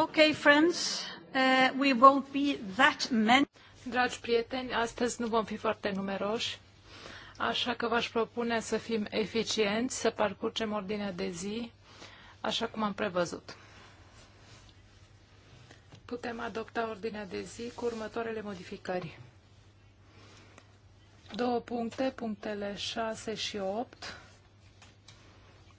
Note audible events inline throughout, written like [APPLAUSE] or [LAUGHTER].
Okay, friends, uh, we won't be that many. Dragi prieteni, astăzi nu vom fi foarte numeroși, așa că v-aș propune să fim eficienți, să parcurgem ordinea de zi, așa cum am prevăzut. Putem adopta ordinea de zi cu următoarele modificări. Două puncte, punctele 6 și 8,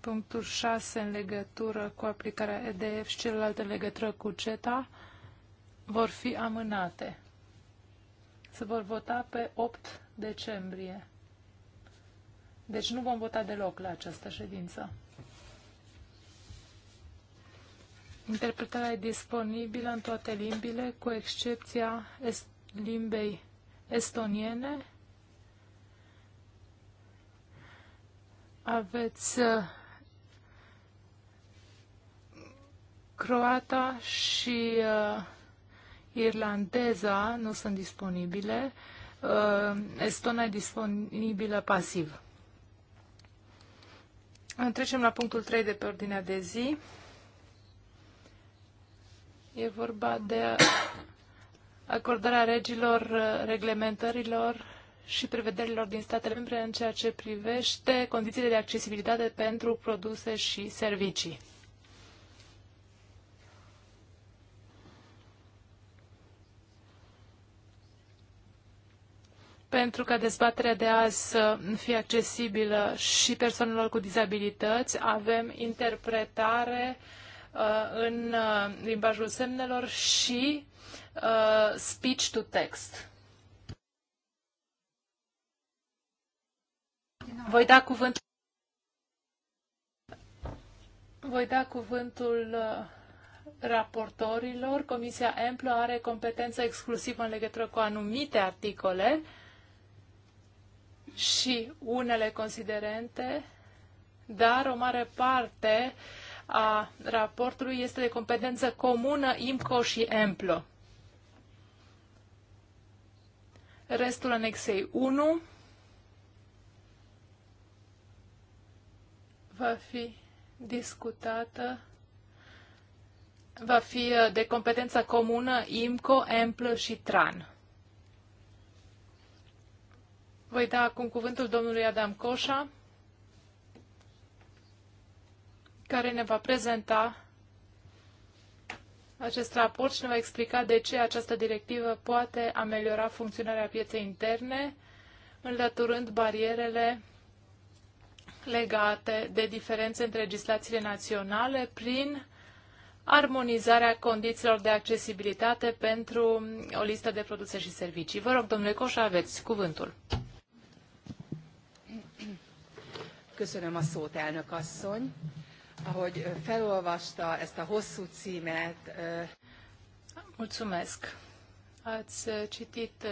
punctul 6 în legătură cu aplicarea EDF și celelalte în legătură cu CETA vor fi amânate. Se vor vota pe 8 decembrie. Deci nu vom vota deloc la această ședință. Interpretarea e disponibilă în toate limbile, cu excepția est limbei estoniene. Aveți uh, croata și uh, irlandeza nu sunt disponibile. Uh, Estona e disponibilă pasiv. Trecem la punctul 3 de pe ordinea de zi. E vorba de acordarea regilor, reglementărilor și prevederilor din statele membre în ceea ce privește condițiile de accesibilitate pentru produse și servicii. pentru ca dezbaterea de azi să fie accesibilă și persoanelor cu dizabilități. Avem interpretare uh, în uh, limbajul semnelor și uh, speech to text. Voi da cuvântul voi da cuvântul uh, raportorilor. Comisia Amplă are competență exclusivă în legătură cu anumite articole și unele considerente, dar o mare parte a raportului este de competență comună IMCO și EMPLO. Restul anexei 1 va fi discutată, va fi uh, de competență comună IMCO, EMPLO și TRAN. Voi da acum cuvântul domnului Adam Coșa, care ne va prezenta acest raport și ne va explica de ce această directivă poate ameliora funcționarea pieței interne, înlăturând barierele legate de diferențe între legislațiile naționale prin armonizarea condițiilor de accesibilitate pentru o listă de produse și servicii. Vă rog, domnule Coșa, aveți cuvântul. Köszönöm a szót, elnök asszony. Ahogy felolvasta ezt a hosszú címet... Mulțumesc. Ați citit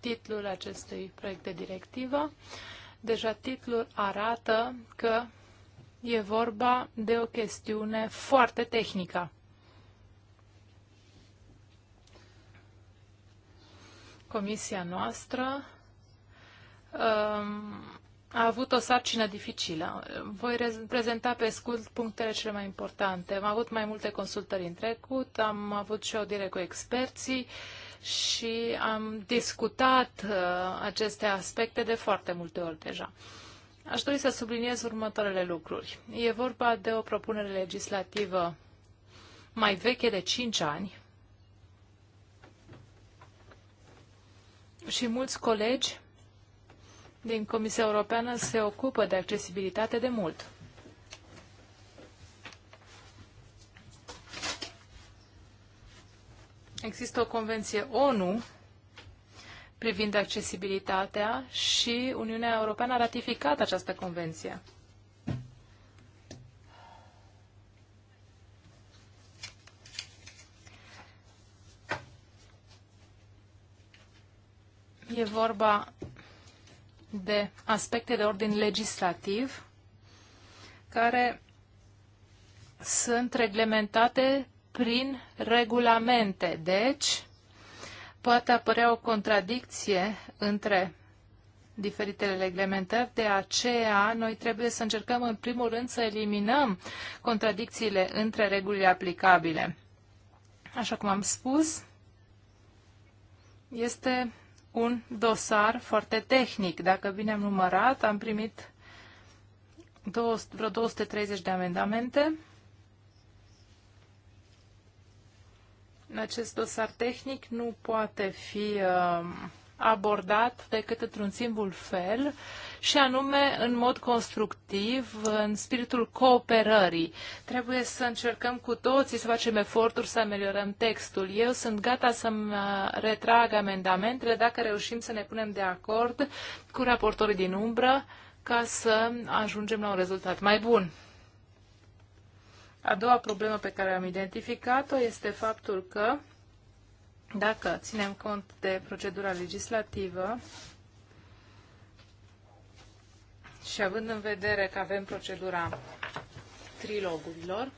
titlul acestui proiect de directivă. Deja titlul arată că e vorba de o chestiune foarte tehnică. Comisia noastră ă, a avut o sarcină dificilă. Voi prezenta pe scurt punctele cele mai importante. Am avut mai multe consultări în trecut, am avut și audiere cu experții și am discutat uh, aceste aspecte de foarte multe ori deja. Aș dori să subliniez următoarele lucruri. E vorba de o propunere legislativă mai veche de 5 ani și mulți colegi din Comisia Europeană se ocupă de accesibilitate de mult. Există o convenție ONU privind accesibilitatea și Uniunea Europeană a ratificat această convenție. E vorba de aspecte de ordin legislativ care sunt reglementate prin regulamente. Deci, poate apărea o contradicție între diferitele reglementări, de aceea noi trebuie să încercăm în primul rând să eliminăm contradicțiile între regulile aplicabile. Așa cum am spus, este un dosar foarte tehnic. Dacă bine am numărat, am primit 200, vreo 230 de amendamente. Acest dosar tehnic nu poate fi uh, abordat decât într-un simbol fel și anume în mod constructiv, în spiritul cooperării. Trebuie să încercăm cu toții să facem eforturi să ameliorăm textul. Eu sunt gata să-mi uh, retrag amendamentele dacă reușim să ne punem de acord cu raportorii din umbră ca să ajungem la un rezultat mai bun. A doua problemă pe care am identificat-o este faptul că dacă ținem cont de procedura legislativă și având în vedere că avem procedura trilogurilor,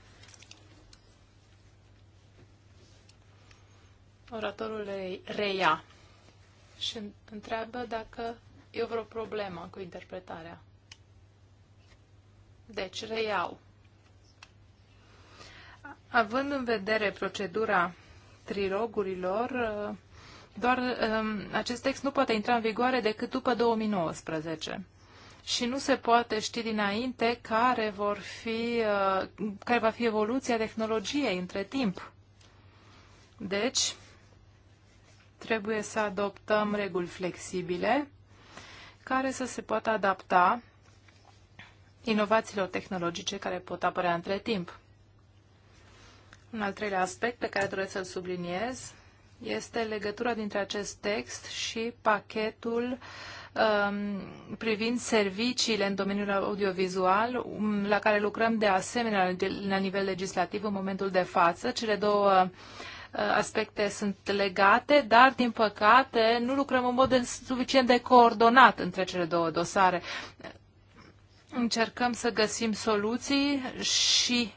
oratorul reia și întreabă dacă e vreo problemă cu interpretarea. Deci, reiau. Având în vedere procedura trilogurilor, uh, doar um, acest text nu poate intra în vigoare decât după 2019 și nu se poate ști dinainte care, vor fi, uh, care va fi evoluția tehnologiei între timp. Deci, trebuie să adoptăm reguli flexibile care să se poată adapta inovațiilor tehnologice care pot apărea între timp. Un al treilea aspect pe care doresc să-l subliniez este legătura dintre acest text și pachetul um, privind serviciile în domeniul audiovizual, um, la care lucrăm de asemenea la nivel legislativ în momentul de față. Cele două uh, aspecte sunt legate, dar, din păcate, nu lucrăm în mod suficient de coordonat între cele două dosare. Încercăm să găsim soluții și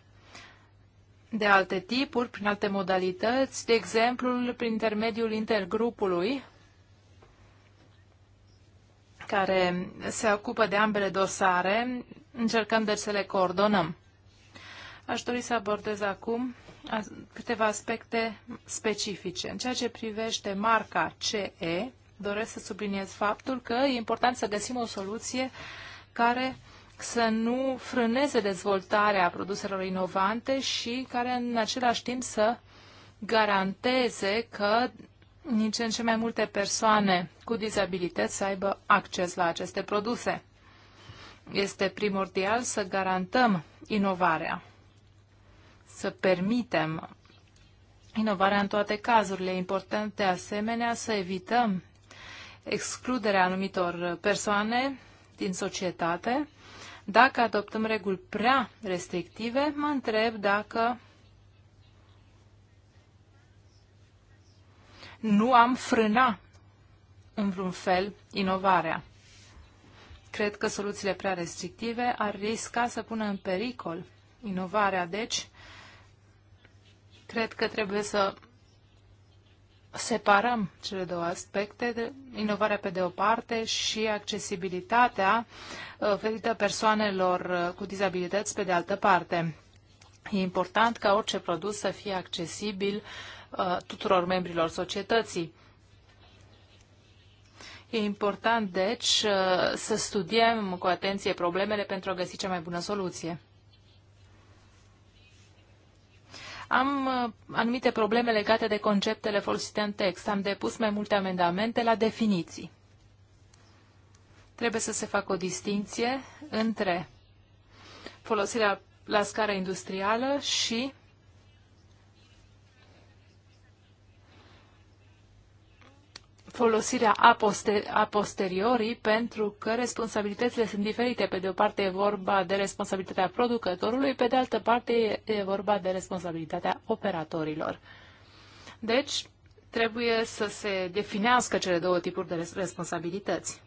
de alte tipuri, prin alte modalități, de exemplu, prin intermediul intergrupului, care se ocupă de ambele dosare. Încercăm de deci să le coordonăm. Aș dori să abordez acum câteva aspecte specifice. În ceea ce privește marca CE, doresc să subliniez faptul că e important să găsim o soluție care să nu frâneze dezvoltarea produselor inovante și care în același timp să garanteze că din ce în ce mai multe persoane cu dizabilități să aibă acces la aceste produse. Este primordial să garantăm inovarea, să permitem inovarea în toate cazurile. Important de asemenea să evităm excluderea anumitor persoane din societate dacă adoptăm reguli prea restrictive, mă întreb dacă nu am frâna în vreun fel inovarea. Cred că soluțiile prea restrictive ar risca să pună în pericol inovarea, deci cred că trebuie să separăm cele două aspecte, inovarea pe de o parte și accesibilitatea uh, oferită persoanelor uh, cu dizabilități pe de altă parte. E important ca orice produs să fie accesibil uh, tuturor membrilor societății. E important, deci, să studiem cu atenție problemele pentru a găsi cea mai bună soluție. Am uh, anumite probleme legate de conceptele folosite în text. Am depus mai multe amendamente la definiții. Trebuie să se facă o distinție între folosirea la scară industrială și folosirea a, poster- a posteriorii pentru că responsabilitățile sunt diferite. Pe de o parte e vorba de responsabilitatea producătorului, pe de altă parte e vorba de responsabilitatea operatorilor. Deci, trebuie să se definească cele două tipuri de responsabilități.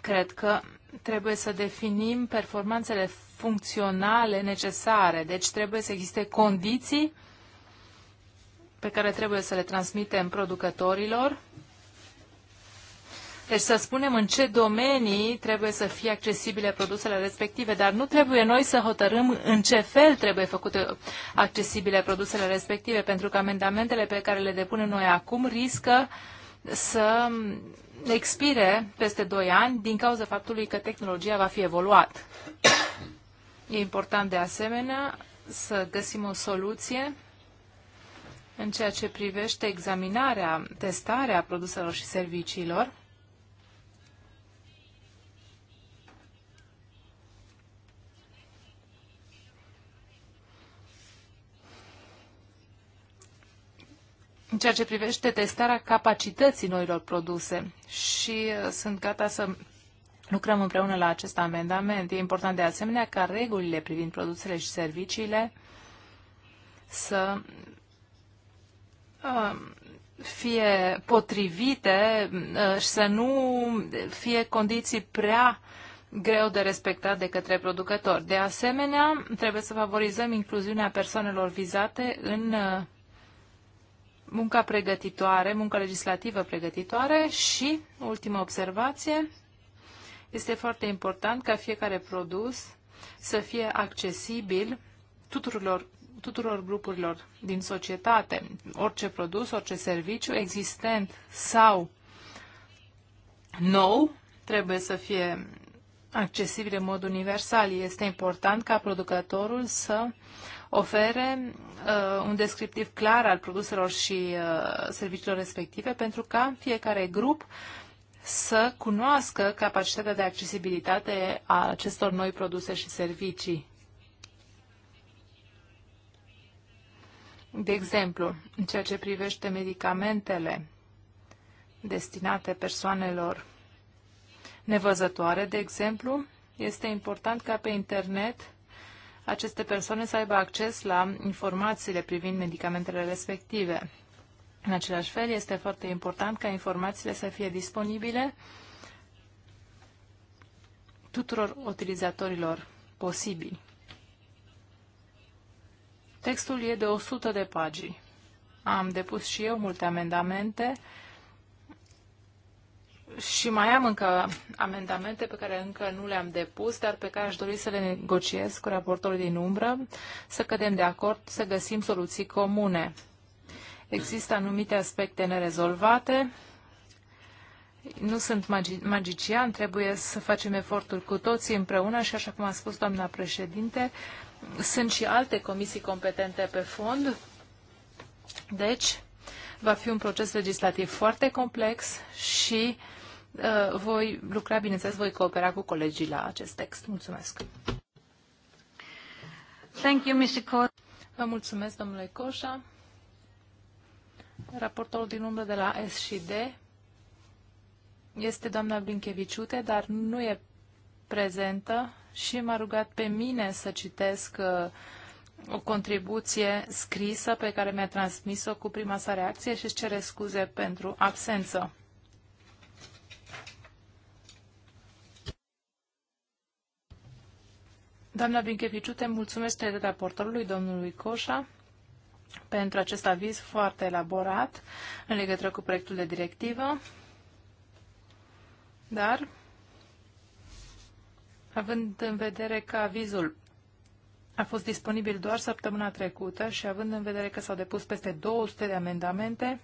Cred că trebuie să definim performanțele funcționale necesare, deci trebuie să existe condiții pe care trebuie să le transmitem producătorilor. Deci să spunem în ce domenii trebuie să fie accesibile produsele respective, dar nu trebuie noi să hotărâm în ce fel trebuie făcute accesibile produsele respective, pentru că amendamentele pe care le depunem noi acum riscă să expire peste 2 ani din cauza faptului că tehnologia va fi evoluat. E important de asemenea să găsim o soluție în ceea ce privește examinarea, testarea produselor și serviciilor. în ceea ce privește testarea capacității noilor produse și uh, sunt gata să lucrăm împreună la acest amendament. E important de asemenea ca regulile privind produsele și serviciile să Um, fie potrivite uh, și să nu fie condiții prea greu de respectat de către producători. De asemenea, trebuie să favorizăm incluziunea persoanelor vizate în uh, munca pregătitoare, munca legislativă pregătitoare și, ultima observație, este foarte important ca fiecare produs să fie accesibil tuturor tuturor grupurilor din societate, orice produs, orice serviciu existent sau nou trebuie să fie accesibil în mod universal. Este important ca producătorul să ofere uh, un descriptiv clar al produselor și uh, serviciilor respective pentru ca fiecare grup să cunoască capacitatea de accesibilitate a acestor noi produse și servicii. De exemplu, în ceea ce privește medicamentele destinate persoanelor nevăzătoare, de exemplu, este important ca pe internet aceste persoane să aibă acces la informațiile privind medicamentele respective. În același fel, este foarte important ca informațiile să fie disponibile tuturor utilizatorilor posibili. Textul e de 100 de pagini. Am depus și eu multe amendamente și mai am încă amendamente pe care încă nu le-am depus, dar pe care aș dori să le negociez cu raportorul din umbră, să cădem de acord, să găsim soluții comune. Există anumite aspecte nerezolvate. Nu sunt magi- magician, trebuie să facem eforturi cu toții împreună și, așa cum a spus doamna președinte, sunt și alte comisii competente pe fond, deci va fi un proces legislativ foarte complex și uh, voi lucra, bineînțeles, voi coopera cu colegii la acest text. Mulțumesc! Thank you, Mr. Co Vă mulțumesc, domnule Coșa. Raportorul din umbră de la S și D este doamna Blinkeviciute, dar nu e prezentă și m-a rugat pe mine să citesc uh, o contribuție scrisă pe care mi-a transmis-o cu prima sa reacție și își cere scuze pentru absență. Doamna Bincheviciu, te mulțumesc de raportorului, domnului Coșa, pentru acest aviz foarte elaborat în legătură cu proiectul de directivă, dar Având în vedere că avizul a fost disponibil doar săptămâna trecută și având în vedere că s-au depus peste 200 de amendamente,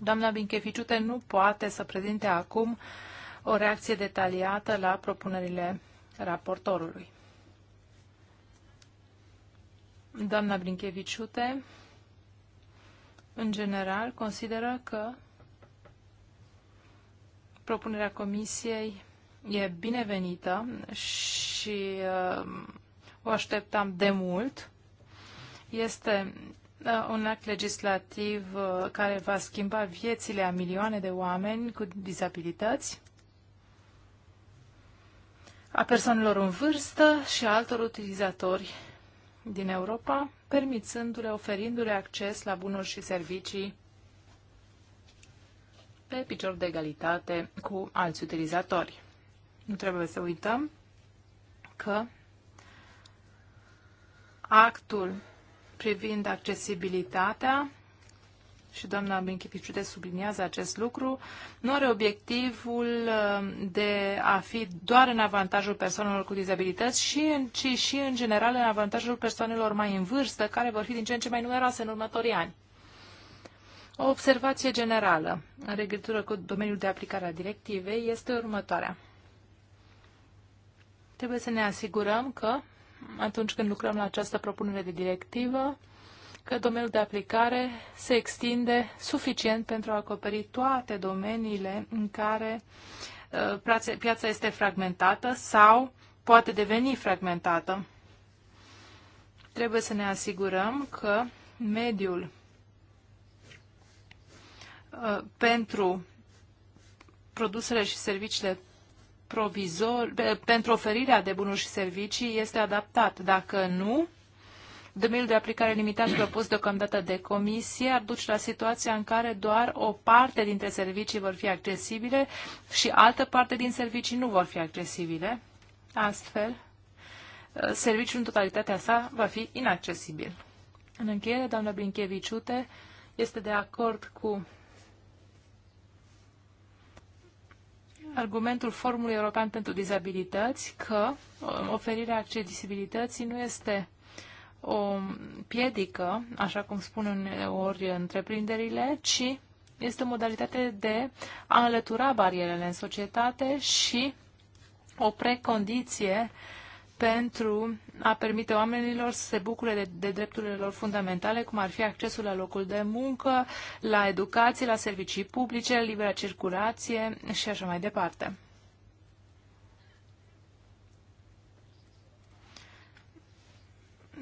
doamna Bincheficiute nu poate să prezinte acum o reacție detaliată la propunerile raportorului. Doamna Brinchevișute, în general, consideră că propunerea comisiei e binevenită și uh, o așteptam de mult. Este uh, un act legislativ uh, care va schimba viețile a milioane de oameni cu dizabilități, a persoanelor în vârstă și a altor utilizatori din Europa, permițându-le, oferindu-le acces la bunuri și servicii pe picior de egalitate cu alți utilizatori. Nu trebuie să uităm că actul privind accesibilitatea și doamna de subliniază acest lucru, nu are obiectivul uh, de a fi doar în avantajul persoanelor cu dizabilități, ci, ci și în general în avantajul persoanelor mai în vârstă, care vor fi din ce în ce mai numeroase în următorii ani. O observație generală în legătură cu domeniul de aplicare a directivei este următoarea. Trebuie să ne asigurăm că, atunci când lucrăm la această propunere de directivă, că domeniul de aplicare se extinde suficient pentru a acoperi toate domeniile în care uh, piața este fragmentată sau poate deveni fragmentată. Trebuie să ne asigurăm că mediul uh, pentru produsele și serviciile provizor, pentru oferirea de bunuri și servicii este adaptat. Dacă nu, domeniul de aplicare limitat propus deocamdată de comisie ar duce la situația în care doar o parte dintre servicii vor fi accesibile și altă parte din servicii nu vor fi accesibile. Astfel, ă, serviciul în totalitatea sa va fi inaccesibil. În încheiere, doamna Brincheviciute este de acord cu argumentul Formului European pentru Dizabilități că uh, oferirea accesibilității nu este o piedică, așa cum spun uneori întreprinderile, ci este o modalitate de a înlătura barierele în societate și o precondiție uh, pentru a permite oamenilor să se bucure de, de drepturile lor fundamentale, cum ar fi accesul la locul de muncă, la educație, la servicii publice, libera circulație și așa mai departe.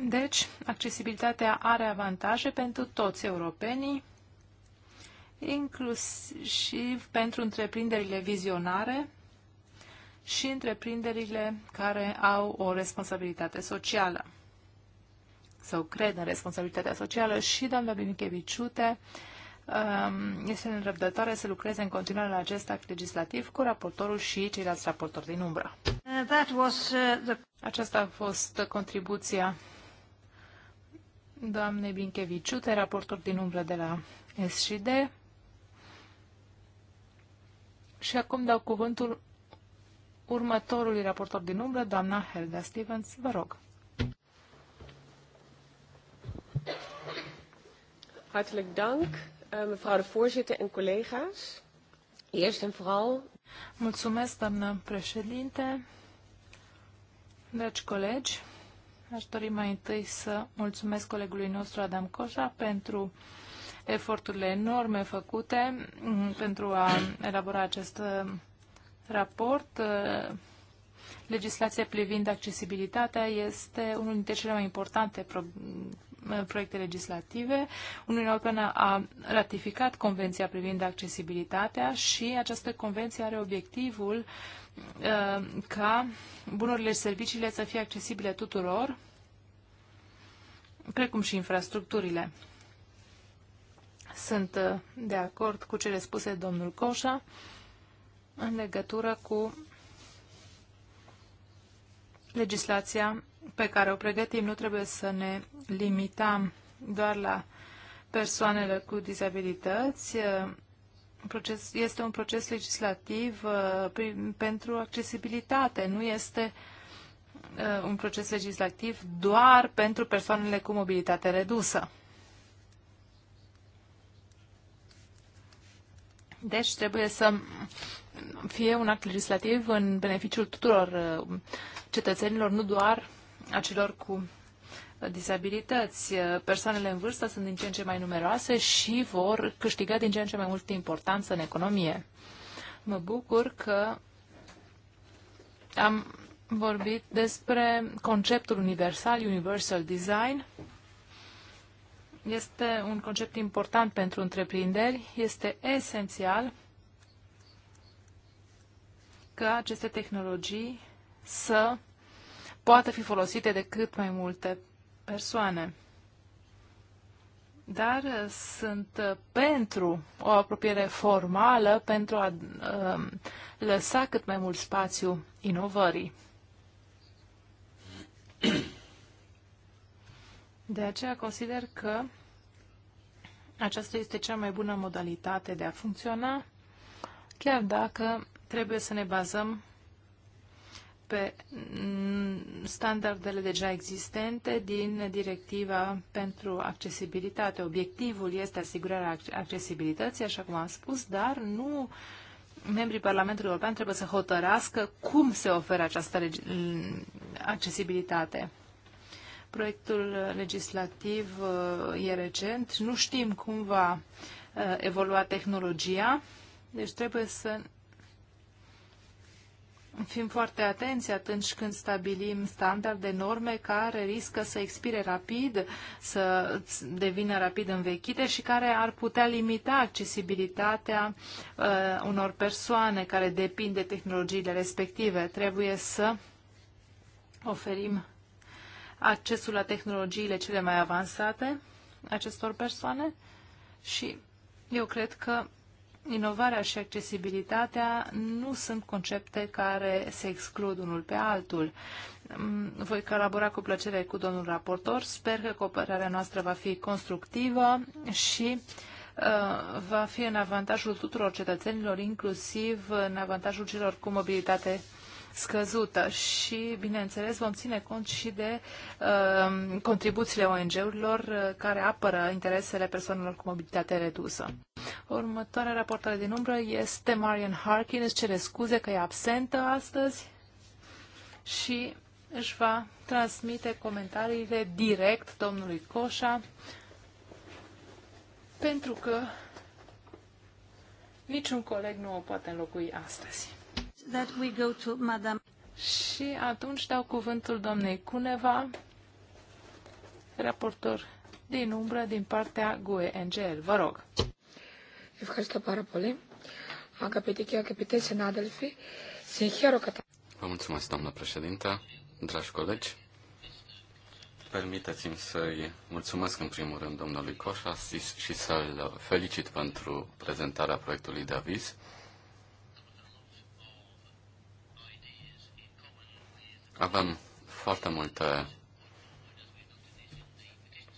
Deci, accesibilitatea are avantaje pentru toți europenii, inclusiv pentru întreprinderile vizionare, și întreprinderile care au o responsabilitate socială sau cred în responsabilitatea socială și doamna Binicheviciute um, este înrăbdătoare să lucreze în continuare la acest act legislativ cu raportorul și ceilalți raportori din umbră. Uh, uh, Aceasta a fost contribuția doamnei Bincheviciute, raportor din umbră de la SCD. Și acum dau cuvântul următorului raportor din umbră, doamna Helga Stevens. Vă rog. Hartelijk dank, eh, mevrouw de voorzitter en collega's. Eerst en vooral... Mulțumesc, doamnă președinte, dragi colegi. Aș dori mai întâi să mulțumesc colegului nostru Adam Coșa pentru eforturile enorme făcute mm, pentru a elabora acest raport, uh, legislația privind accesibilitatea este unul dintre cele mai importante pro proiecte legislative. Uniunea Europeană a ratificat Convenția privind accesibilitatea și această convenție are obiectivul uh, ca bunurile și serviciile să fie accesibile tuturor, precum și infrastructurile. Sunt uh, de acord cu cele spuse domnul Coșa în legătură cu legislația pe care o pregătim. Nu trebuie să ne limităm doar la persoanele cu dizabilități. Proces, este un proces legislativ uh, pentru accesibilitate, nu este uh, un proces legislativ doar pentru persoanele cu mobilitate redusă. Deci trebuie să fie un act legislativ în beneficiul tuturor uh, cetățenilor, nu doar acelor cu uh, disabilități. Uh, persoanele în vârstă sunt din ce în ce mai numeroase și vor câștiga din ce în ce mai multă importanță în economie. Mă bucur că am vorbit despre conceptul universal, universal design. Este un concept important pentru întreprinderi, este esențial ca aceste tehnologii să poată fi folosite de cât mai multe persoane. Dar uh, sunt uh, pentru o apropiere formală, pentru a um, lăsa cât mai mult spațiu inovării. De aceea consider că aceasta este cea mai bună modalitate de a funcționa, chiar dacă Trebuie să ne bazăm pe standardele deja existente din directiva pentru accesibilitate. Obiectivul este asigurarea accesibilității, așa cum am spus, dar nu membrii Parlamentului European trebuie să hotărască cum se oferă această accesibilitate. Proiectul legislativ uh, e recent, nu știm cum va uh, evolua tehnologia, deci trebuie să fim foarte atenți atunci când stabilim standarde, norme care riscă să expire rapid, să devină rapid învechite și care ar putea limita accesibilitatea uh, unor persoane care depind de tehnologiile respective. Trebuie să oferim accesul la tehnologiile cele mai avansate acestor persoane și eu cred că inovarea și accesibilitatea nu sunt concepte care se exclud unul pe altul. Mm, voi colabora cu plăcere cu domnul raportor. Sper că cooperarea noastră va fi constructivă și uh, va fi în avantajul tuturor cetățenilor, inclusiv în avantajul celor cu mobilitate scăzută și, bineînțeles, vom ține cont și de uh, contribuțiile ONG-urilor uh, care apără interesele persoanelor cu mobilitate redusă. Următoarea raportare din umbră este Marian Harkin. Îți cere scuze că e absentă astăzi și își va transmite comentariile direct domnului Coșa pentru că niciun coleg nu o poate înlocui astăzi that we go to Madame. Și atunci dau cuvântul doamnei Cuneva, raportor din umbră din partea GUE NGL. Vă rog. Vă mulțumesc, doamnă președintă, dragi colegi. Permiteți-mi să-i mulțumesc în primul rând domnului Coșa și să-l felicit pentru prezentarea proiectului de aviz. Avem foarte multe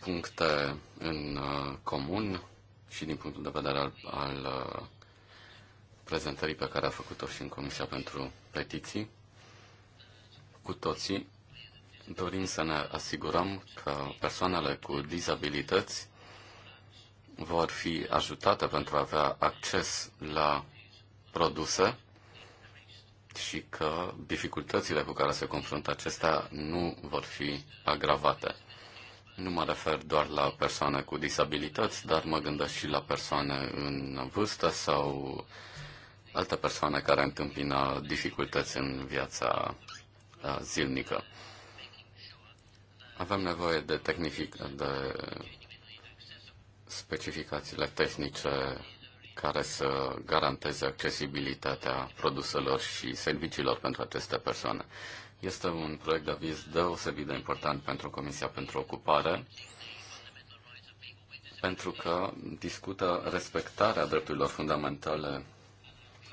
puncte în uh, comun și din punctul de vedere al, al uh, prezentării pe care a făcut-o și în Comisia pentru Petiții. Cu toții dorim să ne asigurăm că persoanele cu dizabilități vor fi ajutate pentru a avea acces la produse și că dificultățile cu care se confruntă acestea nu vor fi agravate. Nu mă refer doar la persoane cu disabilități, dar mă gândesc și la persoane în vârstă sau alte persoane care întâmpină dificultăți în viața zilnică. Avem nevoie de, tehnific- de specificațiile tehnice care să garanteze accesibilitatea produselor și serviciilor pentru aceste persoane. Este un proiect de aviz deosebit de important pentru Comisia pentru Ocupare, pentru că discută respectarea drepturilor fundamentale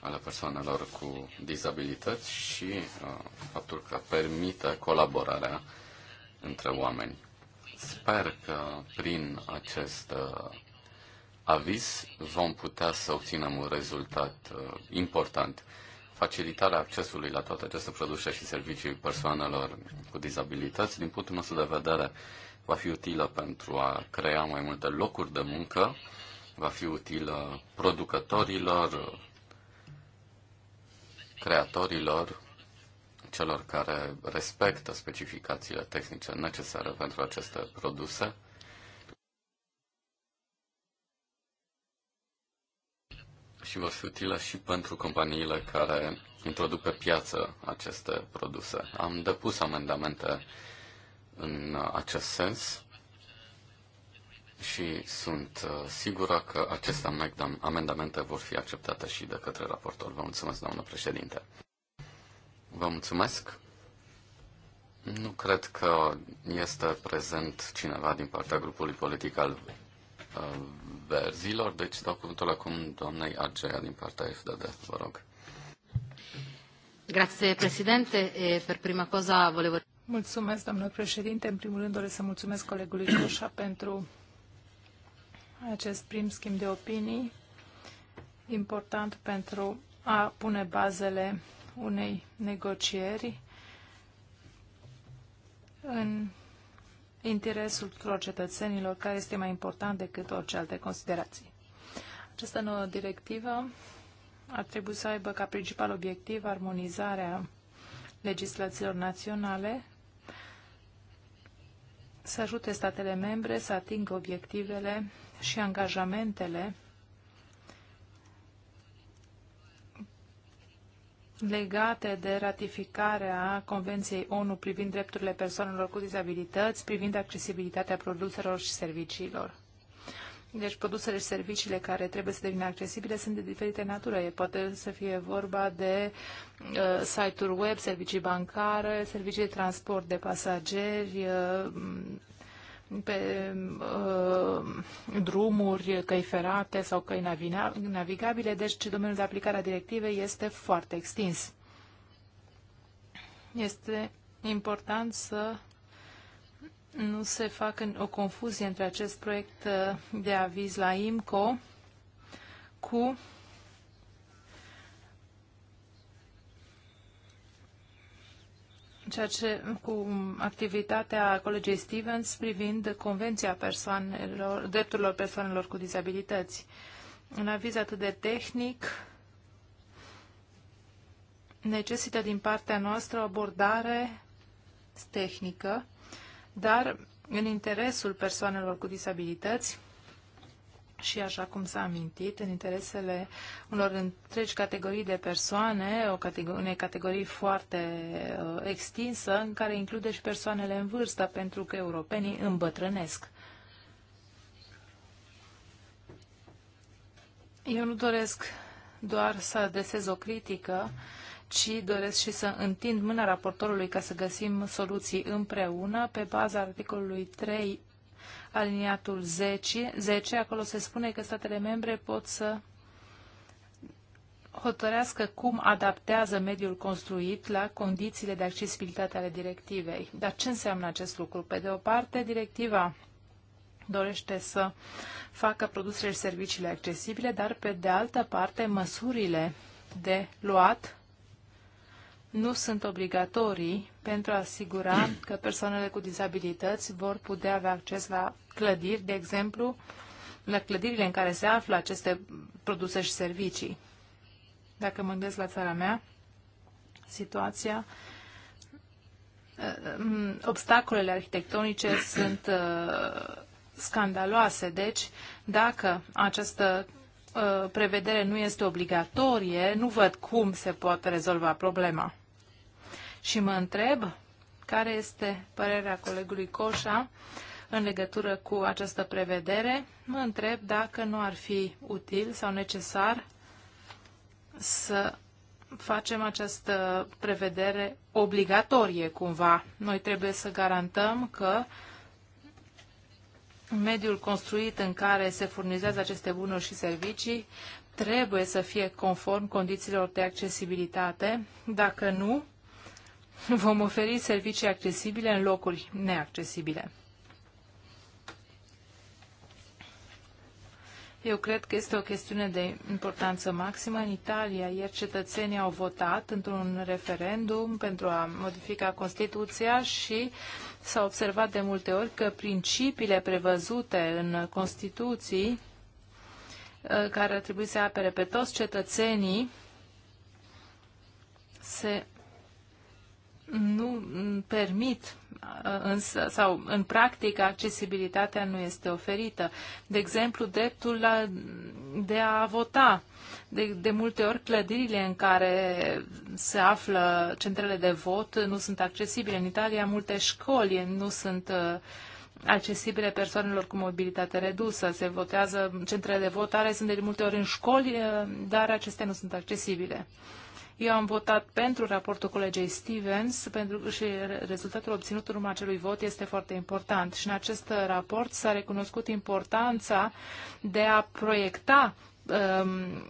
ale persoanelor cu dizabilități și uh, faptul că permite colaborarea între oameni. Sper că prin acest uh, aviz vom putea să obținem un rezultat uh, important. Facilitarea accesului la toate aceste produse și servicii persoanelor cu dizabilități, din punctul nostru de vedere, va fi utilă pentru a crea mai multe locuri de muncă, va fi utilă producătorilor, creatorilor, celor care respectă specificațiile tehnice necesare pentru aceste produse și va fi utilă și pentru companiile care introduc pe piață aceste produse. Am depus amendamente în acest sens și sunt uh, sigură că aceste amendamente vor fi acceptate și de către raportor. Vă mulțumesc, doamnă președinte. Vă mulțumesc. Nu cred că este prezent cineva din partea grupului politic al uh, verzilor, deci dau cuvântul acum doamnei Argeia din partea FDD. Vă rog. Grazie, Presidente. E, per prima cosa volevo... Mulțumesc, doamnă președinte. În primul rând doresc să mulțumesc colegului Cușa [CLEARS THROAT] pentru acest prim schimb de opinii important pentru a pune bazele unei negocieri în interesul tuturor cetățenilor, care este mai important decât orice alte considerații. Această nouă directivă ar trebui să aibă ca principal obiectiv armonizarea legislațiilor naționale, să ajute statele membre să atingă obiectivele și angajamentele legate de ratificarea Convenției ONU privind drepturile persoanelor cu dizabilități, privind accesibilitatea produselor și serviciilor. Deci produsele și serviciile care trebuie să devină accesibile sunt de diferite natură. E poate să fie vorba de uh, site-uri web, servicii bancare, servicii de transport de pasageri, uh, pe uh, drumuri, căi ferate sau căi navigabile, deci domeniul de aplicare a directivei este foarte extins. Este important să nu se facă o confuzie între acest proiect uh, de aviz la IMCO cu ceea ce, cu activitatea colegii Stevens privind Convenția persoanelor, drepturilor persoanelor cu dizabilități. Un aviz atât de tehnic necesită din partea noastră o abordare tehnică, dar în interesul persoanelor cu disabilități și, așa cum s-a amintit, în interesele unor întregi categorii de persoane, o categorie, unei categorii foarte uh, extinsă, în care include și persoanele în vârstă, pentru că europenii îmbătrânesc. Eu nu doresc doar să adresez o critică, ci doresc și să întind mâna raportorului ca să găsim soluții împreună pe baza articolului 3 aliniatul 10, 10, acolo se spune că statele membre pot să hotărească cum adaptează mediul construit la condițiile de accesibilitate ale directivei. Dar ce înseamnă acest lucru? Pe de o parte, directiva dorește să facă produsele și serviciile accesibile, dar pe de altă parte, măsurile de luat nu sunt obligatorii pentru a asigura [CLEARS THROAT] că persoanele cu dizabilități vor putea avea acces la clădiri, de exemplu, la clădirile în care se află aceste produse și servicii. Dacă mă gândesc la țara mea, situația, uh, obstacolele arhitectonice [CLEARS THROAT] sunt uh, scandaloase. Deci, dacă această uh, prevedere nu este obligatorie, nu văd cum se poate rezolva problema și mă întreb care este părerea colegului Coșa în legătură cu această prevedere. Mă întreb dacă nu ar fi util sau necesar să facem această prevedere obligatorie cumva. Noi trebuie să garantăm că mediul construit în care se furnizează aceste bunuri și servicii trebuie să fie conform condițiilor de accesibilitate. Dacă nu, [LAUGHS] vom oferi servicii accesibile în locuri neaccesibile. Eu cred că este o chestiune de importanță maximă. În Italia, ieri cetățenii au votat într-un referendum pentru a modifica Constituția și s-a observat de multe ori că principiile prevăzute în Constituții, uh, care ar trebui să apere pe toți cetățenii, se nu permit uh, însă, sau în practică accesibilitatea nu este oferită. De exemplu, dreptul la, de a vota. De, de multe ori clădirile în care se află centrele de vot nu sunt accesibile. În Italia multe școli nu sunt uh, accesibile persoanelor cu mobilitate redusă. Se votează, centrele de votare sunt de multe ori în școli, uh, dar acestea nu sunt accesibile. Eu am votat pentru raportul colegei Stevens pentru și rezultatul obținut în urma acelui vot este foarte important. Și în acest raport s-a recunoscut importanța de a proiecta um,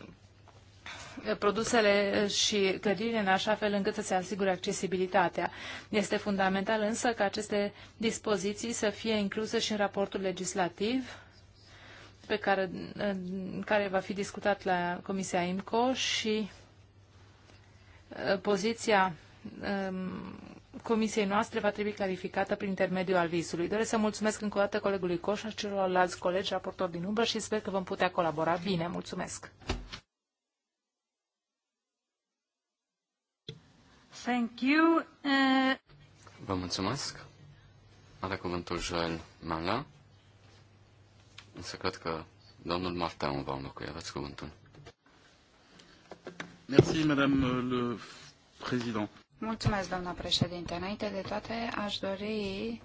produsele și clădirile în așa fel încât să se asigure accesibilitatea. Este fundamental însă ca aceste dispoziții să fie incluse și în raportul legislativ pe care, care va fi discutat la Comisia IMCO și Eh, poziția comisiei noastre va trebui clarificată prin intermediul avizului. Doresc să mulțumesc încă o dată colegului Coșa și celorlalți colegi raportori din umbră și sper că vom putea colabora bine. Mulțumesc! Thank you. Uh... Vă mulțumesc. Are cuvântul Joel Mala. Însă cred că domnul Martin va înlocui. Aveți cuvântul. Euh, Mulțumesc, doamna președinte. Înainte de toate, aș dori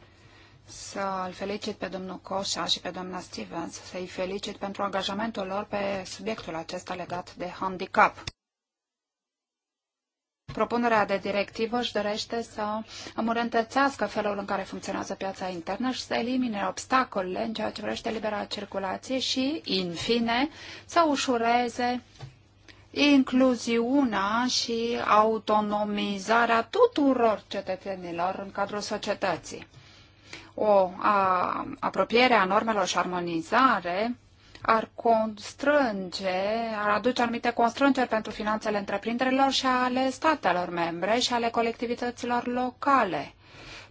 să îl felicit pe domnul Coșa și pe doamna Stevens, să-i felicit pentru angajamentul lor pe subiectul acesta legat de handicap. Propunerea de directivă își dorește să îmbunătățească felul în care funcționează piața internă și să elimine obstacolele în ceea ce privește libera circulație și, în fine, să ușureze incluziunea și autonomizarea tuturor cetățenilor în cadrul societății. O a, apropiere a normelor și armonizare ar constrânge, ar aduce anumite constrângeri pentru finanțele întreprinderilor și ale statelor membre și ale colectivităților locale,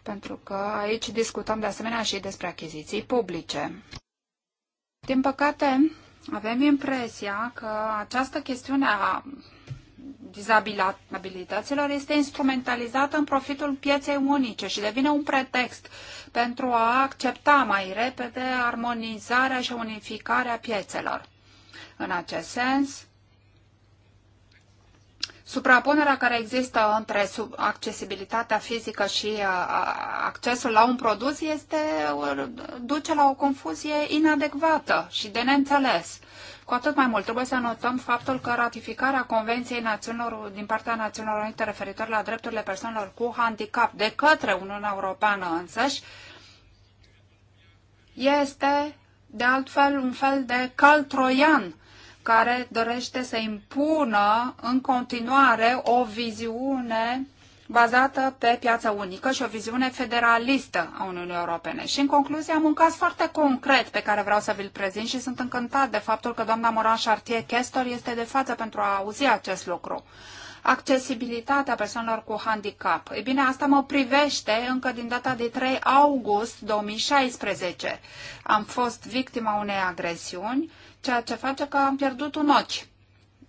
pentru că aici discutăm de asemenea și despre achiziții publice. Din păcate, avem impresia că această chestiune a dizabilităților este instrumentalizată în profitul pieței unice și devine un pretext pentru a accepta mai repede armonizarea și unificarea piețelor. În acest sens, Suprapunerea care există între accesibilitatea fizică și uh, accesul la un produs este, uh, duce la o confuzie inadecvată și de neînțeles. Cu atât mai mult trebuie să notăm faptul că ratificarea Convenției Națiunilor, din partea Națiunilor Unite referitor la drepturile persoanelor cu handicap de către Uniunea Europeană însăși este de altfel un fel de cal troian care dorește să impună în continuare o viziune bazată pe piața unică și o viziune federalistă a Uniunii Europene. Și în concluzie am un caz foarte concret pe care vreau să vi-l prezint și sunt încântat de faptul că doamna Moran Chartier Chestor este de față pentru a auzi acest lucru. Accesibilitatea persoanelor cu handicap. Ei bine, asta mă privește încă din data de 3 august 2016. Am fost victima unei agresiuni ceea ce face că am pierdut un ochi.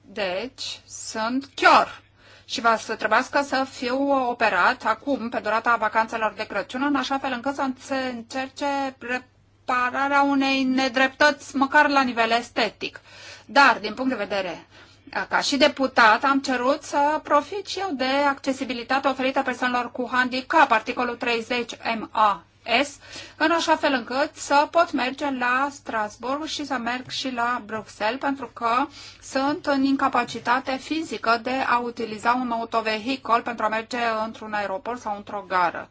Deci, sunt chior și va să trebuiască să fiu operat acum, pe durata vacanțelor de Crăciun, în așa fel încât să se încerce repararea unei nedreptăți, măcar la nivel estetic. Dar, din punct de vedere ca și deputat, am cerut să profit și eu de accesibilitatea oferită persoanelor cu handicap, articolul 30 MA S, în așa fel încât să pot merge la Strasburg și să merg și la Bruxelles, pentru că sunt în incapacitate fizică de a utiliza un autovehicol pentru a merge într-un aeroport sau într-o gară.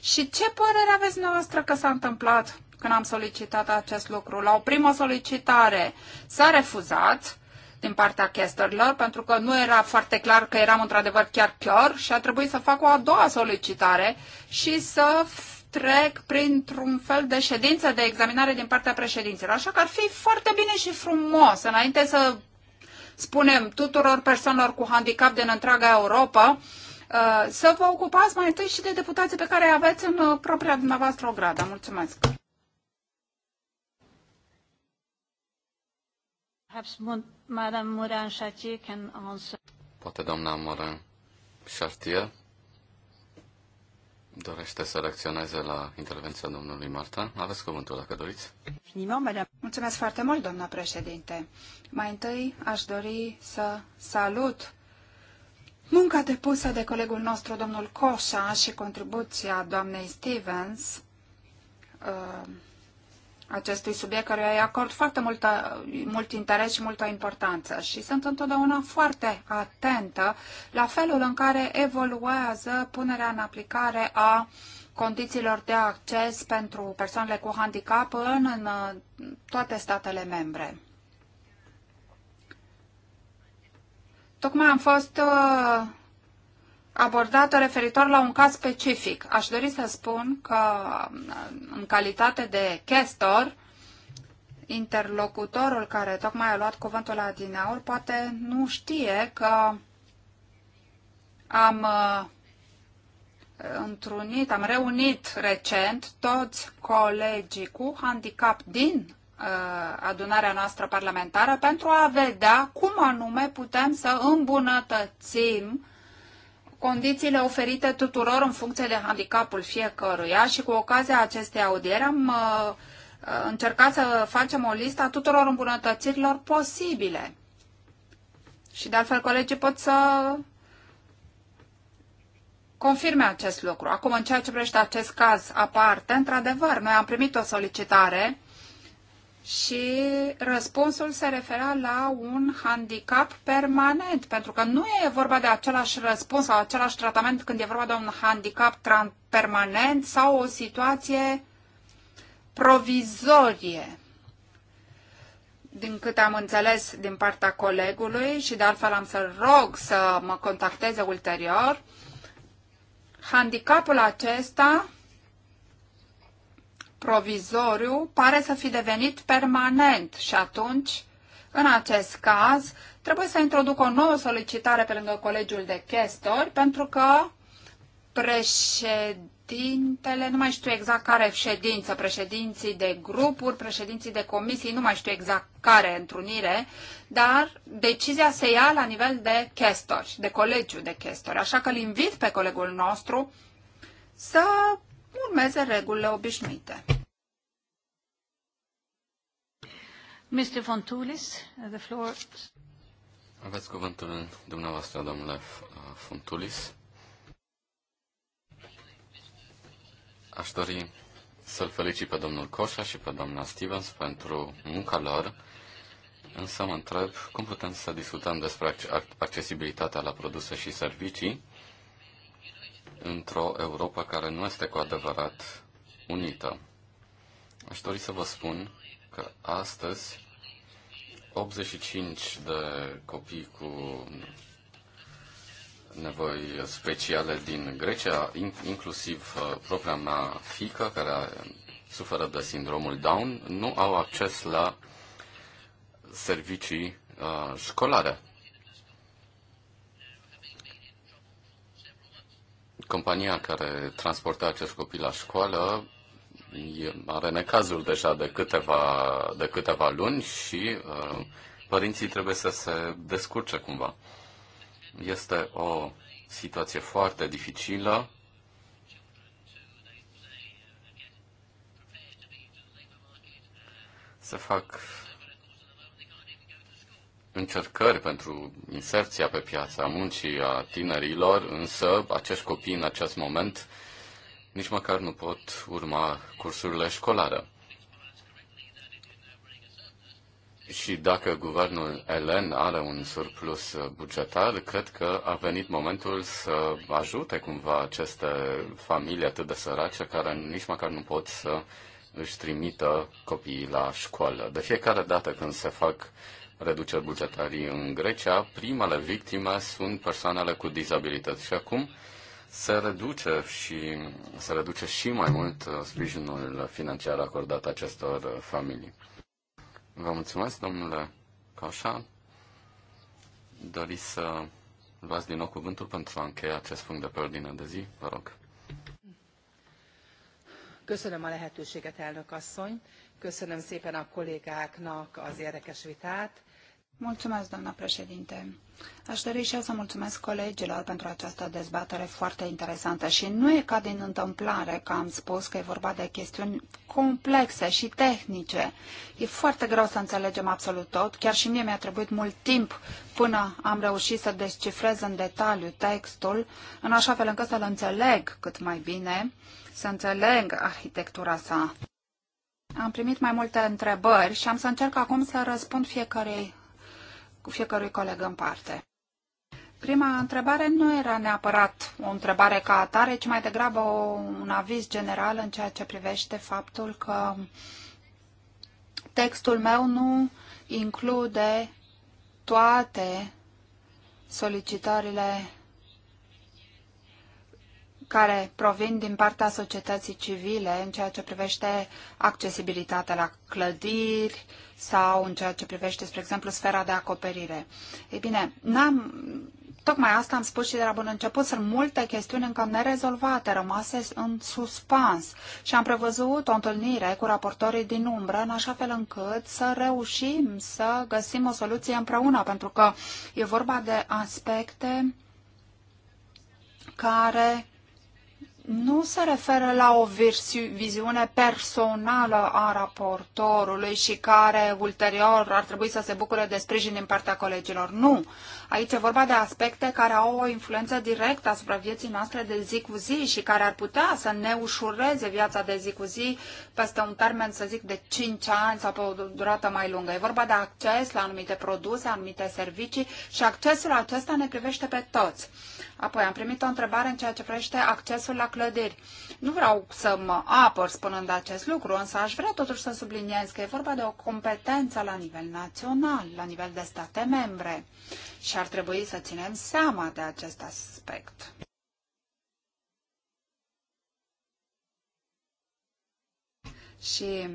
Și ce părere aveți noastră că s-a întâmplat când am solicitat acest lucru? La o primă solicitare s-a refuzat, din partea casterlor, pentru că nu era foarte clar că eram într-adevăr chiar chiar și a trebuit să fac o a doua solicitare și să trec printr-un fel de ședință de examinare din partea președinților. Așa că ar fi foarte bine și frumos, înainte să spunem tuturor persoanelor cu handicap din întreaga Europa, uh, să vă ocupați mai întâi și de deputații pe care îi aveți în uh, propria dumneavoastră ogradă. Mulțumesc! Poate doamna Moran Chartier Dorește să reacționeze la intervenția domnului Marta? Aveți cuvântul dacă doriți. Mulțumesc foarte mult, doamna președinte. Mai întâi aș dori să salut munca depusă de colegul nostru, domnul Coșa, și contribuția doamnei Stevens uh, acestui subiect care îi acord foarte multă, mult interes și multă importanță și sunt întotdeauna foarte atentă la felul în care evoluează punerea în aplicare a condițiilor de acces pentru persoanele cu handicap în, în toate statele membre. Tocmai am fost uh, abordată referitor la un caz specific. Aș dori să spun că, în calitate de chestor, interlocutorul care tocmai a luat cuvântul la dinaur poate nu știe că am uh, întrunit, am reunit recent toți colegii cu handicap din uh, adunarea noastră parlamentară pentru a vedea cum anume putem să îmbunătățim condițiile oferite tuturor în funcție de handicapul fiecăruia și cu ocazia acestei audieri am uh, uh, încercat să facem o listă a tuturor îmbunătățirilor posibile. Și de altfel colegii pot să confirme acest lucru. Acum, în ceea ce privește acest caz aparte, într-adevăr, noi am primit o solicitare și răspunsul se refera la un handicap permanent, pentru că nu e vorba de același răspuns sau același tratament când e vorba de un handicap permanent sau o situație provizorie. Din câte am înțeles din partea colegului și de altfel am să rog să mă contacteze ulterior, handicapul acesta provizoriu pare să fi devenit permanent și atunci, în acest caz, trebuie să introduc o nouă solicitare pe lângă colegiul de chestori, pentru că președintele, nu mai știu exact care ședință, președinții de grupuri, președinții de comisii, nu mai știu exact care întrunire, dar decizia se ia la nivel de chestori, de colegiu de chestori. Așa că îl invit pe colegul nostru să urmeze regulile obișnuite. Mr. Fontulis, the floor. Aveți cuvântul dumneavoastră, domnule Fontulis. Uh, Aș dori să-l felicit pe domnul Coșa și pe doamna Stevens pentru munca lor, însă mă întreb cum putem să discutăm despre accesibilitatea la produse și servicii într-o Europa care nu este cu adevărat unită. Aș dori să vă spun că astăzi 85 de copii cu nevoi speciale din Grecia, inclusiv uh, propria mea fică, care suferă de sindromul Down, nu au acces la servicii uh, școlare. compania care transporta acest copil la școală are necazul deja de câteva, de câteva luni și uh, părinții trebuie să se descurce cumva. Este o situație foarte dificilă. Se fac încercări pentru inserția pe piața muncii a tinerilor, însă acești copii în acest moment nici măcar nu pot urma cursurile școlare. Și dacă guvernul elen are un surplus bugetar, cred că a venit momentul să ajute cumva aceste familii atât de sărace care nici măcar nu pot să își trimită copiii la școală. De fiecare dată când se fac uh, reduceri bugetarii în Grecia, primele victime sunt persoanele cu dizabilități. Și acum se reduce și, se reduce și mai mult uh, sprijinul financiar acordat acestor uh, familii. Vă mulțumesc, domnule Caușa. Doriți să luați din nou cuvântul pentru a încheia acest punct de pe ordine de zi? Vă rog. Köszönöm a lehetőséget, elnök asszony. Köszönöm szépen a kollégáknak az érdekes vitát. Mulțumesc, doamna președinte. Aș dori și eu să mulțumesc colegilor pentru această dezbatere foarte interesantă și nu e ca din întâmplare că am spus că e vorba de chestiuni complexe și tehnice. E foarte greu să înțelegem absolut tot, chiar și mie mi-a trebuit mult timp până am reușit să descifrez în detaliu textul, în așa fel încât să-l înțeleg cât mai bine, să înțeleg arhitectura sa. Am primit mai multe întrebări și am să încerc acum să răspund fiecarei cu fiecărui coleg în parte. Prima întrebare nu era neapărat o întrebare ca atare, ci mai degrabă o, un aviz general în ceea ce privește faptul că textul meu nu include toate solicitările care provin din partea societății civile în ceea ce privește accesibilitatea la clădiri sau în ceea ce privește, spre exemplu, sfera de acoperire. Ei bine, n-am, tocmai asta am spus și de la bun început, sunt multe chestiuni încă nerezolvate, rămase în suspans și am prevăzut o întâlnire cu raportorii din umbră în așa fel încât să reușim să găsim o soluție împreună, pentru că e vorba de aspecte care nu se referă la o viziune personală a raportorului și care ulterior ar trebui să se bucure de sprijin din partea colegilor. Nu. Aici e vorba de aspecte care au o influență directă asupra vieții noastre de zi cu zi și care ar putea să ne ușureze viața de zi cu zi peste un termen, să zic, de 5 ani sau pe o durată mai lungă. E vorba de acces la anumite produse, anumite servicii și accesul acesta ne privește pe toți. Apoi am primit o întrebare în ceea ce privește accesul la clădiri. Nu vreau să mă apăr spunând acest lucru, însă aș vrea totuși să subliniez că e vorba de o competență la nivel național, la nivel de state membre și ar trebui să ținem seama de acest aspect. Și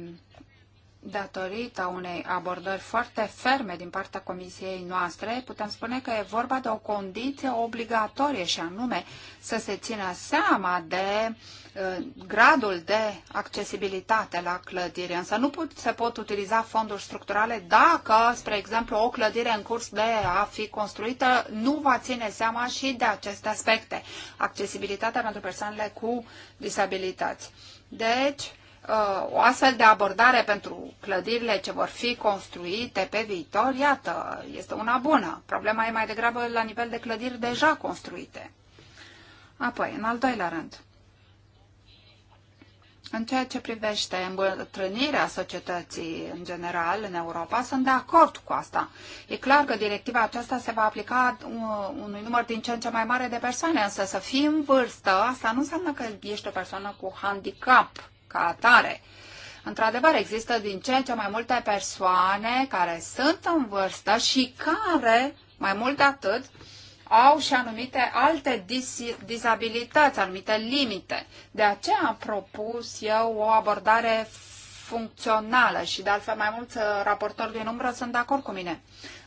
datorită unei abordări foarte ferme din partea comisiei noastre, putem spune că e vorba de o condiție obligatorie și anume să se țină seama de uh, gradul de accesibilitate la clădire. Însă nu put, se pot utiliza fonduri structurale dacă, spre exemplu, o clădire în curs de a fi construită nu va ține seama și de aceste aspecte. Accesibilitatea pentru persoanele cu disabilități. Deci, Uh, o astfel de abordare pentru clădirile ce vor fi construite pe viitor, iată, este una bună. Problema e mai degrabă la nivel de clădiri deja construite. Apoi, în al doilea rând, în ceea ce privește îmbătrânirea societății în general în Europa, sunt de acord cu asta. E clar că directiva aceasta se va aplica uh, unui număr din ce în ce mai mare de persoane, însă să fii în vârstă, asta nu înseamnă că ești o persoană cu handicap ca atare. Într-adevăr, există din ce în ce mai multe persoane care sunt în vârstă și care, mai mult de atât, au și anumite alte dis- dizabilități, anumite limite. De aceea am propus eu o abordare funcțională și de altfel mai mulți uh, raportori din umbră sunt de acord cu mine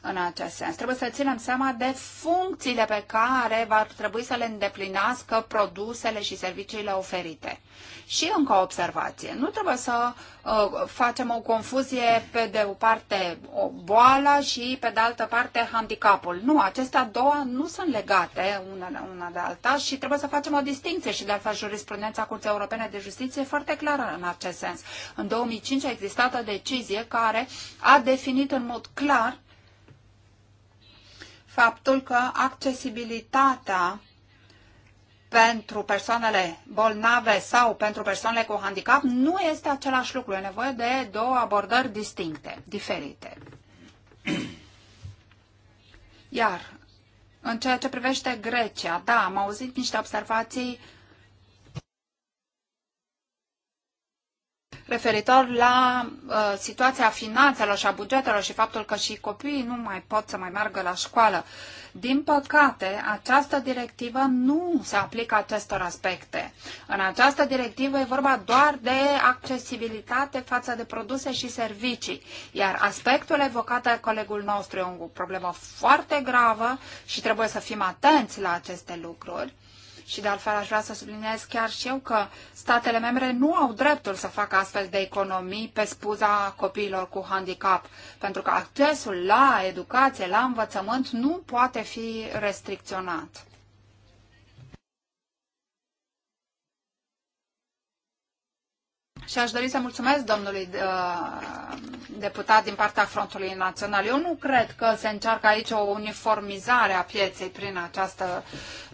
în acest sens. Trebuie să ținem seama de funcțiile pe care va trebui să le îndeplinească produsele și serviciile oferite. Și încă o observație. Nu trebuie să uh, facem o confuzie pe de o parte o boală și pe de altă parte handicapul. Nu, acestea două nu sunt legate una, una de alta și trebuie să facem o distinție și de altfel jurisprudența Curții Europene de Justiție e foarte clară în acest sens. În 2005 a existat o decizie care a definit în mod clar faptul că accesibilitatea pentru persoanele bolnave sau pentru persoanele cu handicap nu este același lucru. E nevoie de două abordări distincte, diferite. Iar în ceea ce privește Grecia, da, am auzit niște observații uh, referitor la uh, situația finanțelor și a bugetelor și faptul că și copiii nu mai pot să mai meargă la școală. Din păcate, această directivă nu se aplică acestor aspecte. În această directivă e vorba doar de accesibilitate față de produse și servicii, iar aspectul evocat de colegul nostru e o problemă foarte gravă și trebuie să fim atenți la aceste lucruri. Și de altfel aș vrea să subliniez chiar și eu că statele membre nu au dreptul să facă astfel de economii pe spuza copiilor cu handicap, pentru că accesul la educație, la învățământ nu poate fi restricționat. Și aș dori să mulțumesc domnului uh, deputat din partea Frontului Național. Eu nu cred că se încearcă aici o uniformizare a pieței prin această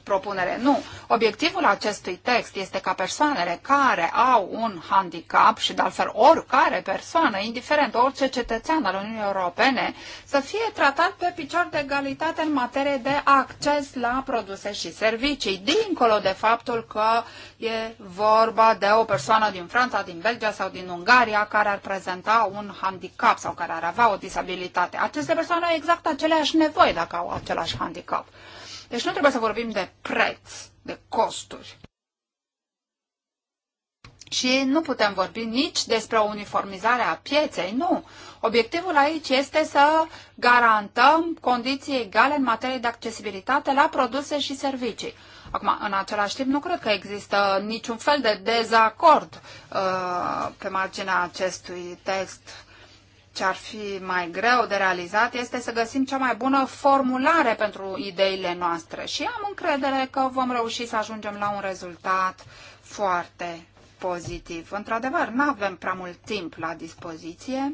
propunere. Nu. Obiectivul acestui text este ca persoanele care au un handicap și de altfel oricare persoană, indiferent orice cetățean al Uniunii Europene, să fie tratat pe picior de egalitate în materie de acces la produse și servicii, dincolo de faptul că e vorba de o persoană din Franța, din Belgia sau din Ungaria care ar prezenta un handicap sau care ar avea o disabilitate. Aceste persoane au exact aceleași nevoi dacă au același handicap. Deci nu trebuie să vorbim de preț, de costuri. Și nu putem vorbi nici despre uniformizarea pieței, nu. Obiectivul aici este să garantăm condiții egale în materie de accesibilitate la produse și servicii. Acum, în același timp, nu cred că există niciun fel de dezacord uh, pe marginea acestui text ce ar fi mai greu de realizat este să găsim cea mai bună formulare pentru ideile noastre și am încredere că vom reuși să ajungem la un rezultat foarte pozitiv. Într-adevăr, nu avem prea mult timp la dispoziție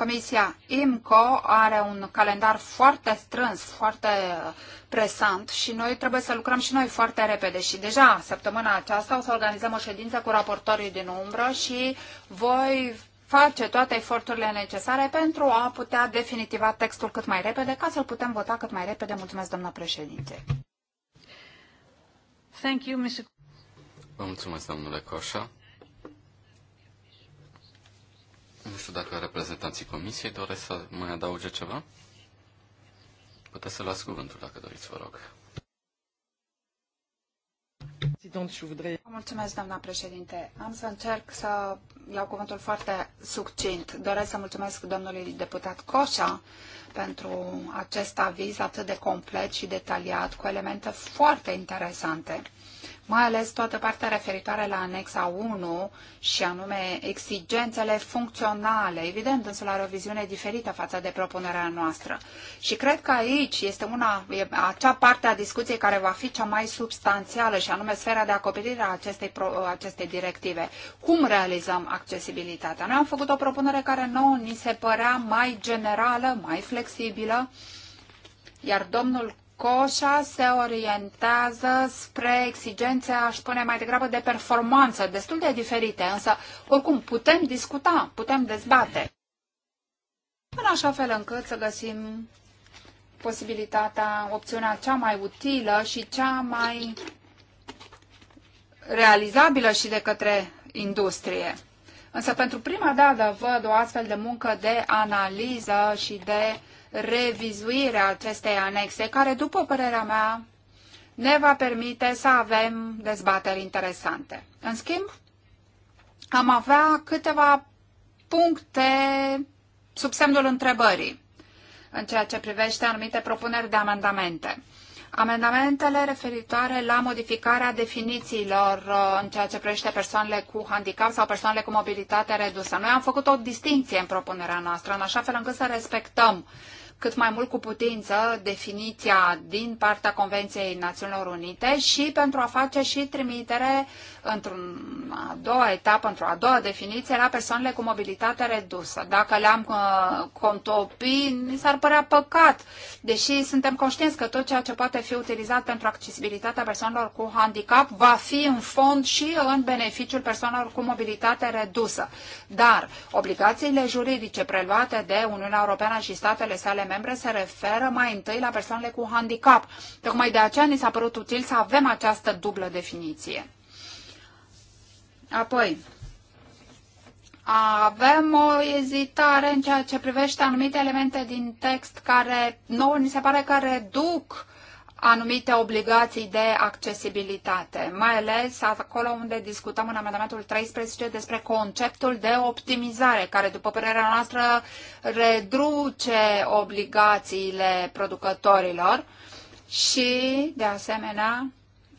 Comisia IMCO are un calendar foarte strâns, foarte presant și noi trebuie să lucrăm și noi foarte repede și deja săptămâna aceasta o să organizăm o ședință cu raportorii din umbră și voi face toate eforturile necesare pentru a putea definitiva textul cât mai repede, ca să-l putem vota cât mai repede. Mulțumesc, doamna președinte. Thank you, Mr. Vă mulțumesc, domnule Coșa. Nu știu dacă reprezentanții comisiei doresc să mai adauge ceva. Puteți să luați cuvântul dacă doriți, vă rog. Mulțumesc, doamna președinte. Am să încerc să iau cuvântul foarte succint. Doresc să mulțumesc domnului deputat Coșa pentru acest aviz atât de complet și detaliat, cu elemente foarte interesante mai ales toată partea referitoare la anexa 1 și anume exigențele funcționale. Evident, însă are o viziune diferită față de propunerea noastră. Și cred că aici este una, e acea parte a discuției care va fi cea mai substanțială și anume sfera de acoperire a acestei, acestei directive. Cum realizăm accesibilitatea? Noi am făcut o propunere care nouă ni se părea mai generală, mai flexibilă, iar domnul coșa se orientează spre exigențe, aș spune mai degrabă, de performanță, destul de diferite, însă, oricum, putem discuta, putem dezbate. În așa fel încât să găsim posibilitatea, opțiunea cea mai utilă și cea mai realizabilă și de către industrie. Însă pentru prima dată văd o astfel de muncă de analiză și de Revizuirea acestei anexe, care, după părerea mea, ne va permite să avem dezbateri interesante. În schimb, am avea câteva puncte sub semnul întrebării în ceea ce privește anumite propuneri de amendamente. Amendamentele referitoare la modificarea definițiilor uh, în ceea ce privește persoanele cu handicap sau persoanele cu mobilitate redusă. Noi am făcut o distinție în propunerea noastră, în așa fel încât să respectăm uh, cât mai mult cu putință definiția din partea Convenției Națiunilor Unite și pentru a face și trimitere într o a doua etapă, într-o a doua definiție la persoanele cu mobilitate redusă. Dacă le-am uh, contopi, mi s-ar părea păcat, deși suntem conștienți că tot ceea ce poate fi utilizat pentru accesibilitatea persoanelor cu handicap va fi în fond și în beneficiul persoanelor cu mobilitate redusă. Dar obligațiile juridice preluate de Uniunea Europeană și statele sale membre se referă mai întâi la persoanele cu handicap. Tocmai de aceea ni s-a părut util să avem această dublă definiție. Apoi, avem o ezitare în ceea ce privește anumite elemente din text care nouă ni se pare că reduc anumite obligații de accesibilitate, mai ales acolo unde discutăm în amendamentul 13 despre conceptul de optimizare, care, după părerea noastră, reduce obligațiile producătorilor și, de asemenea,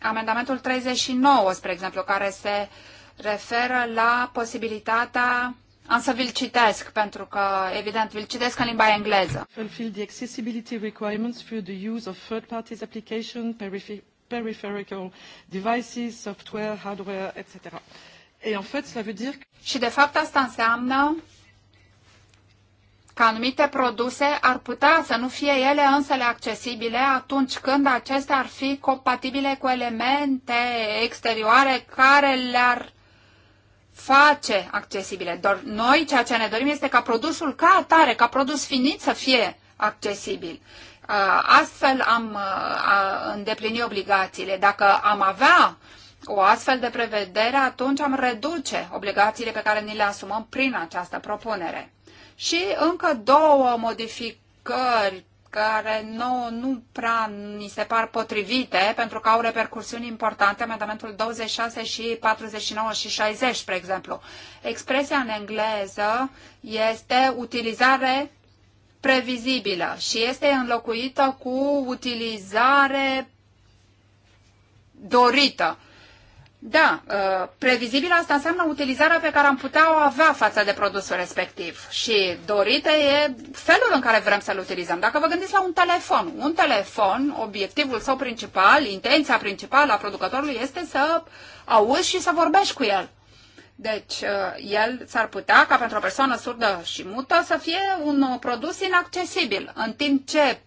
amendamentul 39, spre exemplu, care se referă la posibilitatea am să vi-l citesc, pentru că, evident, vi-l citesc în limba engleză. Fulfill the accessibility requirements through the use of third parties application, peripheral devices, software, hardware, etc. Et en fait, cela veut dire... Și de fapt asta înseamnă că anumite produse ar putea să nu fie ele însele accesibile atunci când acestea ar fi compatibile cu elemente exterioare care le-ar face accesibile. Doar noi ceea ce ne dorim este ca produsul ca atare, ca produs finit să fie accesibil. Uh, astfel am uh, îndeplini obligațiile. Dacă am avea o astfel de prevedere, atunci am reduce obligațiile pe care ni le asumăm prin această propunere. Și încă două modificări care nouă nu prea ni se par potrivite, pentru că au repercursiuni importante, amendamentul 26 și 49 și 60, spre exemplu. Expresia în engleză este utilizare previzibilă și este înlocuită cu utilizare dorită. Da, uh, previzibil asta înseamnă utilizarea pe care am putea o avea față de produsul respectiv și dorită e felul în care vrem să-l utilizăm. Dacă vă gândiți la un telefon, un telefon, obiectivul său principal, intenția principală a producătorului este să auzi și să vorbești cu el. Deci, uh, el s-ar putea ca pentru o persoană surdă și mută să fie un produs inaccesibil, în timp ce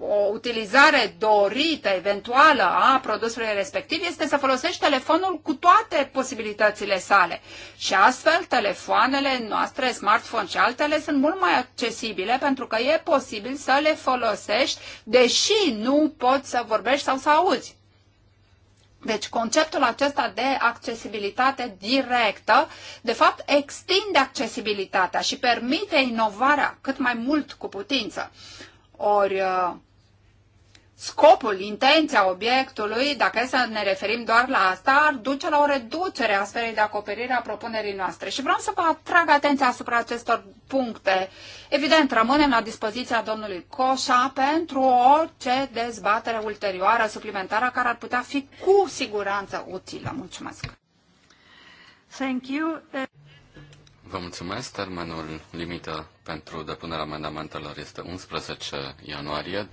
o utilizare dorită, eventuală, a produsului respectiv este să folosești telefonul cu toate posibilitățile sale. Și astfel, telefoanele noastre, smartphone și altele, sunt mult mai accesibile pentru că e posibil să le folosești, deși nu poți să vorbești sau să auzi. Deci conceptul acesta de accesibilitate directă, de fapt, extinde accesibilitatea și permite inovarea cât mai mult cu putință. Ori uh, scopul, intenția obiectului, dacă e să ne referim doar la asta, ar duce la o reducere a sferei de acoperire a propunerii noastre. Și vreau să vă atrag atenția asupra acestor puncte. Evident, rămânem la dispoziția domnului Coșa pentru orice dezbatere ulterioară, suplimentară, care ar putea fi cu siguranță utilă. Mulțumesc! Thank you. Vă mulțumesc. Termenul limită pentru depunerea amendamentelor este 11 ianuarie.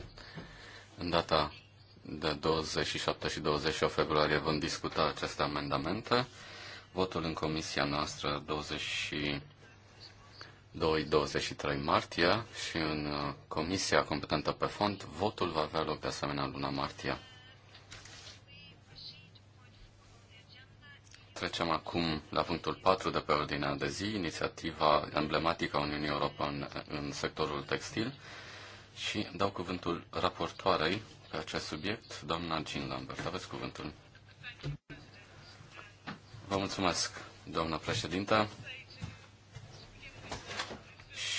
În data de 27 și 28 februarie vom discuta aceste amendamente. Votul în comisia noastră 22-23 martie și în uh, comisia competentă pe fond votul va avea loc de asemenea luna martie. Trecem acum la punctul 4 de pe ordinea de zi, inițiativa emblematică a Uniunii Europene în sectorul textil și dau cuvântul raportoarei pe acest subiect, doamna Jean Lambert. Aveți cuvântul. Vă mulțumesc, doamna președintă.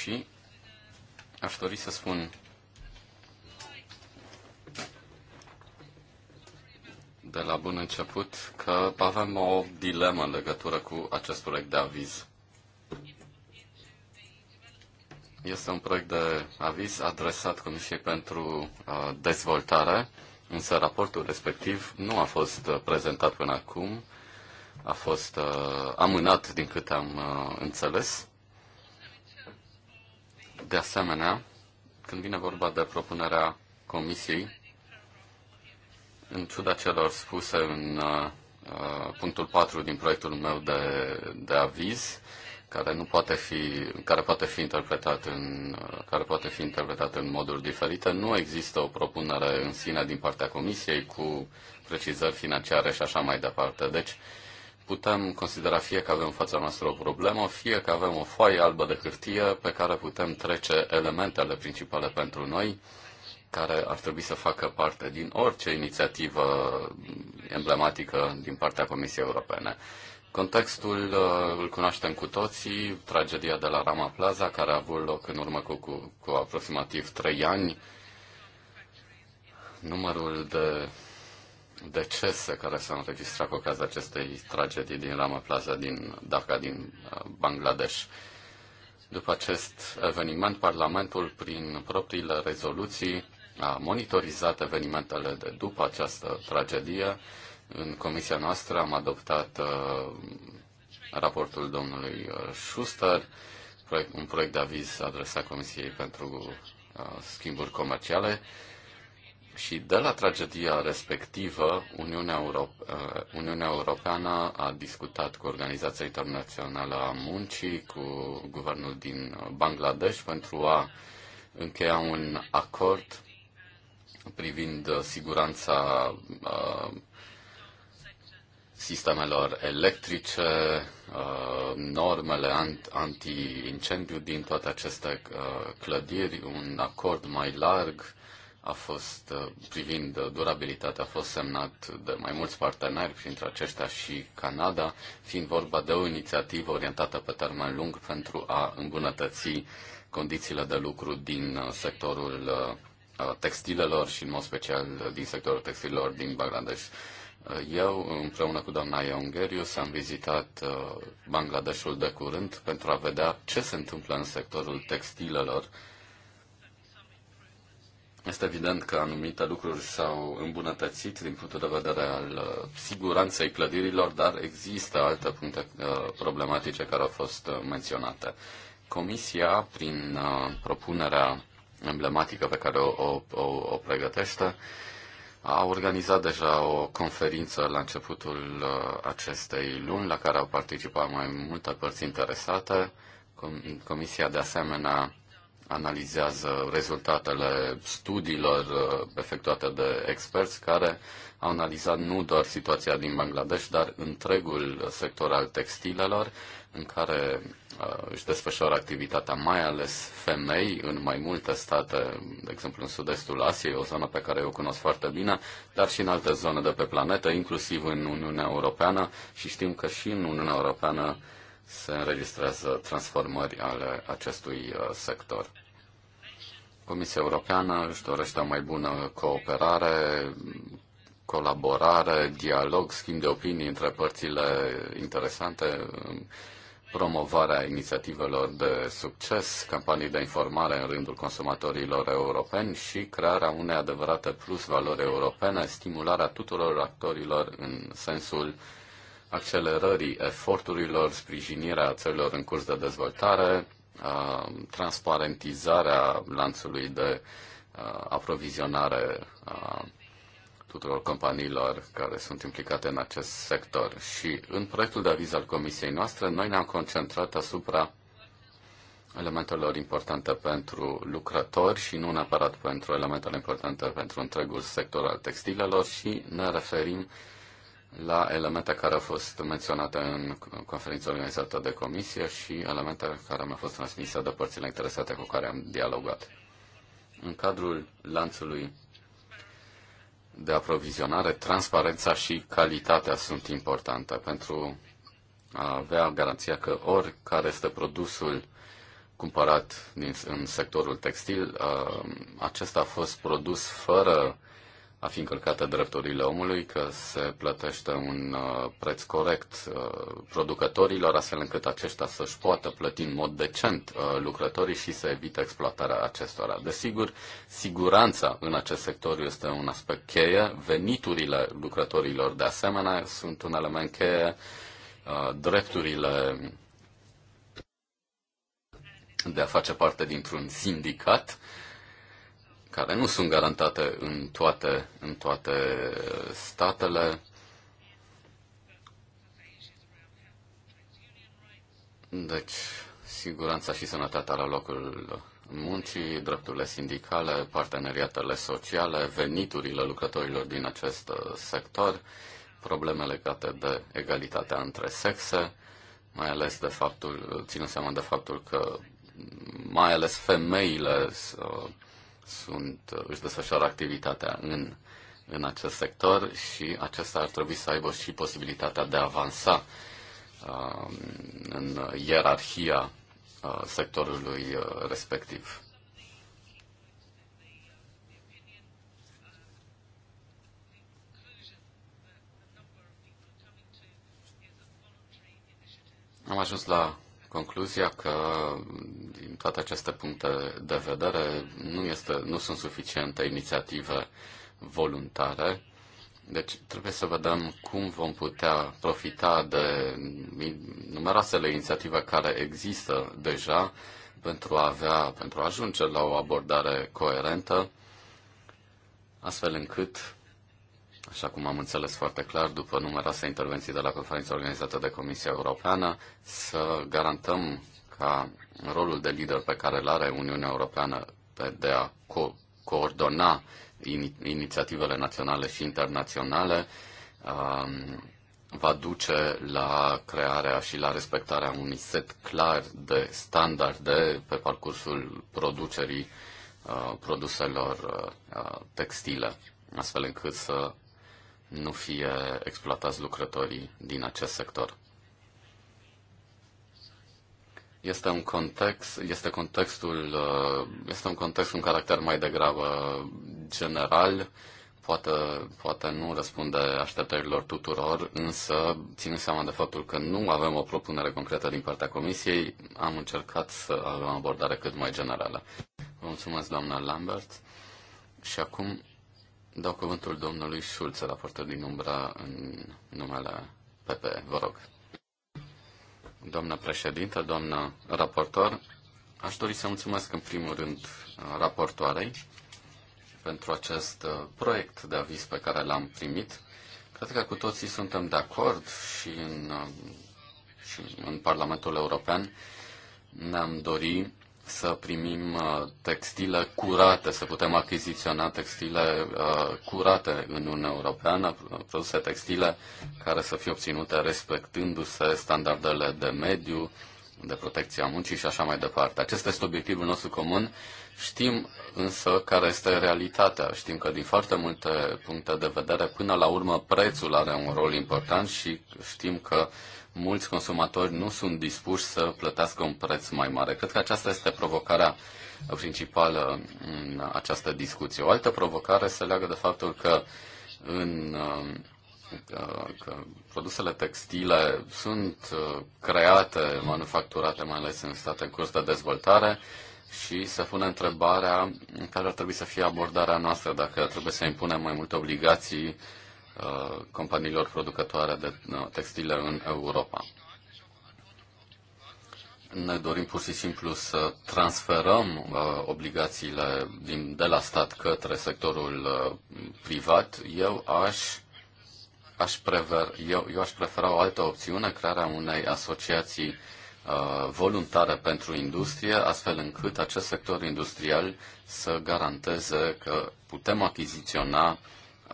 Și aș dori să spun de la bun început că avem o dilemă în legătură cu acest proiect de aviz. Este un proiect de aviz adresat Comisiei pentru uh, Dezvoltare, însă raportul respectiv nu a fost uh, prezentat până acum, a fost uh, amânat din câte am înțeles. De asemenea, când vine vorba de propunerea Comisiei, în ciuda celor spuse în uh, punctul 4 din proiectul meu de, de aviz, care nu poate fi, care poate fi interpretat în, uh, care poate fi interpretat în moduri diferite. Nu există o propunere în sine din partea Comisiei cu precizări financiare și așa mai departe. Deci putem considera fie că avem în fața noastră o problemă, fie că avem o foaie albă de hârtie pe care putem trece elementele principale pentru noi care ar trebui să facă parte din orice inițiativă emblematică din partea Comisiei Europene. Contextul uh, îl cunoaștem cu toții, tragedia de la Rama Plaza, care a avut loc în urmă cu, cu, cu aproximativ trei ani, numărul de decese care s-au înregistrat cu ocazia acestei tragedii din Rama Plaza din Dhaka, din uh, Bangladesh. După acest eveniment, Parlamentul, prin propriile rezoluții, a monitorizat evenimentele de după această tragedie. În comisia noastră am adoptat uh, raportul domnului uh, Schuster, un proiect de aviz adresat Comisiei pentru uh, schimburi comerciale. Și de la tragedia respectivă, Uniunea, Europe, Uniunea Europeană a discutat cu Organizația Internațională a Muncii, cu guvernul din Bangladesh pentru a încheia un acord privind uh, siguranța uh, sistemelor electrice, uh, normele anti-incendiu din toate aceste clădiri, un acord mai larg a fost privind durabilitatea a fost semnat de mai mulți parteneri, printre aceștia și Canada, fiind vorba de o inițiativă orientată pe termen lung pentru a îmbunătăți condițiile de lucru din sectorul Uh, textilelor și în mod special din sectorul textilelor din Bangladesh. Uh, eu, împreună cu doamna Iongherius, am vizitat uh, Bangladeshul de curând pentru a vedea ce se întâmplă în sectorul textilelor. Este evident că anumite lucruri s-au îmbunătățit din punctul de vedere al siguranței clădirilor, dar există alte puncte problematice care au fost menționate. Comisia, prin propunerea emblematică pe care o, o, o, o pregătește, a organizat deja o conferință la începutul uh, acestei luni, la care au participat mai multe părți interesate. Comisia, de asemenea, analizează rezultatele studiilor uh, efectuate de experți care au analizat nu doar situația din Bangladesh, dar întregul sector al textilelor, în care Uh, își desfășoară activitatea, mai ales femei, în mai multe state, de exemplu în sud-estul Asiei, o zonă pe care eu o cunosc foarte bine, dar și în alte zone de pe planetă, inclusiv în Uniunea Europeană și știm că și în Uniunea Europeană se înregistrează transformări ale acestui uh, sector. Comisia Europeană își dorește o mai bună cooperare, colaborare, dialog, schimb de opinii între părțile interesante um, promovarea inițiativelor de succes, campanii de informare în rândul consumatorilor europeni și crearea unei adevărate plus valori europene, stimularea tuturor actorilor în sensul accelerării eforturilor, sprijinirea țărilor în curs de dezvoltare, transparentizarea lanțului de aprovizionare tuturor companiilor care sunt implicate în acest sector. Și în proiectul de aviz al comisiei noastre, noi ne-am concentrat asupra elementelor importante pentru lucrători și nu neapărat pentru elementele importante pentru întregul sector al textilelor și ne referim la elemente care au fost menționate în conferința organizată de comisie și elemente care mi-au fost transmise de părțile interesate cu care am dialogat. În cadrul lanțului de aprovizionare, transparența și calitatea sunt importante pentru a avea garanția că oricare este produsul cumpărat din, în sectorul textil, uh, acesta a fost produs fără a fi încălcate drepturile omului, că se plătește un uh, preț corect uh, producătorilor, astfel încât aceștia să-și poată plăti în mod decent uh, lucrătorii și să evite exploatarea acestora. Desigur, siguranța în acest sector este un aspect cheie, veniturile lucrătorilor de asemenea sunt un element cheie, drepturile de a face parte dintr-un sindicat, uh, care nu sunt garantate în toate, în toate statele. Deci, siguranța și sănătatea la locul muncii, drepturile sindicale, parteneriatele sociale, veniturile lucrătorilor din acest uh, sector, probleme legate de egalitatea între sexe, mai ales de faptul, ținând seama de faptul că mai ales femeile uh, sunt, își desfășoară activitatea în, în acest sector și acesta ar trebui să aibă și posibilitatea de a avansa uh, în ierarhia uh, sectorului uh, respectiv. Am ajuns la concluzia că din toate aceste puncte de vedere nu, este, nu sunt suficiente inițiative voluntare. Deci trebuie să vedem cum vom putea profita de numeroasele inițiative care există deja pentru a avea, pentru a ajunge la o abordare coerentă, astfel încât Așa cum am înțeles foarte clar, după numeroase intervenții de la conferința organizată de Comisia Europeană, să garantăm ca rolul de lider pe care îl are Uniunea Europeană pe de a co- coordona inițiativele naționale și internaționale um, va duce la crearea și la respectarea unui set clar de standarde pe parcursul producerii uh, produselor uh, textile, astfel încât să nu fie exploatați lucrătorii din acest sector. Este un context, este contextul, uh, este un context un caracter mai degrabă general, poate, poate nu răspunde așteptărilor tuturor, însă, ținând seama de faptul că nu avem o propunere concretă din partea Comisiei, am încercat să avem o abordare cât mai generală. Vă mulțumesc, doamna Lambert. Și acum Dau cuvântul domnului la portă din umbra, în numele PP. Vă rog. Doamna președintă, doamnă raportor, aș dori să mulțumesc în primul rând uh, raportoarei pentru acest uh, proiect de aviz pe care l-am primit. Cred că cu toții suntem de acord și în, uh, și în Parlamentul European ne-am dorit să primim uh, textile curate, să putem achiziționa textile uh, curate în Uniunea Europeană, produse textile care să fie obținute respectându-se standardele de mediu, de protecție a muncii și așa mai departe. Acesta este obiectivul nostru comun. Știm însă care este realitatea. Știm că din foarte multe puncte de vedere, până la urmă, prețul are un rol important și știm că uh, mulți consumatori nu sunt dispuși să plătească un preț mai mare. Cred că aceasta este provocarea principală în această discuție. O altă provocare se leagă de faptul că în că, că produsele textile sunt uh, create, manufacturate, mai ales în state în curs de dezvoltare și se pune întrebarea care ar trebui să fie abordarea noastră, dacă trebuie să impunem mai multe obligații uh, Uh, companiilor producătoare de uh, textile în Europa. Ne dorim pur și simplu să transferăm uh, obligațiile din, de la stat către sectorul uh, privat. Eu aș, aș prever, eu, eu aș prefera o altă opțiune, crearea unei asociații uh, voluntare pentru industrie, astfel încât acest sector industrial să garanteze că putem achiziționa uh,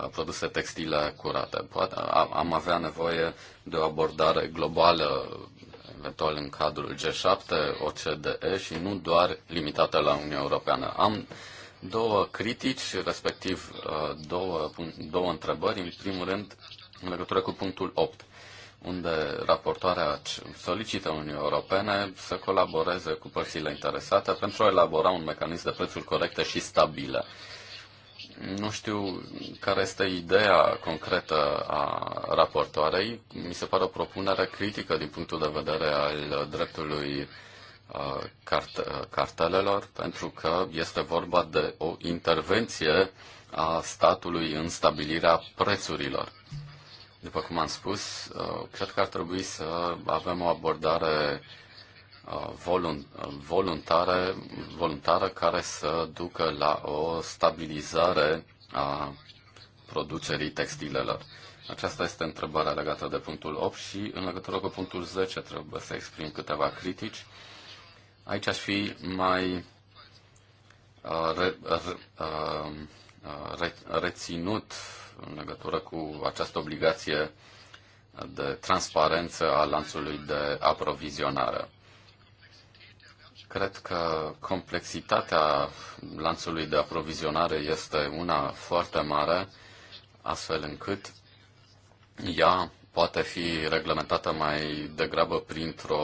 produse textile curate. Poate am avea nevoie de o abordare globală, eventual în cadrul G7, OCDE și nu doar limitată la Uniunea Europeană. Am două critici, respectiv uh, două, două întrebări. În primul rând, în legătură cu punctul 8 unde raportoarea solicită Uniunii Europene să colaboreze cu părțile interesate pentru a elabora un mecanism de prețuri corecte și stabile. Nu știu care este ideea concretă a raportoarei. Mi se pare o propunere critică din punctul de vedere al dreptului uh, cart- uh, cartelelor, pentru că este vorba de o intervenție a statului în stabilirea prețurilor. După cum am spus, uh, cred că ar trebui să avem o abordare Uh, uh, voluntare, voluntară care să ducă la o stabilizare a producerii textilelor. Aceasta este întrebarea legată de punctul 8 și în legătură cu punctul 10 trebuie să exprim câteva critici. Aici aș fi mai uh, re, re, uh, re, reținut în legătură cu această obligație de transparență a lanțului de aprovizionare. Cred că complexitatea lanțului de aprovizionare este una foarte mare, astfel încât ea poate fi reglementată mai degrabă printr-o,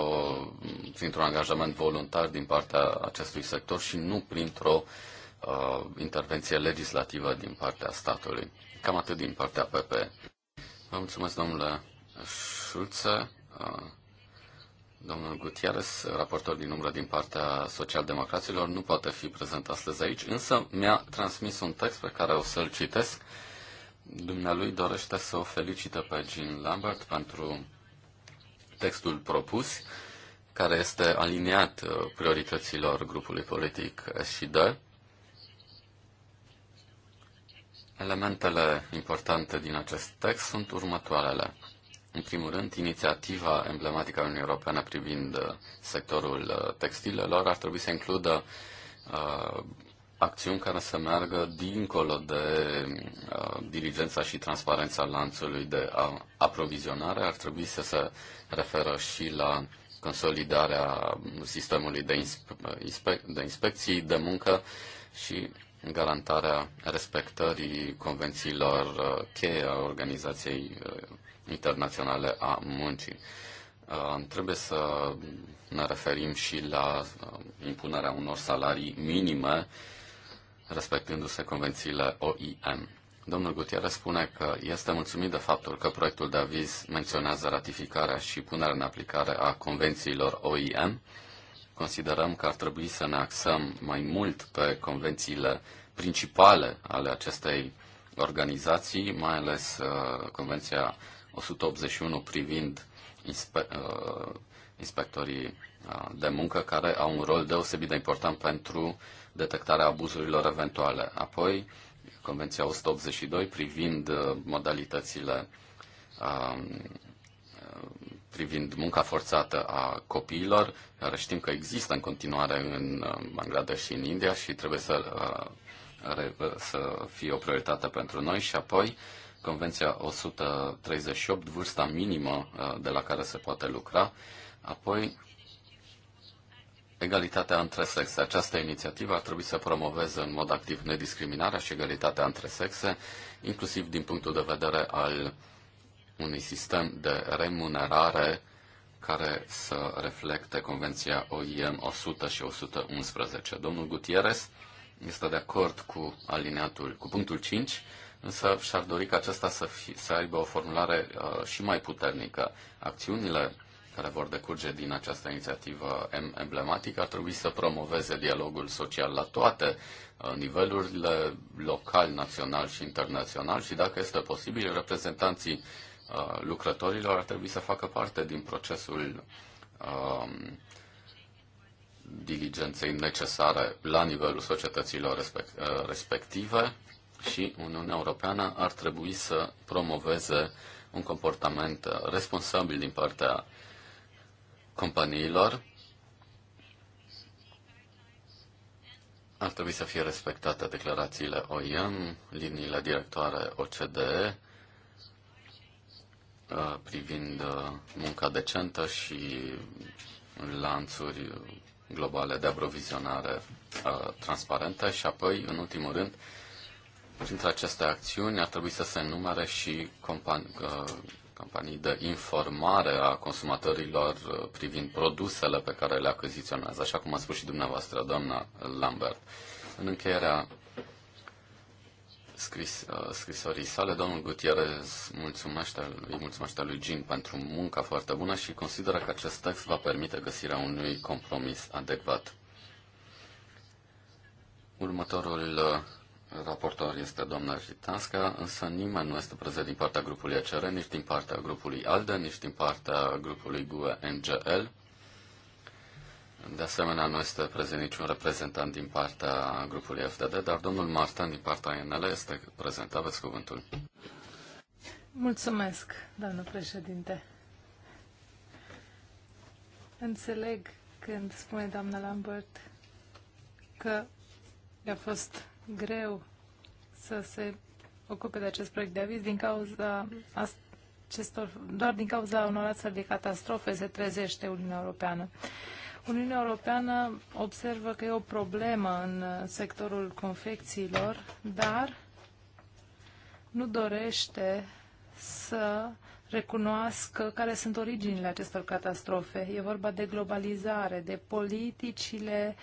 printr-un angajament voluntar din partea acestui sector și nu printr-o uh, intervenție legislativă din partea statului. Cam atât din partea PP. Vă mulțumesc, domnule Schulze. Uh, Domnul Gutierrez, raportor din umbră din partea socialdemocraților, nu poate fi prezent astăzi aici, însă mi-a transmis un text pe care o să-l citesc. Dumnealui dorește să o felicită pe Jean Lambert pentru textul propus, care este aliniat uh, priorităților grupului politic SID. Elementele importante din acest text sunt următoarele. În primul rând, inițiativa emblematică a Uniunii Europene privind uh, sectorul uh, textilelor ar trebui să includă uh, acțiuni care să meargă dincolo de uh, diligența și transparența lanțului de aprovizionare. Ar trebui să se referă și la consolidarea sistemului de, inspe- inspe- de inspecții de muncă și garantarea respectării convențiilor uh, cheie a Organizației Internaționale a Muncii. Uh, trebuie să ne referim și la uh, impunerea unor salarii minime respectându-se convențiile OIM. Domnul Gutierrez spune că este mulțumit de faptul că proiectul de aviz menționează ratificarea și punerea în aplicare a convențiilor OIM. Considerăm că ar trebui să ne axăm mai mult pe convențiile principale ale acestei organizații, mai ales uh, Convenția 181 privind inspe- uh, inspectorii uh, de muncă care au un rol deosebit de important pentru detectarea abuzurilor eventuale. Apoi, Convenția 182 privind uh, modalitățile um, privind munca forțată a copiilor, care știm că există în continuare în uh, Bangladesh și în India și trebuie să, să fie o prioritate pentru noi și apoi Convenția 138, vârsta minimă uh, de la care se poate lucra, apoi egalitatea între sexe. Această inițiativă ar trebui să promoveze în mod activ nediscriminarea și egalitatea între sexe, inclusiv din punctul de vedere al unui sistem de remunerare care să reflecte Convenția OIM 100 și 111. Domnul Gutierrez este de acord cu alineatul, cu punctul 5, însă și-ar dori ca acesta să, fi, să aibă o formulare uh, și mai puternică. Acțiunile care vor decurge din această inițiativă emblematică ar trebui să promoveze dialogul social la toate uh, nivelurile, local, național și internațional și dacă este posibil, reprezentanții uh, lucrătorilor ar trebui să facă parte din procesul um, diligenței necesare la nivelul societăților respect, uh, respective și Uniunea Europeană ar trebui să promoveze un comportament responsabil din partea companiilor. Ar trebui să fie respectate declarațiile OIM, liniile directoare OCDE uh, privind uh, munca decentă și lanțuri globale de aprovizionare uh, transparente și apoi, în ultimul rând, Printre aceste acțiuni ar trebui să se numere și companii, campanii de informare a consumatorilor uh, privind produsele pe care le achiziționează, așa cum a spus și dumneavoastră, doamna Lambert. În încheierea scris, uh, scrisorii sale, domnul Gutierrez mulțumește, îi mulțumește lui Jim pentru munca foarte bună și consideră că acest text va permite găsirea unui compromis adecvat. Următorul uh, raportor este doamna Jitanska, însă nimeni nu este prezent din partea grupului ECR, nici din partea grupului ALDE, nici din partea grupului GUE-NGL. De asemenea, nu este prezent niciun reprezentant din partea grupului FDD, dar domnul Martin din partea INL este prezent. Aveți cuvântul. Mulțumesc, doamnă președinte. Înțeleg când spune doamna Lambert că a fost greu să se ocupe de acest proiect de aviz din cauza acestor, doar din cauza unor astfel de catastrofe se trezește Uniunea Europeană. Uniunea Europeană observă că e o problemă în sectorul confecțiilor, dar nu dorește să recunoască care sunt originile acestor catastrofe. E vorba de globalizare, de politicile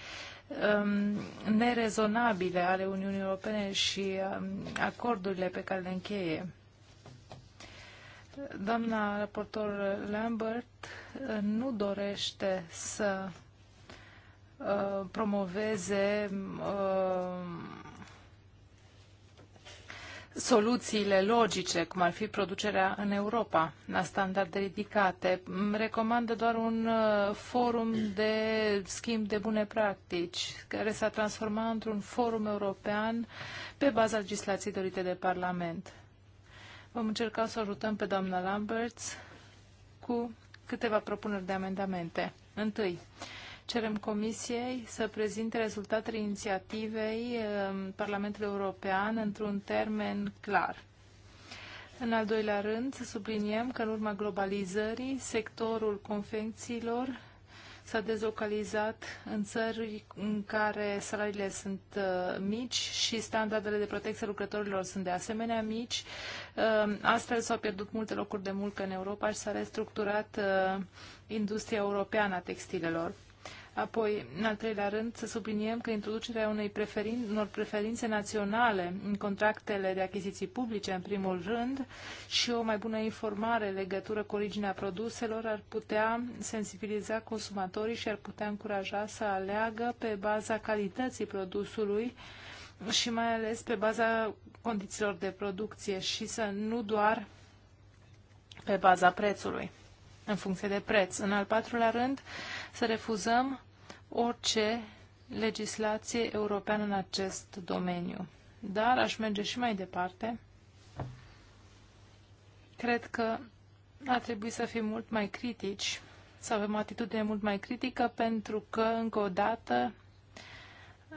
um, nerezonabile ale Uniunii Europene și um, acordurile pe care le încheie. Doamna raportor Lambert uh, nu dorește să uh, promoveze uh, soluțiile logice, cum ar fi producerea în Europa, la standarde ridicate. Recomandă doar un uh, forum de schimb de bune practici, care s-a transformat într-un forum european pe baza legislației dorite de Parlament. Vom încerca să ajutăm pe doamna Lamberts cu câteva propuneri de amendamente. Întâi, Cerem Comisiei să prezinte rezultatele inițiativei um, Parlamentului European într-un termen clar. În al doilea rând, să subliniem că în urma globalizării, sectorul confecțiilor s-a dezlocalizat în țări în care salariile sunt uh, mici și standardele de protecție lucrătorilor sunt de asemenea mici. Uh, astfel s-au pierdut multe locuri de muncă în Europa și s-a restructurat uh, industria europeană a textilelor. Apoi, în al treilea rând, să subliniem că introducerea unei preferin, unor preferințe naționale în contractele de achiziții publice, în primul rând, și o mai bună informare legătură cu originea produselor ar putea sensibiliza consumatorii și ar putea încuraja să aleagă pe baza calității produsului și mai ales pe baza condițiilor de producție și să nu doar pe baza prețului, în funcție de preț. În al patrulea rând, să refuzăm orice legislație europeană în acest domeniu. Dar aș merge și mai departe. Cred că ar trebui să fim mult mai critici, să avem o atitudine mult mai critică, pentru că, încă o dată,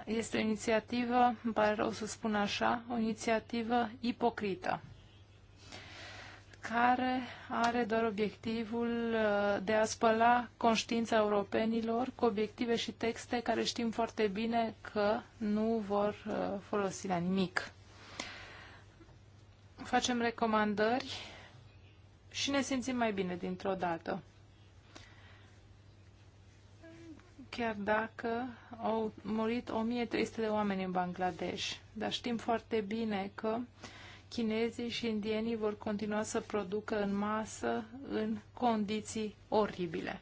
este o inițiativă, îmi pare rău să spun așa, o inițiativă ipocrită care are doar obiectivul uh, de a spăla conștiința europenilor cu obiective și texte care știm foarte bine că nu vor uh, folosi la nimic. Facem recomandări și ne simțim mai bine dintr-o dată. chiar dacă au murit 1300 de oameni în Bangladesh. Dar știm foarte bine că uh, chinezii și indienii vor continua să producă în masă în condiții oribile.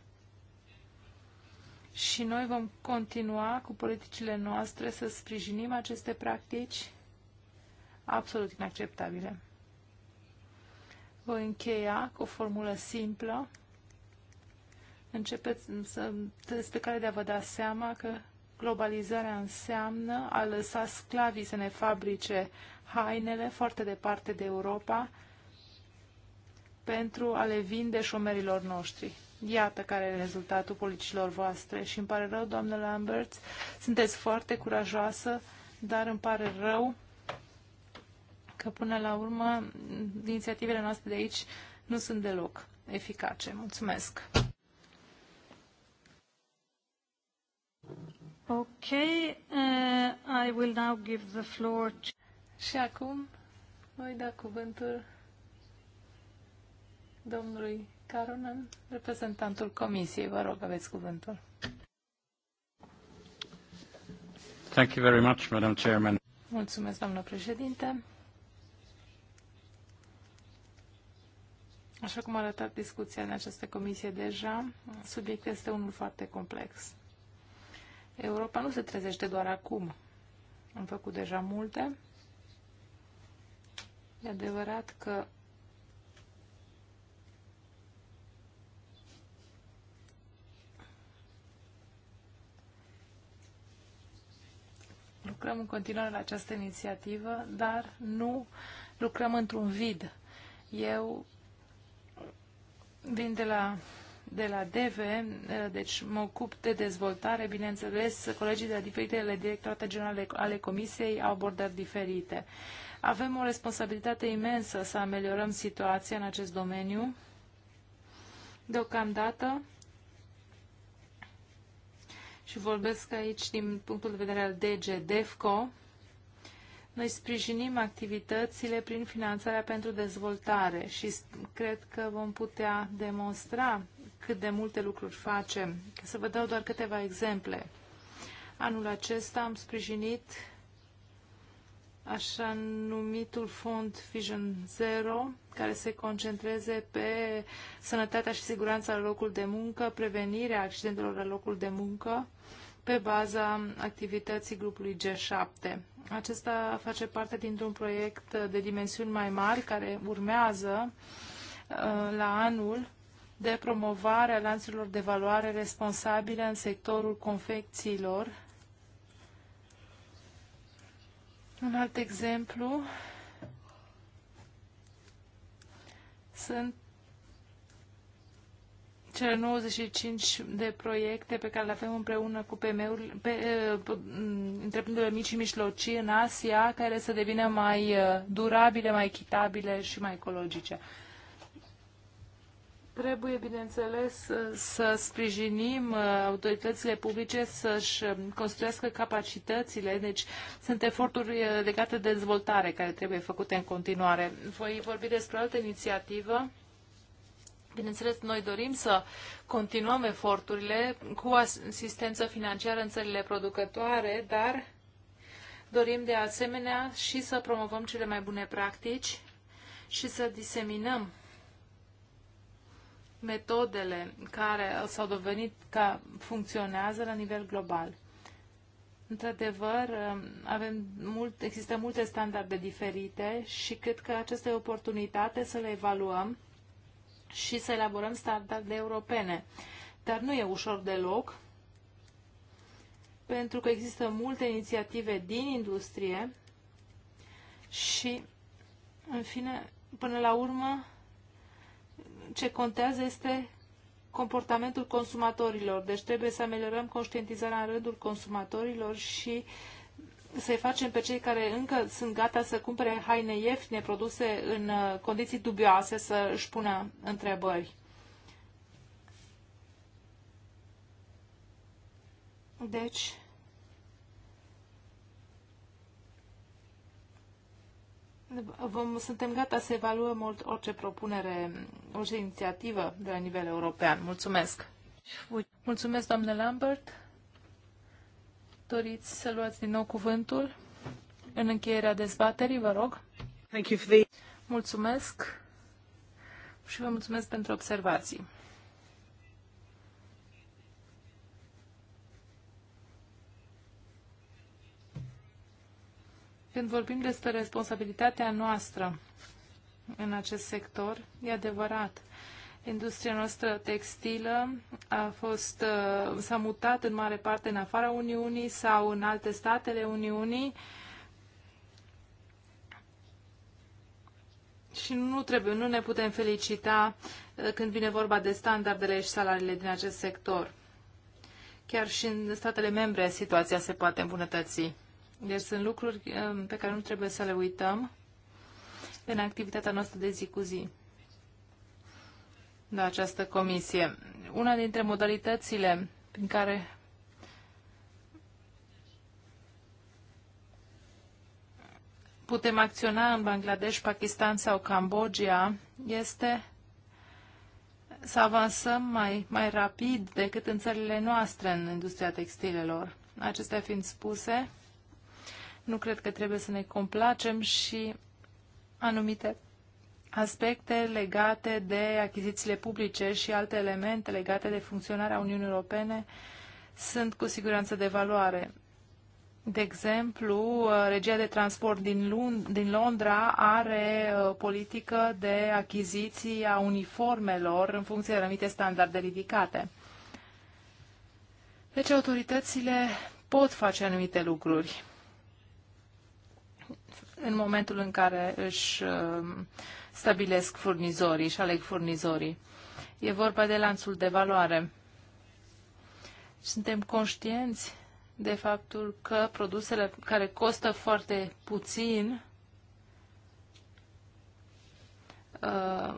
Și noi vom continua cu politicile noastre să sprijinim aceste practici absolut inacceptabile. Voi încheia cu o formulă simplă. Începeți să, despre care de a vă da seama că globalizarea înseamnă a lăsa sclavii să ne fabrice hainele foarte departe de Europa pentru a le vinde șomerilor noștri. Iată care e rezultatul politicilor voastre și îmi pare rău, doamnă Lambert, sunteți foarte curajoasă, dar îmi pare rău că până la urmă inițiativele noastre de aici nu sunt deloc eficace. Mulțumesc! Okay, uh, I will now give the floor to... Și acum voi da cuvântul domnului Caronan, reprezentantul Comisiei. Vă rog, aveți cuvântul. Thank you very much, Madam Chairman. Mulțumesc, doamnă președinte. Așa cum a arătat discuția în această comisie deja, subiectul este unul foarte complex. Europa nu se trezește doar acum. Am făcut deja multe E adevărat că lucrăm în continuare la această inițiativă, dar nu lucrăm într-un vid. Eu vin de la, de la DV, deci mă ocup de dezvoltare, bineînțeles, colegii de la diferitele directorate generale ale Comisiei au abordări diferite. Avem o responsabilitate imensă să ameliorăm situația în acest domeniu. Deocamdată, și vorbesc aici din punctul de vedere al DG DEFCO, noi sprijinim activitățile prin finanțarea pentru dezvoltare și cred că vom putea demonstra cât de multe lucruri facem. Să vă dau doar câteva exemple. Anul acesta am sprijinit așa numitul fond Vision Zero, care se concentreze pe sănătatea și siguranța la locul de muncă, prevenirea accidentelor la locul de muncă, pe baza activității grupului G7. Acesta face parte dintr-un proiect de dimensiuni mai mari care urmează uh, la anul de promovare a lanțurilor de valoare responsabile în sectorul confecțiilor Un alt exemplu sunt cele 95 de proiecte pe care le avem împreună cu pm uri pe, eh, pe, mm, întreprinderile mici și mijlocii în Asia, care să devină mai eh, durabile, mai echitabile și mai ecologice. Trebuie, bineînțeles, să sprijinim uh, autoritățile publice să-și um, construiască capacitățile, deci sunt eforturi uh, legate de dezvoltare care trebuie făcute în continuare. Voi vorbi despre altă inițiativă. Bineînțeles, noi dorim să continuăm eforturile cu asistență financiară în țările producătoare, dar dorim de asemenea și să promovăm cele mai bune practici și să diseminăm metodele care s-au dovedit că funcționează la nivel global. Într-adevăr, um, avem mult, există multe standarde diferite și cred că această oportunitate să le evaluăm și să elaborăm standarde europene. Dar nu e ușor deloc, pentru că există multe inițiative din industrie și, în fine, până la urmă, ce contează este comportamentul consumatorilor. Deci trebuie să ameliorăm conștientizarea în rândul consumatorilor și să-i facem pe cei care încă sunt gata să cumpere haine ieftine, produse în uh, condiții dubioase, să își pună întrebări. Deci, vom, suntem gata să evaluăm orice propunere, orice inițiativă de la nivel european. Mulțumesc! Mulțumesc, doamne Lambert! Doriți să luați din nou cuvântul în încheierea dezbaterii, vă rog? Thank you for the... Mulțumesc și vă mulțumesc pentru observații. Când vorbim despre responsabilitatea noastră în acest sector, e adevărat. Industria noastră textilă a fost, uh, s-a mutat în mare parte în afara Uniunii sau în alte statele Uniunii și nu, trebuie, nu ne putem felicita uh, când vine vorba de standardele și salariile din acest sector. Chiar și în statele membre situația se poate îmbunătăți. Deci sunt lucruri um, pe care nu trebuie să le uităm în activitatea noastră de zi cu zi Da, această comisie. Una dintre modalitățile prin care putem acționa în Bangladesh, Pakistan sau Cambodgia este să avansăm mai, mai rapid decât în țările noastre în industria textilelor. Acestea fiind spuse, nu cred că trebuie să ne complacem și anumite aspecte legate de achizițiile publice și alte elemente legate de funcționarea Uniunii Europene sunt cu siguranță de valoare. De exemplu, regia de transport din, Lund- din Londra are uh, politică de achiziții a uniformelor în funcție de anumite standarde ridicate. Deci autoritățile pot face anumite lucruri în momentul în care își uh, stabilesc furnizorii și aleg furnizorii. E vorba de lanțul de valoare. Suntem conștienți de faptul că produsele care costă foarte puțin uh,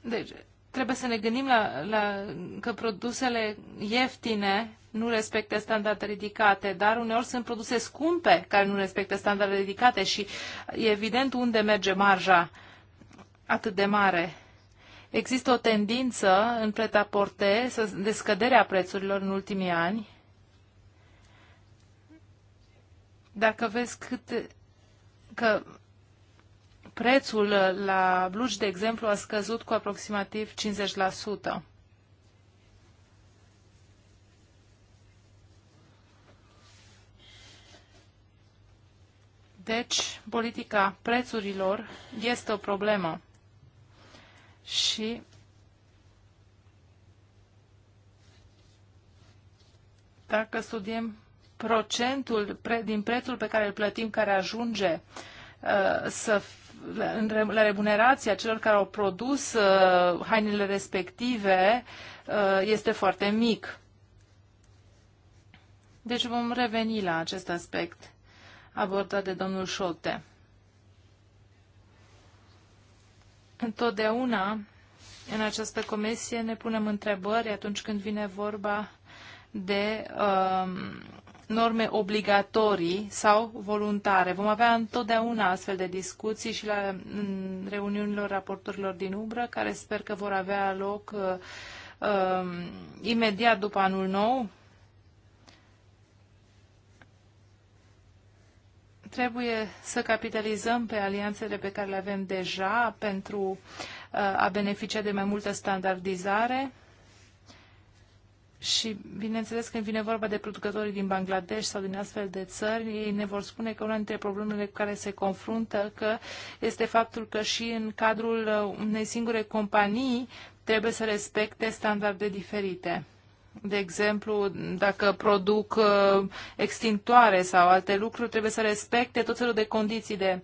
deci, trebuie să ne gândim la, la, că produsele ieftine nu respectă standarde ridicate, dar uneori sunt produse scumpe care nu respectă standarde ridicate și e evident unde merge marja atât de mare. Există o tendință în pretaporte de descăderea prețurilor în ultimii ani. Dacă vezi cât că prețul la blugi, de exemplu, a scăzut cu aproximativ 50%. Deci, politica prețurilor este o problemă. Și dacă studiem procentul din prețul pe care îl plătim, care ajunge uh, să la remunerația celor care au produs uh, hainele respective uh, este foarte mic. Deci vom reveni la acest aspect abordat de domnul Șolte. Întotdeauna în această comisie ne punem întrebări atunci când vine vorba de uh, norme obligatorii sau voluntare. Vom avea întotdeauna astfel de discuții și la reuniunilor raportorilor din umbră, care sper că vor avea loc uh, um, imediat după anul nou. Trebuie să capitalizăm pe alianțele pe care le avem deja pentru uh, a beneficia de mai multă standardizare și, bineînțeles, când vine vorba de producătorii din Bangladesh sau din astfel de țări, ei ne vor spune că una dintre problemele cu care se confruntă că este faptul că și în cadrul uh, unei singure companii trebuie să respecte standarde diferite. De exemplu, dacă produc uh, extintoare sau alte lucruri, trebuie să respecte tot felul de condiții de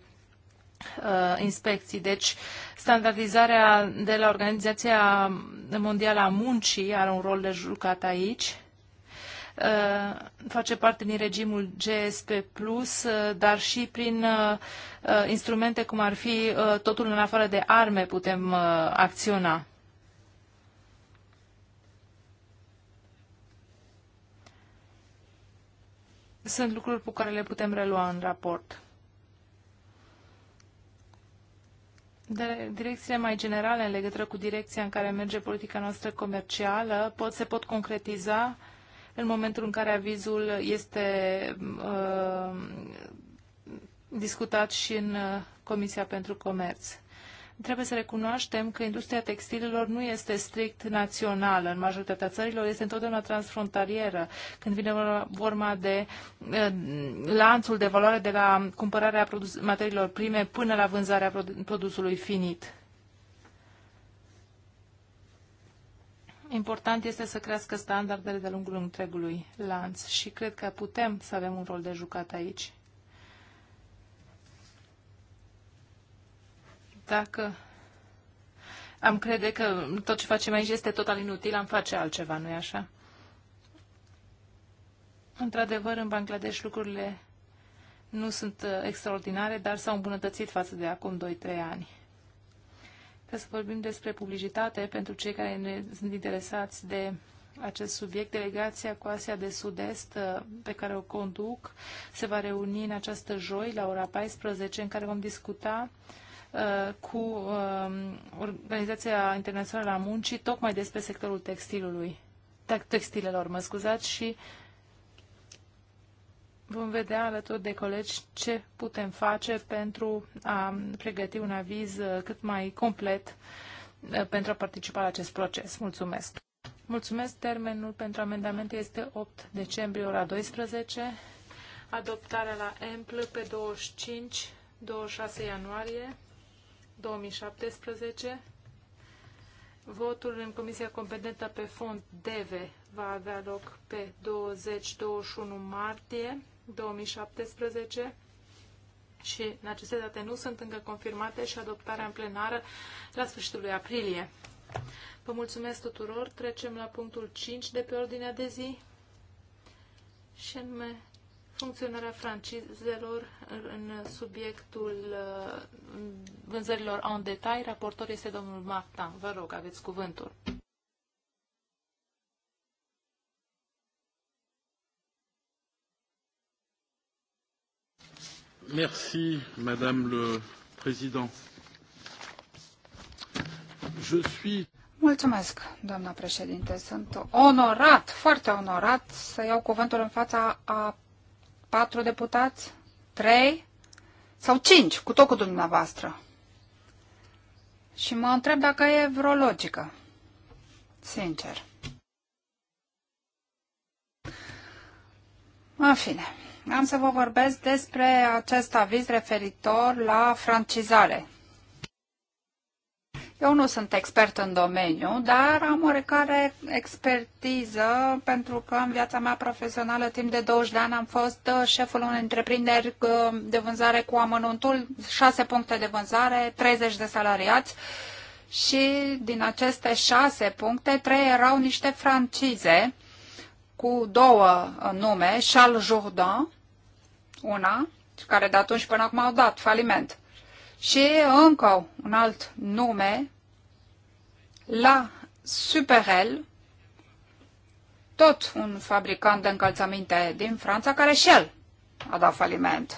Uh, inspecții. Deci, standardizarea de la Organizația Mondială a Muncii are un rol de jucat aici. Uh, face parte din regimul GSP+, uh, dar și prin instrumente cum ar fi totul în afară de arme putem acționa. Sunt lucruri pe care le putem relua în raport. de direcțiile mai generale în legătură cu direcția în care merge politica noastră comercială pot, se pot concretiza în momentul în care avizul este uh, discutat și în uh, Comisia pentru Comerț. Trebuie să recunoaștem că industria textilelor nu este strict națională. În majoritatea țărilor este întotdeauna transfrontalieră. Când vine vorba de eh, lanțul de valoare de la cumpărarea materiilor prime până la vânzarea produsului finit. Important este să crească standardele de lungul întregului lanț și cred că putem să avem un rol de jucat aici. Dacă am crede că tot ce facem aici este total inutil, am face altceva, nu-i așa? Într-adevăr, în Bangladesh lucrurile nu sunt uh, extraordinare, dar s-au îmbunătățit față de acum 2-3 ani. Trebuie să vorbim despre publicitate pentru cei care ne sunt interesați de acest subiect. Delegația cu Asia de Sud-Est, uh, pe care o conduc, se va reuni în această joi la ora 14, în care vom discuta uh, Uh, cu um, Organizația Internațională a Muncii tocmai despre sectorul textilului, textilelor, mă scuzați, și vom vedea alături de colegi ce putem face pentru a pregăti un aviz uh, cât mai complet uh, pentru a participa la acest proces. Mulțumesc! Mulțumesc! Termenul pentru amendamente este 8 decembrie, ora 12. Adoptarea la EMPL pe 25-26 ianuarie 2017. Votul în Comisia Competentă pe Fond DEVE va avea loc pe 20-21 martie 2017 și în aceste date nu sunt încă confirmate și adoptarea în plenară la sfârșitul lui aprilie. Vă mulțumesc tuturor. Trecem la punctul 5 de pe ordinea de zi și anume funcționarea francizelor în subiectul uh, vânzărilor în detail. Raportor este domnul Martin. Vă rog, aveți cuvântul. Merci, Madame le Président. Je suis... Mulțumesc, doamna președinte. Sunt onorat, foarte onorat să iau cuvântul în fața a patru deputați, trei sau cinci, cu tot cu dumneavoastră. Și mă întreb dacă e vreo logică. Sincer. În fine, am să vă vorbesc despre acest aviz referitor la francizare, eu nu sunt expert în domeniu, dar am oarecare expertiză pentru că în viața mea profesională timp de 20 de ani am fost uh, șeful unei întreprinderi uh, de vânzare cu amănuntul, 6 puncte de vânzare, 30 de salariați și din aceste 6 puncte, 3 erau niște francize cu două uh, nume, Charles Jourdan, una, care de atunci până acum au dat faliment. Și încă un alt nume, la Superel, tot un fabricant de încălțăminte din Franța, care și el a dat faliment.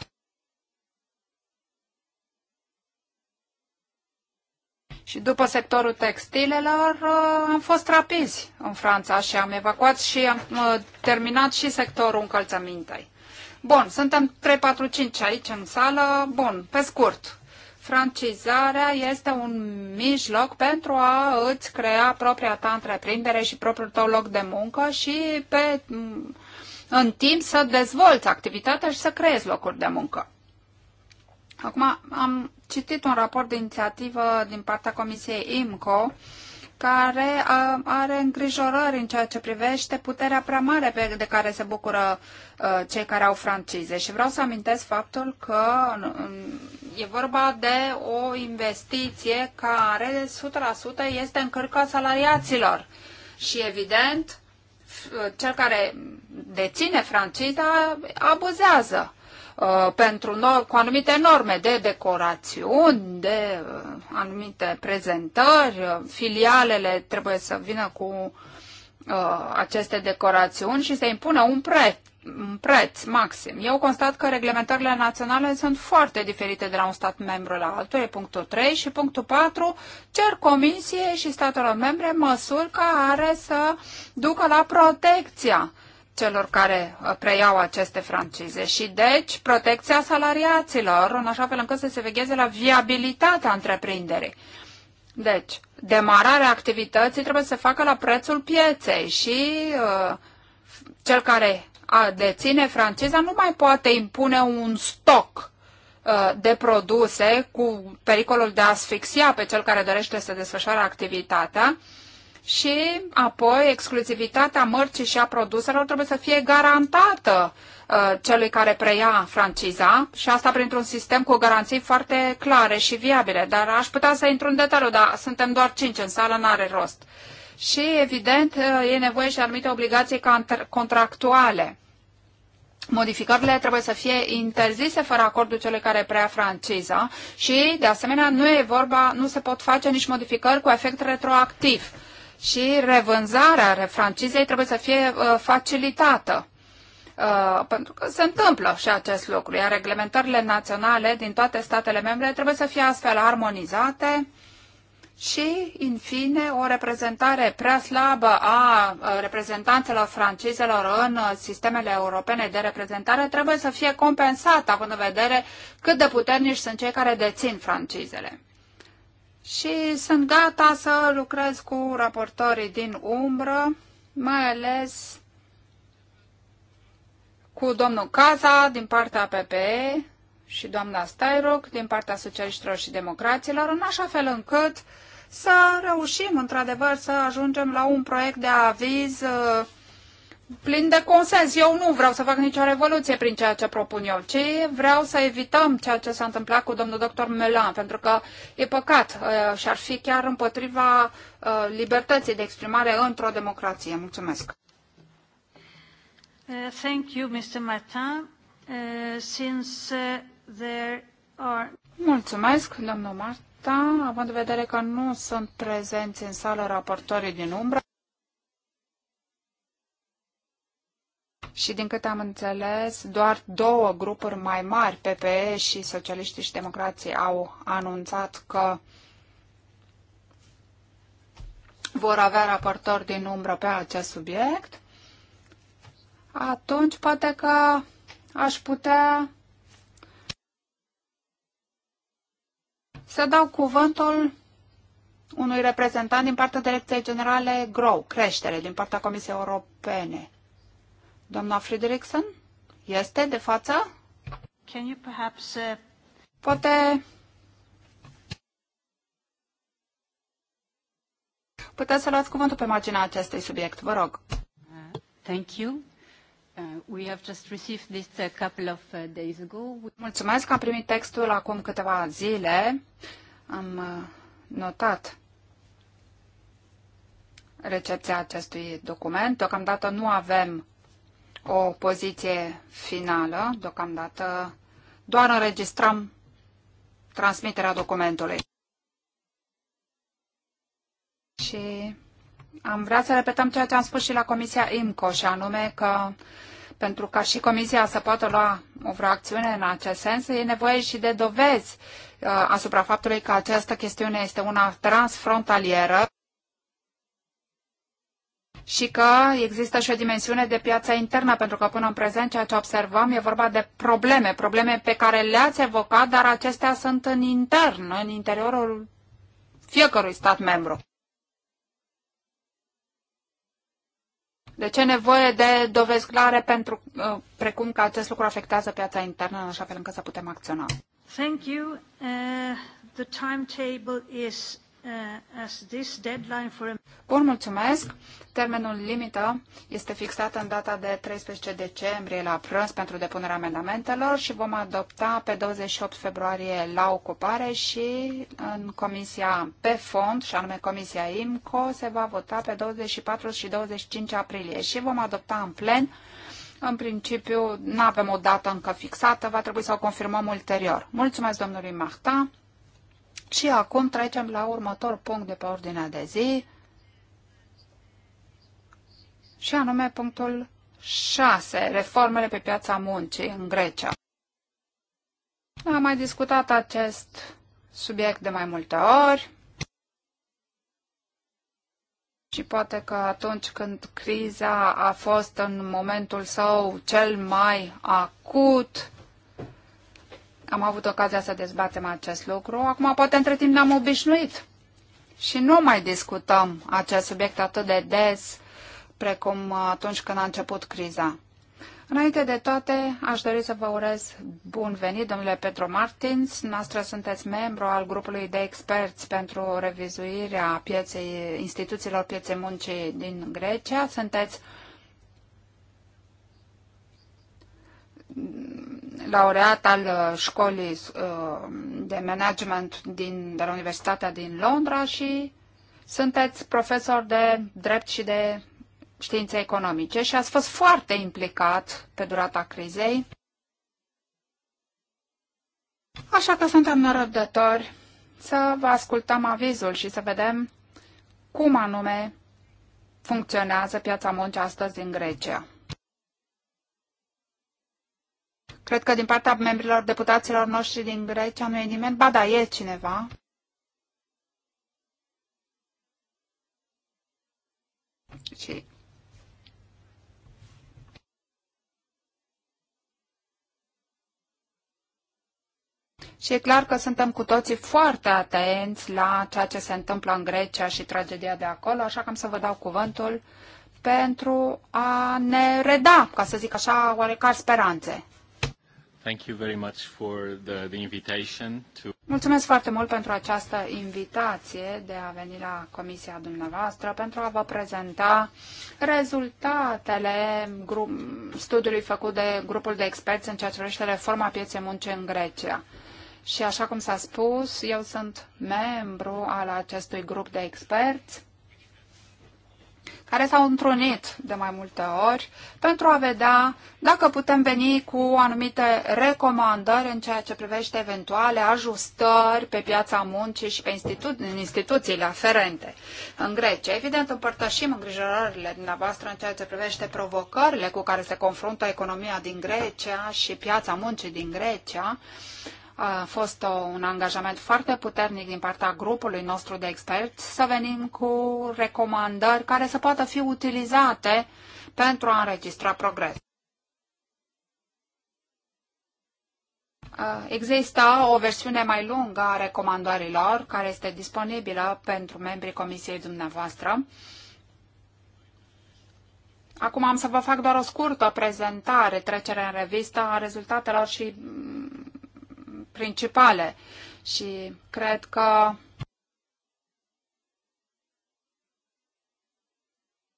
Și după sectorul textilelor uh, am fost rapizi în Franța și am evacuat și am uh, terminat și sectorul încălțămintei. Bun, suntem 3-4-5 aici în sală. Bun, pe scurt, francizarea este un mijloc pentru a îți crea propria ta întreprindere și propriul tău loc de muncă și pe, în timp să dezvolți activitatea și să creezi locuri de muncă. Acum am citit un raport de inițiativă din partea Comisiei IMCO care are îngrijorări în ceea ce privește puterea prea mare pe, de care se bucură uh, cei care au francize. Și vreau să amintesc faptul că e vorba de o investiție care 100% este în cărca salariaților. Și evident, cel care deține franciza abuzează. Uh, pentru no- cu anumite norme de decorațiuni, de uh, anumite prezentări. Uh, filialele trebuie să vină cu uh, aceste decorațiuni și să impună un preț un preț maxim. Eu constat că reglementările naționale sunt foarte diferite de la un stat membru la altul, e punctul 3 și punctul 4, cer comisiei și statelor membre măsuri care să ducă la protecția celor care uh, preiau aceste francize și deci protecția salariaților, în așa fel încât să se vegheze la viabilitatea întreprinderii. Deci, demararea activității trebuie să se facă la prețul pieței și uh, cel care a deține franciza nu mai poate impune un stoc uh, de produse cu pericolul de a asfixia pe cel care dorește să desfășoare activitatea, uh, și apoi exclusivitatea mărcii și a produselor trebuie să fie garantată uh, celui care preia franciza și asta printr-un sistem cu garanții foarte clare și viabile. Dar aș putea să intru în detaliu, dar suntem doar cinci în sală, n-are rost. Și, evident, uh, e nevoie și anumite obligații contractuale. Modificările trebuie să fie interzise fără acordul celui care preia franciza și, de asemenea, nu e vorba, nu se pot face nici modificări cu efect retroactiv și revânzarea refrancizei trebuie să fie uh, facilitată. Uh, pentru că se întâmplă și acest lucru, iar reglementările naționale din toate statele membre trebuie să fie astfel armonizate și, în fine, o reprezentare prea slabă a uh, reprezentanțelor francizelor în uh, sistemele europene de reprezentare trebuie să fie compensată, având în vedere cât de puternici sunt cei care dețin francizele și sunt gata să lucrez cu raportorii din umbră, mai ales cu domnul Caza din partea PPE și doamna Stairoc din partea socialiștilor și democraților, în așa fel încât să reușim într-adevăr să ajungem la un proiect de aviz uh, plin de consens. Eu nu vreau să fac nicio revoluție prin ceea ce propun eu, ci vreau să evităm ceea ce s-a întâmplat cu domnul doctor Melan, pentru că e păcat uh, și ar fi chiar împotriva uh, libertății de exprimare într-o democrație. Mulțumesc. Uh, thank you, Mr. Martin. since there are... Mulțumesc, domnul Martin. Având în vedere că nu sunt prezenți în sală raportorii din umbră, și din câte am înțeles, doar două grupuri mai mari, PPE și Socialiștii și Democrații, au anunțat că vor avea raportori din umbră pe acest subiect, atunci poate că aș putea să dau cuvântul unui reprezentant din partea Direcției Generale GROW, creștere, din partea Comisiei Europene. Doamna Frederiksen, Este de față? Can you perhaps, uh... Poate... Puteți să luați cuvântul pe marginea acestui subiect, vă rog. Uh, thank you. Uh, we have just received this a couple of uh, days ago. Mulțumesc că am primit textul acum câteva zile. Am uh, notat recepția acestui document. Deocamdată nu avem o poziție finală. Deocamdată doar înregistrăm transmiterea documentului. Și am vrea să repetăm ceea ce am spus și la Comisia IMCO, și anume că pentru ca și Comisia să poată lua o vreo acțiune în acest sens, e nevoie și de dovezi uh, asupra faptului că această chestiune este una transfrontalieră și că există și o dimensiune de piața internă, pentru că până în prezent ceea ce observăm e vorba de probleme, probleme pe care le-ați evocat, dar acestea sunt în intern, în interiorul fiecărui stat membru. De ce nevoie de dovezi clare pentru, uh, precum că acest lucru afectează piața internă în așa fel încât să putem acționa. Thank you. Uh, the timetable is Uh, Bun, mulțumesc. Termenul limită este fixat în data de 13 decembrie la prânz pentru depunerea amendamentelor și vom adopta pe 28 februarie la ocupare și în comisia pe fond, și anume comisia IMCO, se va vota pe 24 și 25 aprilie și vom adopta în plen. În principiu, nu avem o dată încă fixată, va trebui să o confirmăm ulterior. Mulțumesc domnului Mahta. Și acum trecem la următor punct de pe ordinea de zi, și anume punctul 6, reformele pe piața muncii în Grecia. Am mai discutat acest subiect de mai multe ori și poate că atunci când criza a fost în momentul său cel mai acut, am avut ocazia să dezbatem acest lucru. Acum, poate între timp ne-am obișnuit și nu mai discutăm acest subiect atât de des precum atunci când a început criza. Înainte de toate, aș dori să vă urez bun venit, domnule Petro Martins. Noastră sunteți membru al grupului de experți pentru revizuirea pieței, instituțiilor pieței muncii din Grecia. Sunteți uh, laureat al uh, școlii uh, de management din, de la Universitatea din Londra și sunteți profesor de drept și de științe economice și ați fost foarte implicat pe durata crizei. Așa că suntem nerăbdători să vă ascultăm avizul și să vedem cum anume funcționează piața muncii astăzi în Grecia. Cred că din partea membrilor deputaților noștri din Grecia nu e nimeni. Ba da, e cineva. Și Și e clar că suntem cu toții foarte atenți la ceea ce se întâmplă în Grecia și tragedia de acolo, așa că am să vă dau cuvântul pentru a ne reda, ca să zic așa, oarecare speranțe. Thank you very much for the, the invitation to... Mulțumesc foarte mult pentru această invitație de a veni la comisia dumneavoastră pentru a vă prezenta rezultatele grup, studiului făcut de grupul de experți în ceea ce privește reforma pieței muncii în Grecia. Și așa cum s-a spus, eu sunt membru al acestui grup de experți care s-au întrunit de mai multe ori pentru a vedea dacă putem veni cu anumite recomandări în ceea ce privește eventuale ajustări pe piața muncii și pe institu- în instituțiile aferente în Grecia. Evident, împărtășim îngrijorările dumneavoastră în ceea ce privește provocările cu care se confruntă economia din Grecia și piața muncii din Grecia, a fost un angajament foarte puternic din partea grupului nostru de experți să venim cu recomandări care să poată fi utilizate pentru a înregistra progres. Există o versiune mai lungă a recomandărilor care este disponibilă pentru membrii comisiei dumneavoastră. Acum am să vă fac doar o scurtă prezentare, trecere în revistă a rezultatelor și principale și cred că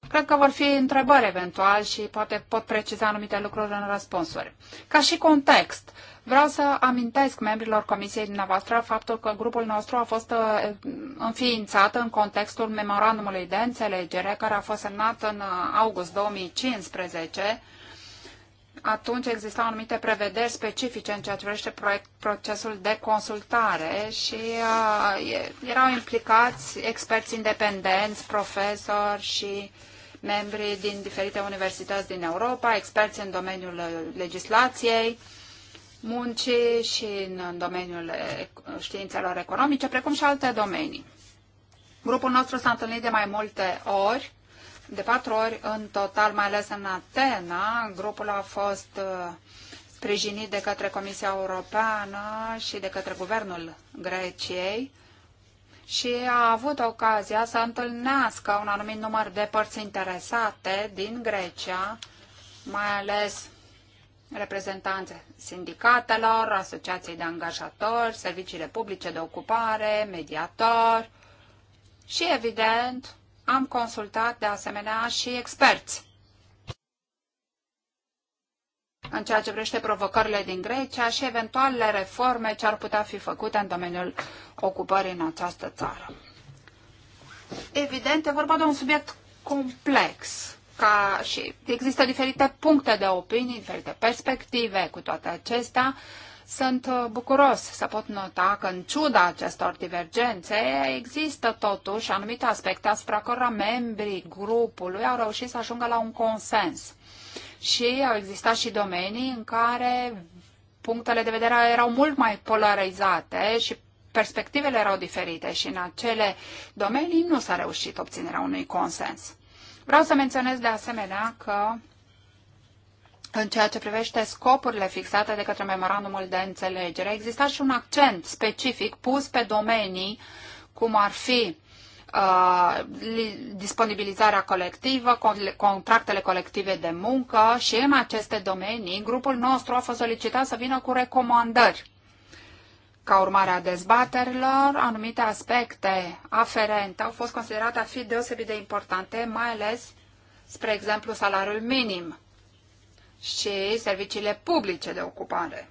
Cred că vor fi întrebări eventual și poate pot preciza anumite lucruri în răspunsuri. Ca și context, vreau să amintesc membrilor comisiei dumneavoastră faptul că grupul nostru a fost uh, înființat în contextul memorandumului de înțelegere care a fost semnat în uh, august 2015 atunci existau anumite prevederi specifice în ceea ce privește procesul de consultare și uh, erau implicați experți independenți, profesori și membri din diferite universități din Europa, experți în domeniul legislației, muncii și în domeniul științelor economice, precum și alte domenii. Grupul nostru s-a întâlnit de mai multe ori de patru ori în total, mai ales în Atena. Grupul a fost uh, sprijinit de către Comisia Europeană și de către Guvernul Greciei și a avut ocazia să întâlnească un anumit număr de părți interesate din Grecia, mai ales reprezentanțe sindicatelor, asociații de angajatori, serviciile publice de ocupare, mediatori și, evident, am consultat de asemenea și experți în ceea ce privește provocările din Grecia și eventualele reforme ce ar putea fi făcute în domeniul ocupării în această țară. Evident, e vorba de un subiect complex ca și există diferite puncte de opinii, diferite perspective cu toate acestea. Uh, sunt uh, bucuros să pot nota că, în ciuda acestor divergențe, există totuși anumite aspecte asupra cărora membrii grupului au reușit să ajungă la un consens. Și au existat și domenii în care punctele de vedere erau mult mai polarizate și perspectivele erau diferite și în acele domenii nu s-a reușit obținerea unui consens. Vreau să menționez de asemenea că în ceea ce privește scopurile fixate de către memorandumul de înțelegere, exista și un accent specific pus pe domenii cum ar fi uh, disponibilizarea colectivă, contractele colective de muncă și în aceste domenii grupul nostru a fost solicitat să vină cu recomandări. Ca urmare a dezbaterilor, anumite aspecte aferente au fost considerate a fi deosebit de importante, mai ales, spre exemplu, salariul minim și serviciile publice de ocupare.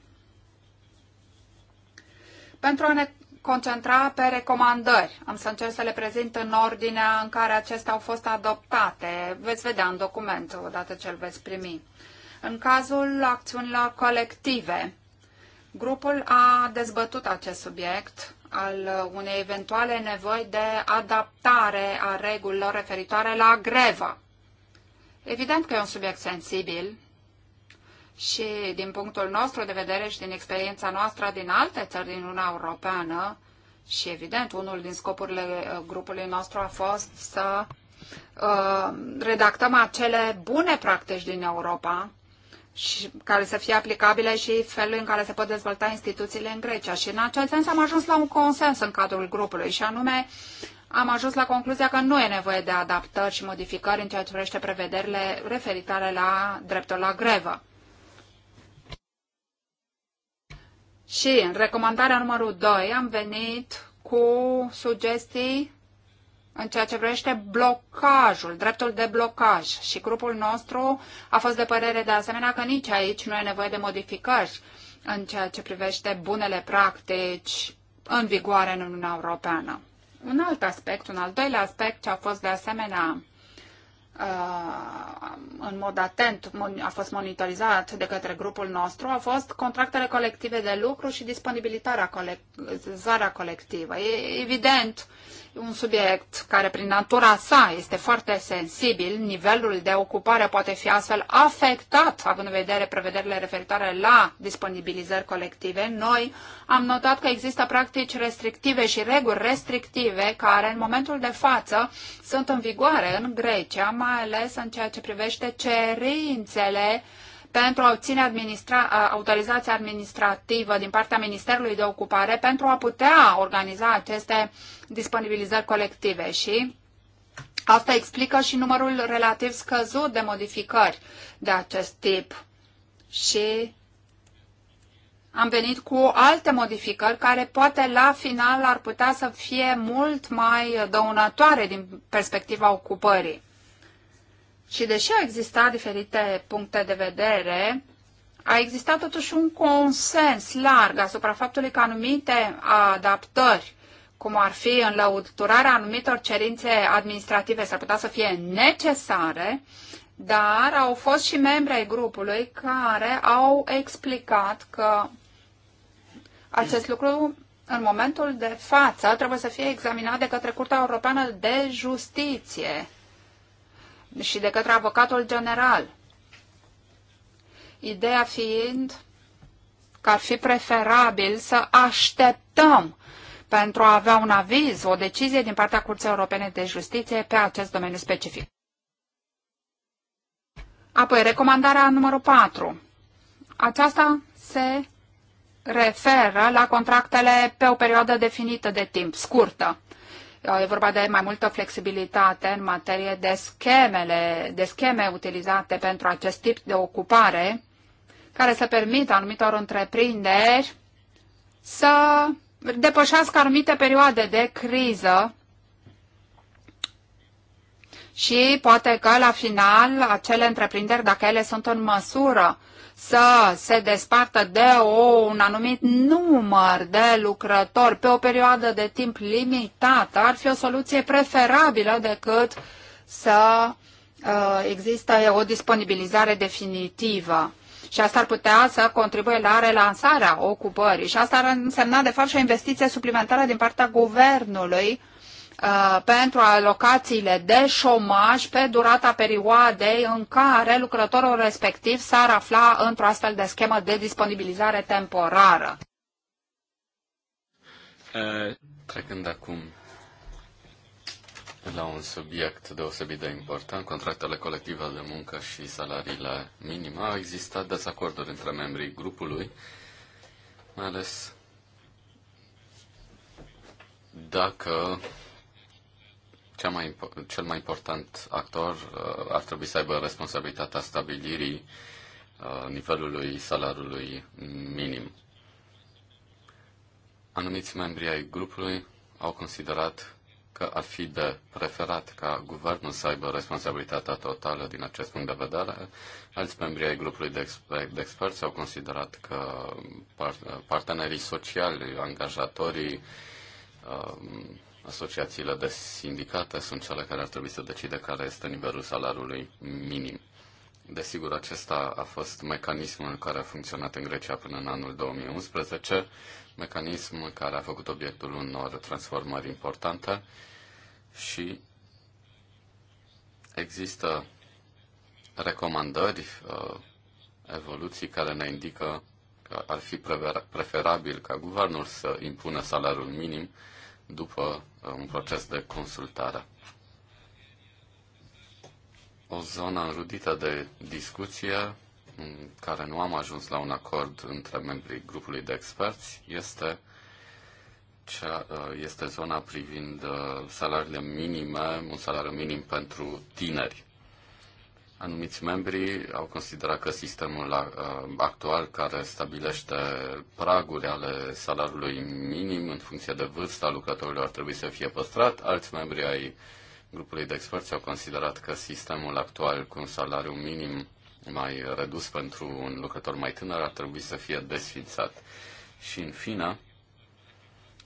Pentru a ne concentra pe recomandări, am să încerc să le prezint în ordinea în care acestea au fost adoptate. Veți vedea în document odată ce îl veți primi. În cazul acțiunilor colective, grupul a dezbătut acest subiect al unei eventuale nevoi de adaptare a regulilor referitoare la grevă. Evident că e un subiect sensibil și din punctul nostru de vedere și din experiența noastră din alte țări din Uniunea Europeană, și evident, unul din scopurile uh, grupului nostru a fost să uh, redactăm acele bune practici din Europa, și care să fie aplicabile și felul în care se pot dezvolta instituțiile în Grecia. Și în acel sens am ajuns la un consens în cadrul grupului și anume am ajuns la concluzia că nu e nevoie de adaptări și modificări în ceea ce privește prevederile referitoare la dreptul la grevă. Și în recomandarea numărul 2 am venit cu sugestii în ceea ce privește blocajul, dreptul de blocaj. Și grupul nostru a fost de părere de asemenea că nici aici nu e nevoie de modificări în ceea ce privește bunele practici în vigoare în Uniunea Europeană. Un alt aspect, un al doilea aspect ce a fost de asemenea Uh, în mod atent a fost monitorizat de către grupul nostru a fost contractele colective de lucru și disponibilitatea colectivă, colectivă. E evident un subiect care prin natura sa este foarte sensibil, nivelul de ocupare poate fi astfel afectat, având în vedere prevederile referitoare la disponibilizări colective. Noi am notat că există practici restrictive și reguli restrictive care în momentul de față sunt în vigoare în Grecia, mai ales în ceea ce privește cerințele pentru a obține administra- autorizația administrativă din partea Ministerului de Ocupare pentru a putea organiza aceste disponibilizări colective și asta explică și numărul relativ scăzut de modificări de acest tip. Și am venit cu alte modificări care poate la final ar putea să fie mult mai dăunătoare din perspectiva ocupării. Și deși au existat diferite puncte de vedere, a existat totuși un consens larg asupra faptului că anumite adaptări, cum ar fi înlăuturarea anumitor cerințe administrative, s-ar putea să fie necesare, dar au fost și membri ai grupului care au explicat că acest lucru în momentul de față trebuie să fie examinat de către Curtea Europeană de Justiție și de către avocatul general. Ideea fiind că ar fi preferabil să așteptăm pentru a avea un aviz, o decizie din partea Curții Europene de Justiție pe acest domeniu specific. Apoi, recomandarea numărul 4. Aceasta se referă la contractele pe o perioadă definită de timp, scurtă. E vorba de mai multă flexibilitate în materie de, schemele, de scheme utilizate pentru acest tip de ocupare, care să permită anumitor întreprinderi să depășească anumite perioade de criză și poate că la final acele întreprinderi, dacă ele sunt în măsură să se despartă de o, un anumit număr de lucrători pe o perioadă de timp limitată ar fi o soluție preferabilă decât să uh, există o disponibilizare definitivă. Și asta ar putea să contribuie la relansarea ocupării. Și asta ar însemna, de fapt, și o investiție suplimentară din partea guvernului uh, Uh, pentru alocațiile de șomaj pe durata perioadei în care lucrătorul respectiv s-ar afla într-o astfel de schemă de disponibilizare temporară. Uh, trecând acum la un subiect deosebit de important, contractele colective de muncă și salariile minime, au existat dezacorduri între membrii grupului, mai ales dacă cea mai, cel mai important actor uh, ar trebui să aibă responsabilitatea stabilirii uh, nivelului salarului minim. Anumiți membri ai grupului au considerat că ar fi de preferat ca guvernul să aibă responsabilitatea totală din acest punct de vedere. Alți membri ai grupului de, exper- de experți au considerat că par- partenerii sociali, angajatorii, uh, asociațiile de sindicate sunt cele care ar trebui să decide care este nivelul salariului minim. Desigur, acesta a fost mecanismul care a funcționat în Grecia până în anul 2011, mecanism care a făcut obiectul unor transformări importante și există recomandări, uh, evoluții care ne indică că ar fi preferabil ca guvernul să impună salariul minim după uh, un proces de consultare. O zonă înrudită de discuție în care nu am ajuns la un acord între membrii grupului de experți este, cea, uh, este zona privind uh, salariile minime, un salariu minim pentru tineri. Anumiți membri au considerat că sistemul uh, actual care stabilește praguri ale salariului minim în funcție de vârsta lucrătorilor ar trebui să fie păstrat. Alți membri ai grupului de experți au considerat că sistemul actual cu un salariu minim mai redus pentru un lucrător mai tânăr ar trebui să fie desfințat. Și în fine,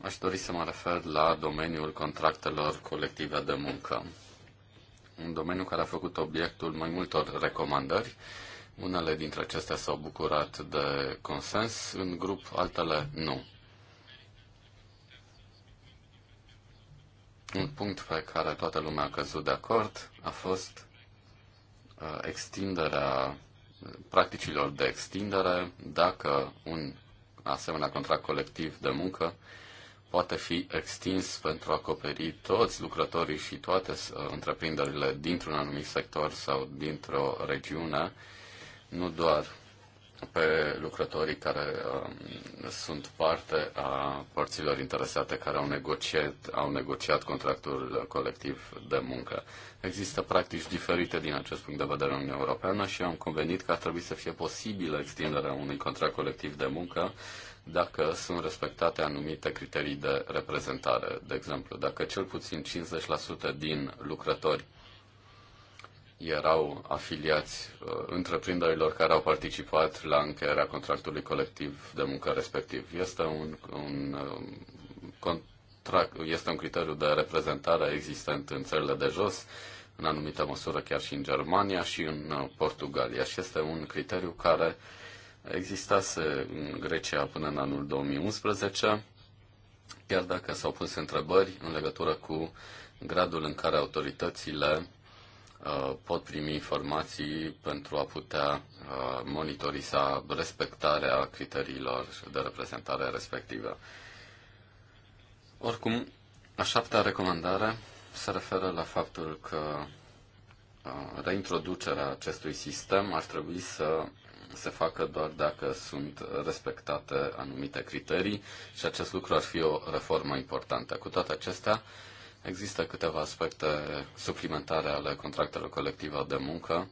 aș dori să mă refer la domeniul contractelor colective de muncă un domeniu care a făcut obiectul mai multor recomandări. Unele dintre acestea s-au bucurat de consens în grup, altele nu. Un punct pe care toată lumea a căzut de acord a fost uh, extinderea practicilor de extindere dacă un asemenea contract colectiv de muncă poate fi extins pentru a acoperi toți lucrătorii și toate uh, întreprinderile dintr-un anumit sector sau dintr-o regiune, nu doar pe lucrătorii care um, sunt parte a părților interesate care au negociat, au negociat contractul colectiv de muncă. Există practici diferite din acest punct de vedere în Uniunea Europeană și am convenit că ar trebui să fie posibilă extinderea unui contract colectiv de muncă dacă sunt respectate anumite criterii de reprezentare. De exemplu, dacă cel puțin 50% din lucrători erau afiliați uh, întreprinderilor care au participat la încheierea contractului colectiv de muncă respectiv. Este un, un um, contract, este un criteriu de reprezentare existent în țările de jos, în anumită măsură chiar și în Germania și în uh, Portugalia și este un criteriu care uh, existase în Grecia până în anul 2011, chiar dacă s-au pus întrebări în legătură cu gradul în care autoritățile uh, pot primi informații pentru a putea uh, monitoriza respectarea criteriilor de reprezentare respectivă. Oricum, a șaptea recomandare se referă la faptul că uh, reintroducerea acestui sistem ar trebui să se facă doar dacă sunt respectate anumite criterii și acest lucru ar fi o reformă importantă. Cu toate acestea, există câteva aspecte suplimentare ale contractelor colective de muncă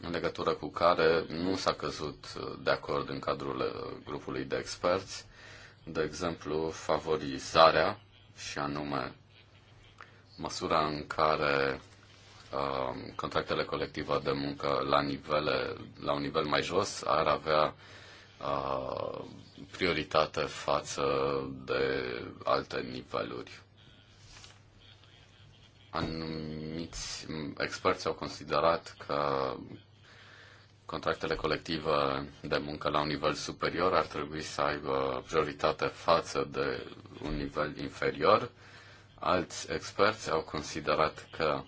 în legătură cu care nu s-a căzut de acord în cadrul uh, grupului de experți, de exemplu, favorizarea și anume măsura în care Um, contractele colective de muncă la, nivele, la un nivel mai jos ar avea uh, prioritate față de alte niveluri. Anumiți experți au considerat că contractele colective de muncă la un nivel superior ar trebui să aibă prioritate față de un nivel inferior. Alți experți au considerat că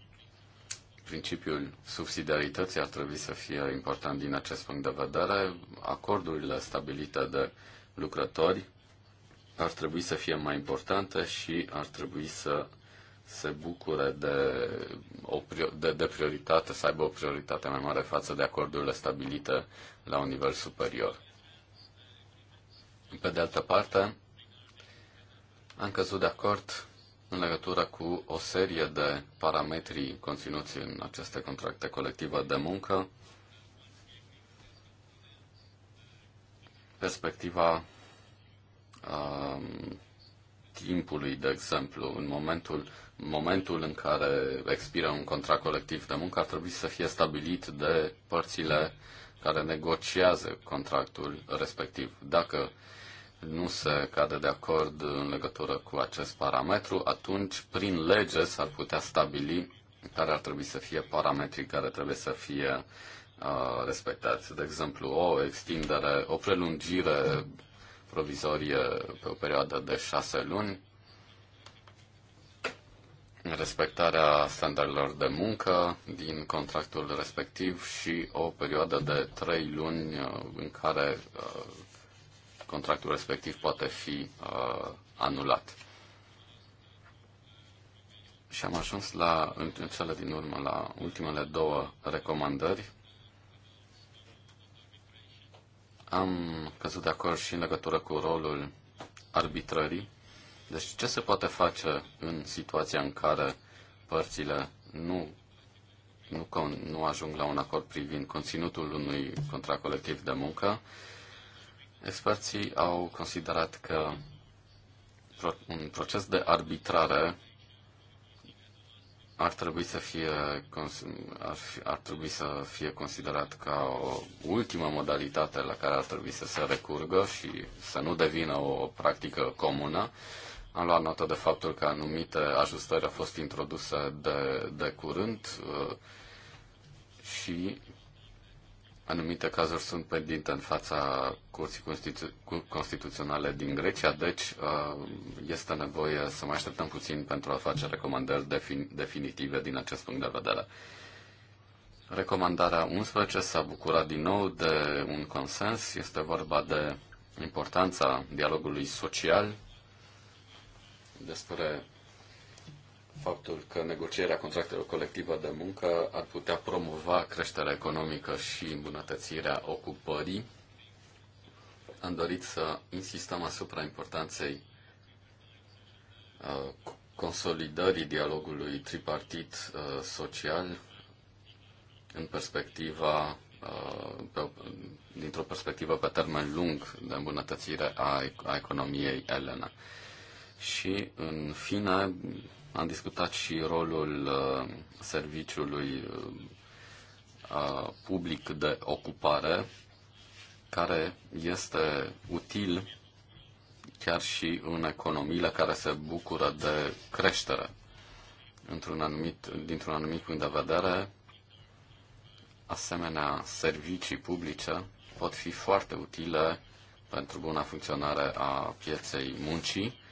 principiul subsidiarității ar trebui să fie important din acest punct de vedere. Acordurile stabilite de lucrători ar trebui să fie mai importante și ar trebui să se bucure de, o, de, de prioritate, să aibă o prioritate mai mare față de acordurile stabilite la un nivel superior. Pe de altă parte, am căzut de acord în legătură cu o serie de parametri conținuți în aceste contracte colective de muncă, perspectiva um, timpului, de exemplu, în momentul, momentul în care expiră un contract colectiv de muncă, ar trebui să fie stabilit de părțile care negociază contractul respectiv. Dacă uh, nu se cade de acord în legătură cu acest parametru, atunci prin lege s-ar putea stabili care ar trebui să fie parametrii care trebuie să fie uh, respectați. De exemplu, o extindere, o prelungire provizorie pe o perioadă de șase luni, respectarea standardelor de muncă din contractul respectiv și o perioadă de trei luni uh, în care uh, contractul respectiv poate fi uh, anulat. Și am ajuns la, în cele din urmă la ultimele două recomandări. Am căzut de acord și în legătură cu rolul arbitrării. Deci ce se poate face în situația în care părțile nu, nu, nu ajung la un acord privind conținutul unui contract colectiv de muncă? Uh, Experții au considerat că un proces de arbitrare ar trebui să fie, ar, fi, ar trebui să fie considerat ca o ultimă modalitate la care ar trebui să se recurgă și să nu devină o practică comună. Am luat notă de faptul că anumite ajustări au fost introduse de, de curând uh, și anumite cazuri sunt pendinte în fața Curții Constitu- Constituționale din Grecia, deci uh, este nevoie să mai așteptăm puțin pentru a face recomandări defin- definitive din acest punct de vedere. Recomandarea 11 s-a bucurat din nou de un consens. Este vorba de importanța dialogului social, despre faptul că negocierea contractelor colective de muncă ar putea promova creșterea economică și îmbunătățirea ocupării. Am dorit să insistăm asupra importanței uh, consolidării dialogului tripartit uh, social în perspectiva uh, pe, dintr-o perspectivă pe termen lung de îmbunătățire a, a economiei Elena. Și, în fine, am discutat și rolul uh, serviciului uh, public de ocupare, care este util chiar și în economiile care se bucură de creștere. Într-un anumit, dintr-un anumit punct de vedere, asemenea servicii publice pot fi foarte utile pentru buna funcționare a pieței muncii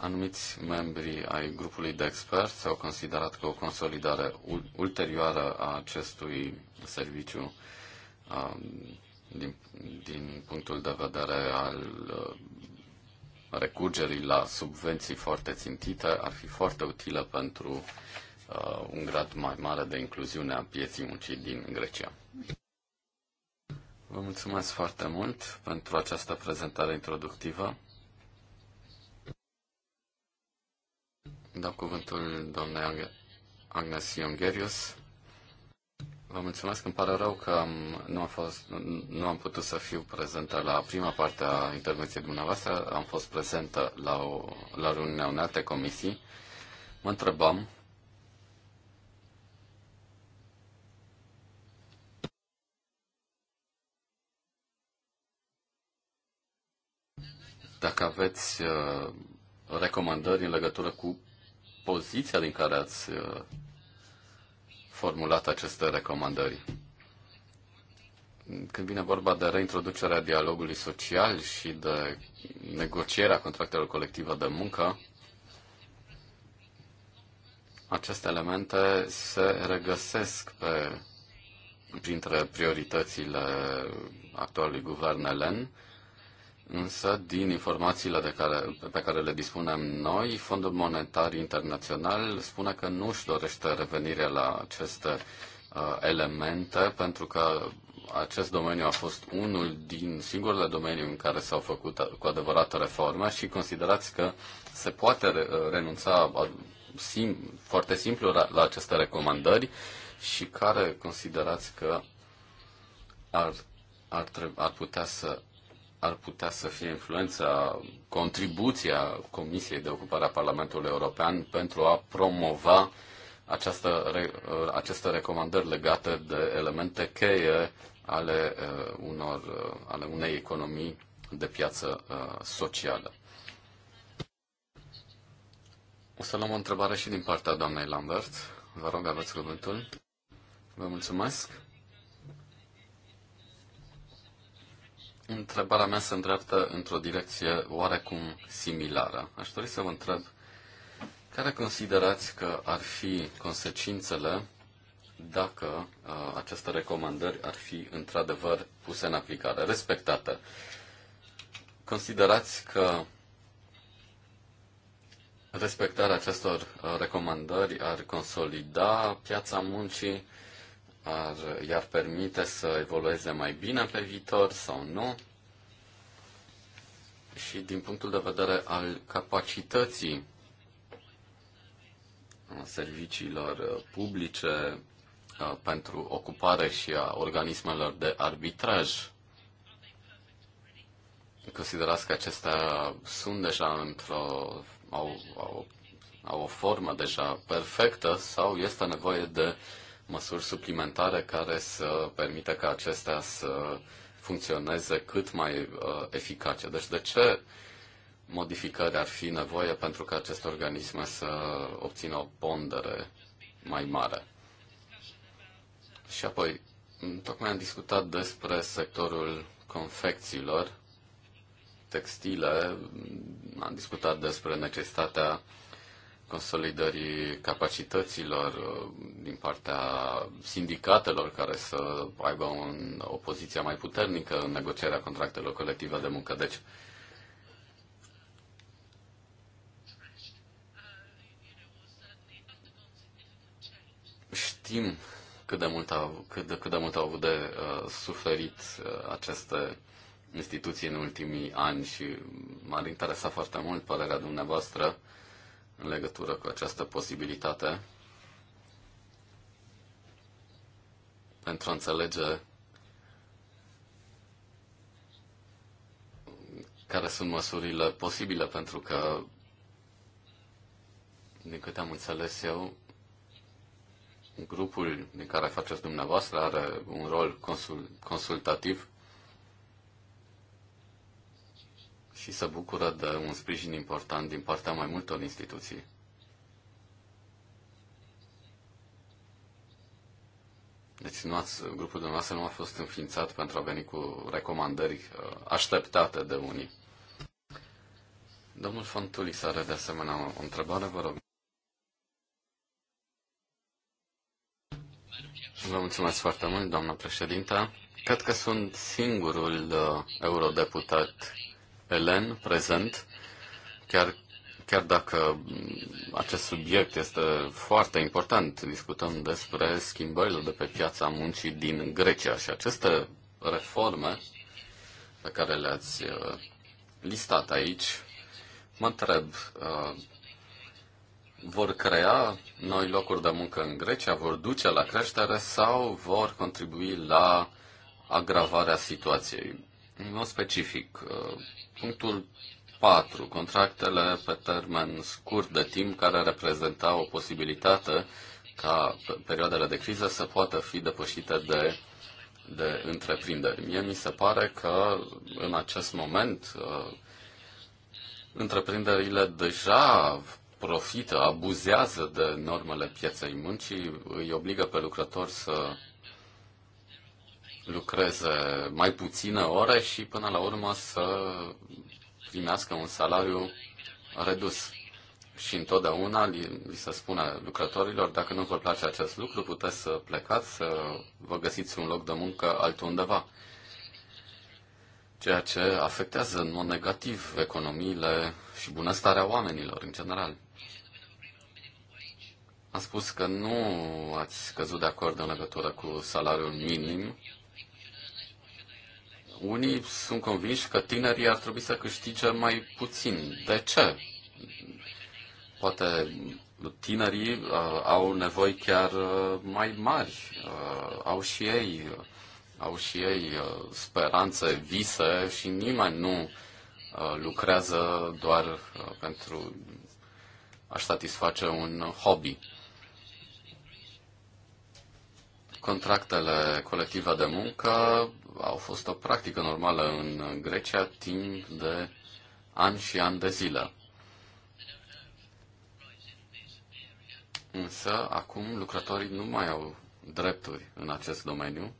Anumiți membri ai grupului de experți au considerat că o consolidare ulterioară a acestui serviciu um, din, din punctul de vedere al uh, recurgerii la subvenții foarte țintite ar fi foarte utilă pentru uh, un grad mai mare de incluziune a pieții muncii din Grecia. Vă mulțumesc foarte mult pentru această prezentare introductivă. Dau cuvântul doamnei Agnes Iungherius. Vă mulțumesc, îmi pare rău că am, nu, am fost, nu am putut să fiu prezentă la prima parte a intervenției dumneavoastră, am fost prezentă la, o, la reuniunea unei alte comisii. Mă întrebam dacă aveți uh, recomandări în legătură cu poziția din care ați uh, formulat aceste recomandări. Când vine vorba de reintroducerea dialogului social și de negocierea contractelor colective de muncă, aceste elemente se regăsesc pe, printre prioritățile actualului guvern elen Însă, din informațiile de care, pe care le dispunem noi, Fondul Monetar Internațional spune că nu își dorește revenirea la aceste uh, elemente, pentru că acest domeniu a fost unul din singurele domenii în care s-au făcut uh, cu adevărat reforme și considerați că se poate uh, renunța uh, sim, foarte simplu la, la aceste recomandări și care considerați că ar, ar, ar putea să ar putea să fie influența, contribuția Comisiei de Ocupare a Parlamentului European pentru a promova această, uh, aceste recomandări legate de elemente cheie ale, uh, unor, uh, ale unei economii de piață socială. O să luăm o întrebare și din partea doamnei Lambert. Vă rog, aveți cuvântul. Vă mulțumesc. Întrebarea mea se îndreaptă într-o direcție oarecum similară. Aș dori să vă întreb care considerați că ar fi consecințele dacă uh, aceste recomandări ar fi într-adevăr puse în aplicare, respectate? Considerați că respectarea acestor uh, recomandări ar consolida piața muncii, ar, i-ar permite să evolueze mai bine pe viitor sau nu. Și din punctul de vedere al capacității serviciilor uh, publice uh, pentru ocupare și a organismelor de arbitraj. Considerați că acestea sunt deja într-o au, au, au o formă deja perfectă sau este nevoie de măsuri suplimentare care să permită ca acestea să funcționeze cât mai uh, eficace. Deci de ce modificări ar fi nevoie pentru ca aceste organisme să obțină o pondere mai mare? Și apoi, tocmai am discutat despre sectorul confecțiilor textile, am discutat despre necesitatea consolidării capacităților uh, din partea sindicatelor care să aibă un, o poziție mai puternică în negocierea contractelor colective de muncă. Deci, știm cât de mult au, cât de, cât de mult au avut de uh, suferit uh, aceste instituții în ultimii ani și m-ar interesa foarte mult părerea dumneavoastră în legătură cu această posibilitate pentru a înțelege care sunt măsurile posibile, pentru că, din câte am înțeles eu, grupul din care faceți dumneavoastră are un rol consul- consultativ și se bucură de un sprijin important din partea mai multor instituții. Deci nu ați, grupul dumneavoastră nu a fost înființat pentru a veni cu recomandări uh, așteptate de unii. Domnul Fontulis are de asemenea o întrebare, vă rog. Vă mulțumesc foarte mult, doamnă președintă. Cred că sunt singurul uh, eurodeputat Elen prezent, chiar, chiar dacă acest subiect este foarte important, discutăm despre schimbările de pe piața muncii din Grecia și aceste reforme pe care le-ați uh, listat aici, mă întreb, uh, vor crea noi locuri de muncă în Grecia, vor duce la creștere sau vor contribui la agravarea situației? În mod specific, uh, Punctul 4. Contractele pe termen scurt de timp care reprezenta o posibilitate ca perioadele de criză să poată fi depășite de, de întreprinderi. Mie mi se pare că în acest moment uh, întreprinderile deja profită, abuzează de normele pieței muncii, îi obligă pe lucrători să lucreze mai puține ore și până la urmă să primească un salariu redus. Și întotdeauna li, li se spune lucrătorilor, dacă nu vă place acest lucru, puteți să plecați, să vă găsiți un loc de muncă altundeva. Ceea ce afectează în mod negativ economiile și bunăstarea oamenilor în general. Am spus că nu ați căzut de acord în legătură cu salariul minim unii sunt convinși că tinerii ar trebui să câștige mai puțin. De ce? Poate tinerii uh, au nevoi chiar uh, mai mari, uh, au și ei, uh, au și ei uh, speranțe, vise și nimeni nu uh, lucrează doar uh, pentru a satisface un hobby. Contractele colective de muncă au fost o practică normală în Grecia timp de ani și ani de zile. Însă, acum lucrătorii nu mai au drepturi în acest domeniu.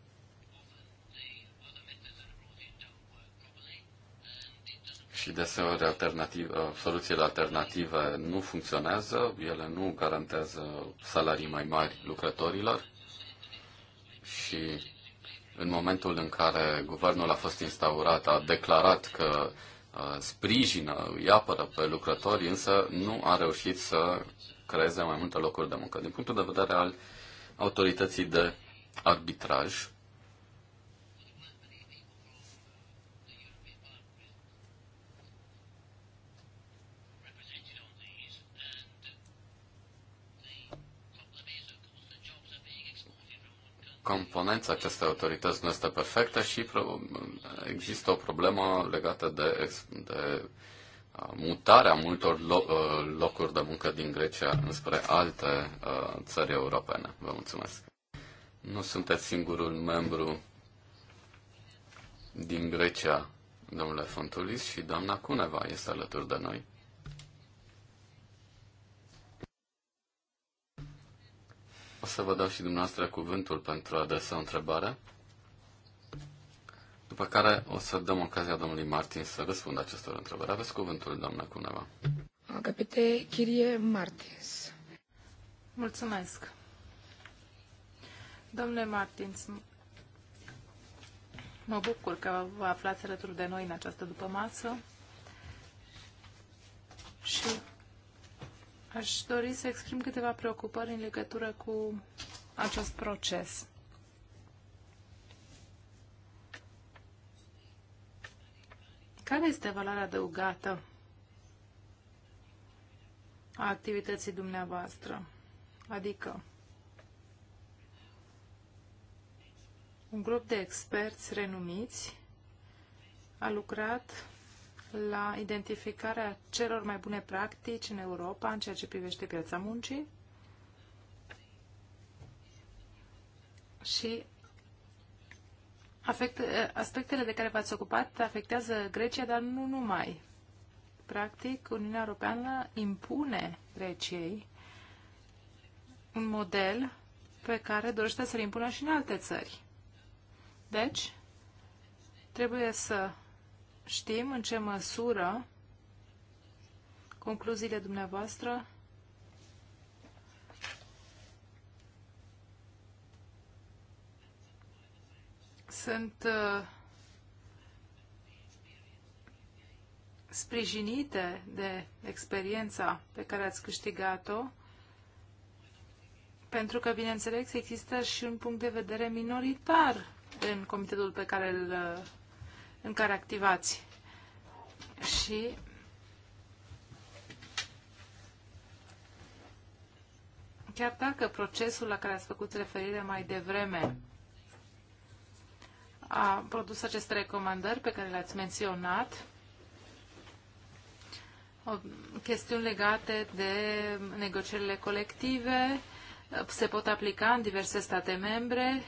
Și deseori alternativ, uh, soluțiile alternative nu funcționează, ele nu garantează salarii mai mari lucrătorilor și în momentul în care guvernul a fost instaurat, a declarat că uh, sprijină, îi apără pe lucrători, însă nu a reușit să creeze mai multe locuri de muncă. Din punctul de vedere al autorității de arbitraj, componența acestei autorități nu este perfectă și există o problemă legată de, de mutarea multor locuri de muncă din Grecia înspre alte țări europene. Vă mulțumesc. Nu sunteți singurul membru din Grecia, domnule Fontulis, și doamna Cuneva este alături de noi. O să vă dau și dumneavoastră cuvântul pentru a adresa o întrebare, după care o să dăm ocazia domnului Martin să răspundă acestor întrebări. Aveți cuvântul, doamnă Cuneva. Agapete Chirie Martins. Mulțumesc. Domnule Martins, mă bucur că vă aflați alături de noi în această dupămasă și Aș dori să exprim câteva preocupări în legătură cu acest proces. Care este valoarea adăugată a activității dumneavoastră? Adică, un grup de experți renumiți a lucrat la identificarea celor mai bune practici în Europa în ceea ce privește piața muncii și afect, aspectele de care v-ați ocupat afectează Grecia, dar nu numai. Practic, Uniunea Europeană impune Greciei un model pe care dorește să-l impună și în alte țări. Deci, trebuie să știm în ce măsură concluziile dumneavoastră sunt uh, sprijinite de experiența pe care ați câștigat-o, pentru că, bineînțeles, există și un punct de vedere minoritar în comitetul pe care îl uh, în care activați. Și chiar dacă procesul la care ați făcut referire mai devreme a produs aceste recomandări pe care le-ați menționat, chestiuni legate de negocierile colective se pot aplica în diverse state membre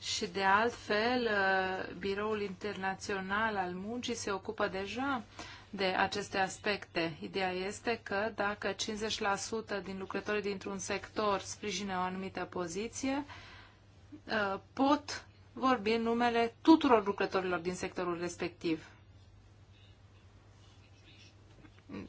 și de altfel, uh, Biroul Internațional al Muncii se ocupă deja de aceste aspecte. Ideea este că dacă 50% din lucrătorii dintr-un sector sprijină o anumită poziție, uh, pot vorbi în numele tuturor lucrătorilor din sectorul respectiv.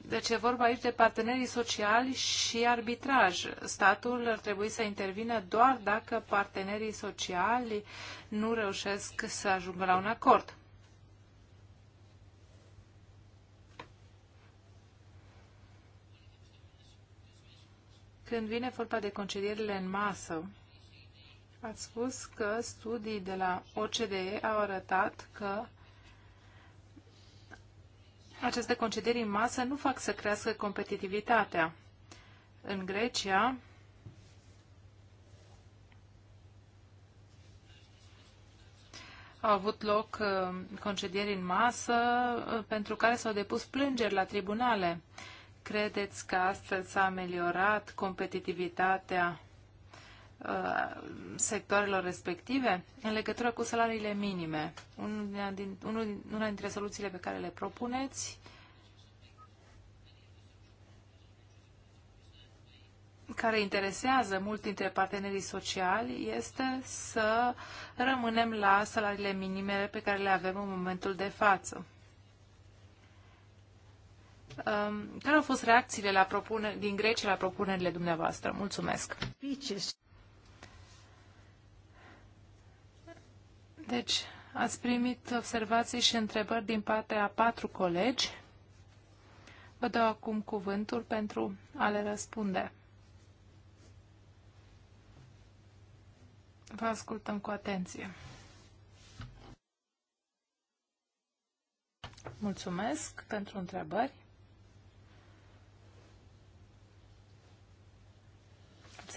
Deci e vorba aici de partenerii sociali și arbitraj. Statul ar trebui să intervină doar dacă partenerii sociali nu reușesc să ajungă la un acord. Când vine vorba de concedierile în masă, ați spus că studii de la OCDE au arătat că aceste concedieri în masă nu fac să crească competitivitatea. În Grecia, au avut loc uh, concedieri în masă uh, pentru care s-au depus plângeri la tribunale. Credeți că astfel s-a ameliorat competitivitatea Uh, sectoarelor respective în legătură cu salariile minime. Una, din, unul, una dintre soluțiile pe care le propuneți care interesează mult dintre partenerii sociali este să rămânem la salariile minime pe care le avem în momentul de față. Um, care au fost reacțiile la propune, din Grecia la propunerile dumneavoastră? Mulțumesc! Deci, ați primit observații și întrebări din partea a patru colegi. Vă dau acum cuvântul pentru a le răspunde. Vă ascultăm cu atenție. Mulțumesc pentru întrebări.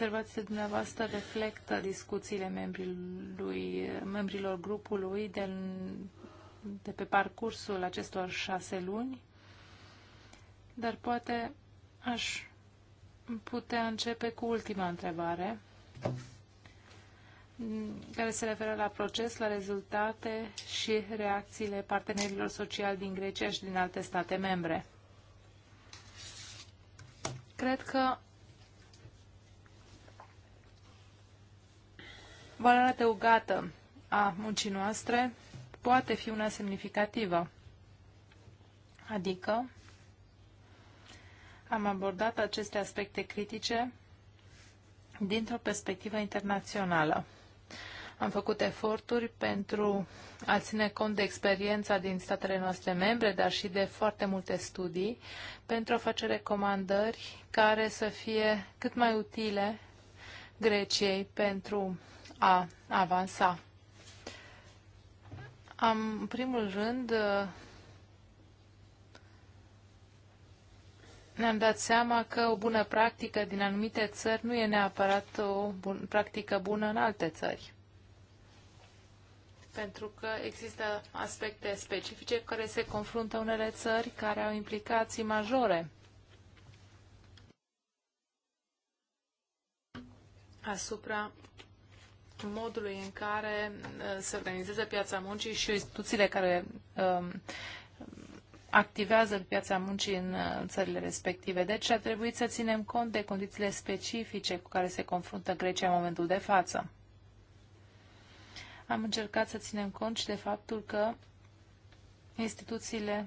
observațiile dumneavoastră reflectă discuțiile membrilui, membrilor grupului de, de pe parcursul acestor șase luni, dar poate aș putea începe cu ultima întrebare, care se referă la proces, la rezultate și reacțiile partenerilor sociali din Grecia și din alte state membre. Cred că Valoarea adăugată a muncii noastre poate fi una semnificativă. Adică am abordat aceste aspecte critice dintr-o perspectivă internațională. Am făcut eforturi pentru a ține cont de experiența din statele noastre membre, dar și de foarte multe studii, pentru a face recomandări care să fie cât mai utile Greciei pentru a avansa. Am, în primul rând, ne-am dat seama că o bună practică din anumite țări nu e neapărat o bun, practică bună în alte țări. Pentru că există aspecte specifice care se confruntă unele țări care au implicații majore asupra modului în care uh, se organizează piața muncii și instituțiile care um, activează în piața muncii în uh, țările respective. Deci a trebuit să ținem cont de condițiile specifice cu care se confruntă Grecia în momentul de față. Am încercat să ținem cont și de faptul că instituțiile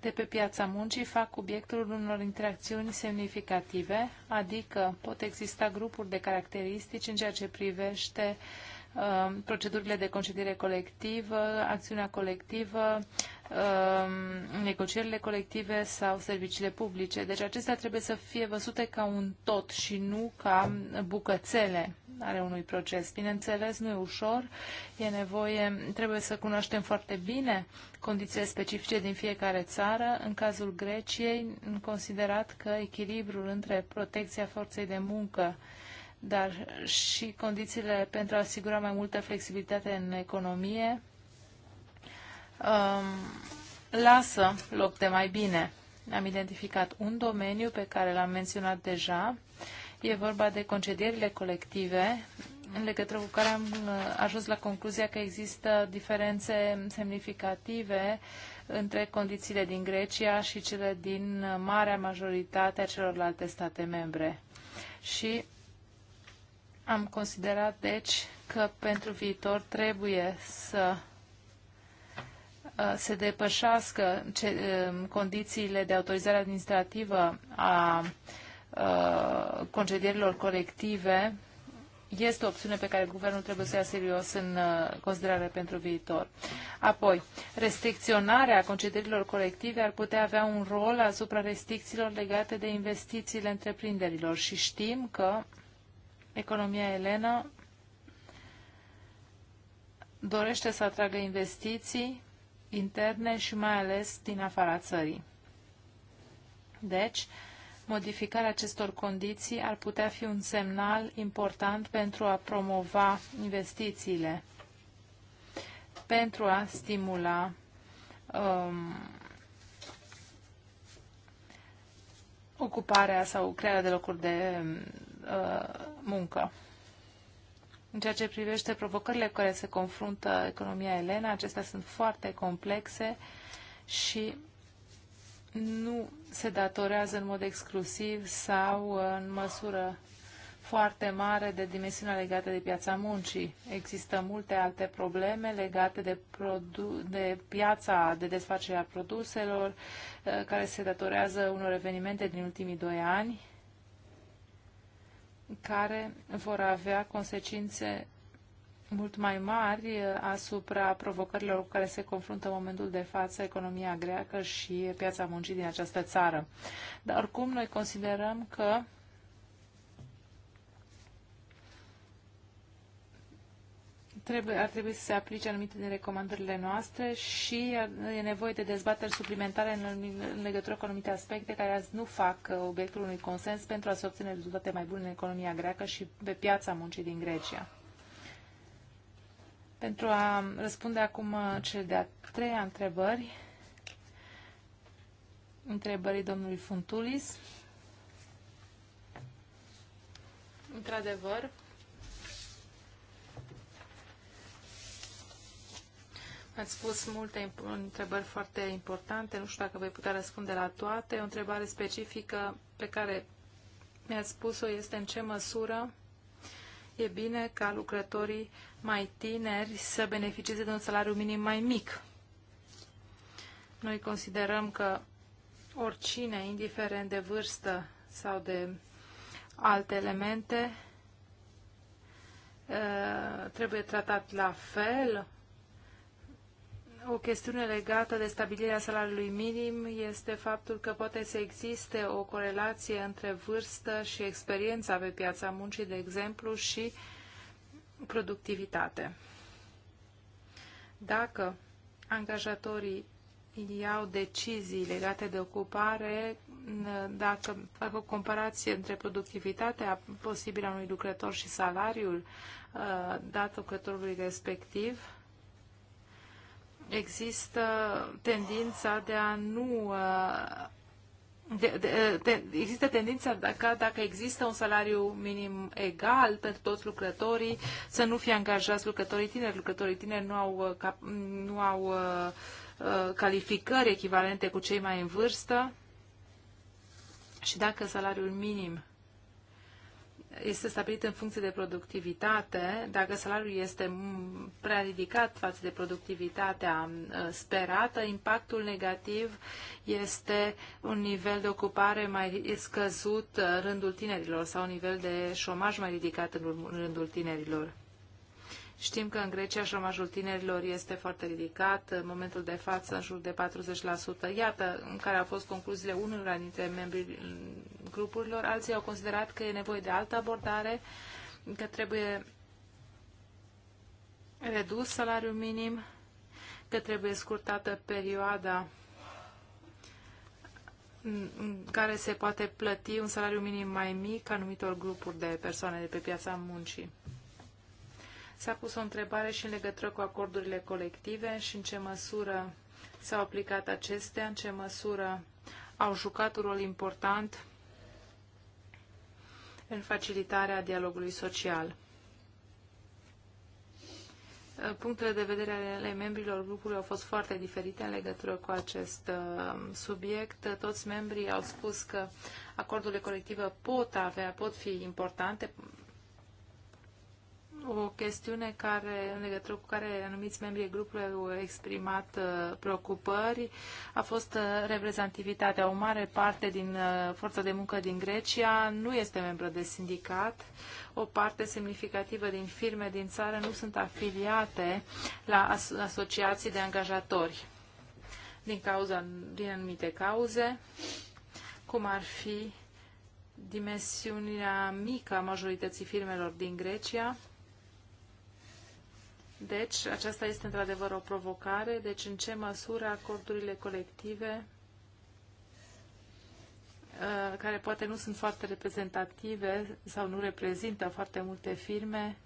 de pe piața muncii fac obiectul unor interacțiuni semnificative, adică pot exista grupuri de caracteristici în ceea ce privește uh, procedurile de concediere colectivă, acțiunea colectivă, Um, negocierile colective sau serviciile publice. Deci acestea trebuie să fie văzute ca un tot și nu ca bucățele ale unui proces. Bineînțeles, nu e ușor, e nevoie, trebuie să cunoaștem foarte bine condițiile specifice din fiecare țară. În cazul Greciei, considerat că echilibrul între protecția forței de muncă dar și condițiile pentru a asigura mai multă flexibilitate în economie um, lasă loc de mai bine. Am identificat un domeniu pe care l-am menționat deja. E vorba de concedierile colective, în legătură cu care am uh, ajuns la concluzia că există diferențe semnificative între condițiile din Grecia și cele din marea majoritate a celorlalte state membre. Și am considerat, deci, că pentru viitor trebuie să se depășească ce, um, condițiile de autorizare administrativă a uh, concedierilor colective este o opțiune pe care guvernul trebuie să ia serios în uh, considerare pentru viitor. Apoi, restricționarea concedierilor colective ar putea avea un rol asupra restricțiilor legate de investițiile întreprinderilor și știm că economia elenă dorește să atragă investiții interne și mai ales din afara țării. Deci, modificarea acestor condiții ar putea fi un semnal important pentru a promova investițiile, pentru a stimula um, ocuparea sau crearea de locuri de uh, muncă. În ceea ce privește provocările cu care se confruntă economia elena, acestea sunt foarte complexe și nu se datorează în mod exclusiv sau în măsură foarte mare de dimensiunea legată de piața muncii. Există multe alte probleme legate de, de piața de desfacere a produselor, eh, care se datorează unor evenimente din ultimii doi ani care vor avea consecințe mult mai mari uh, asupra provocărilor cu care se confruntă în momentul de față economia greacă și piața muncii din această țară. Dar oricum noi considerăm că trebuie, ar trebui să se aplice anumite din recomandările noastre și uh, e nevoie de dezbateri suplimentare în, în legătură cu anumite aspecte care azi nu fac uh, obiectul unui consens pentru a se obține rezultate mai bune în economia greacă și pe piața muncii din Grecia. Pentru a răspunde acum uh, cele de-a treia întrebări, întrebării domnului Funtulis. Într-adevăr, Ați spus multe întrebări foarte importante, nu știu dacă voi putea răspunde la toate. O întrebare specifică pe care mi-ați spus-o este în ce măsură e bine ca lucrătorii mai tineri să beneficieze de un salariu minim mai mic. Noi considerăm că oricine, indiferent de vârstă sau de alte elemente, ă, trebuie tratat la fel, o chestiune legată de stabilirea salariului minim este faptul că poate să existe o corelație între vârstă și experiența pe piața muncii, de exemplu, și productivitate. Dacă angajatorii iau decizii legate de ocupare, dacă fac o comparație între productivitatea posibilă a unui lucrător și salariul uh, dat lucrătorului respectiv, există tendința de a nu uh, de, de, de, uh, există tendința dacă, dacă există un salariu minim egal pentru toți lucrătorii, să nu fie angajați lucrătorii tineri. Lucrătorii tineri nu au, uh, nu au calificări echivalente cu cei mai în vârstă. Și dacă salariul minim este stabilit în funcție de productivitate. Dacă salariul este prea ridicat față de productivitatea sperată, impactul negativ este un nivel de ocupare mai scăzut în rândul tinerilor sau un nivel de șomaj mai ridicat în rândul tinerilor. Știm că în Grecia șomajul tinerilor este foarte ridicat, în momentul de față în jur de 40%. Iată în care au fost concluziile unora dintre membrii grupurilor. Alții au considerat că e nevoie de altă abordare, că trebuie redus salariul minim, că trebuie scurtată perioada în care se poate plăti un salariu minim mai mic anumitor grupuri de persoane de pe piața muncii. S-a pus o întrebare și în legătură cu acordurile colective și în ce măsură s-au aplicat acestea, în ce măsură au jucat un rol important în facilitarea dialogului social. Punctele de vedere ale membrilor grupului au fost foarte diferite în legătură cu acest uh, subiect. Toți membrii au spus că acordurile colective pot avea, pot fi importante, o chestiune care, în legătură cu care anumiți membrii grupului au exprimat uh, preocupări a fost uh, reprezentativitatea. O mare parte din uh, forța de muncă din Grecia nu este membră de sindicat. O parte semnificativă din firme din țară nu sunt afiliate la as asociații de angajatori din, cauza, din anumite cauze, cum ar fi dimensiunea mică a majorității firmelor din Grecia, deci, aceasta este într-adevăr o provocare. Deci, în ce măsură acordurile colective, uh, care poate nu sunt foarte reprezentative sau nu reprezintă foarte multe firme,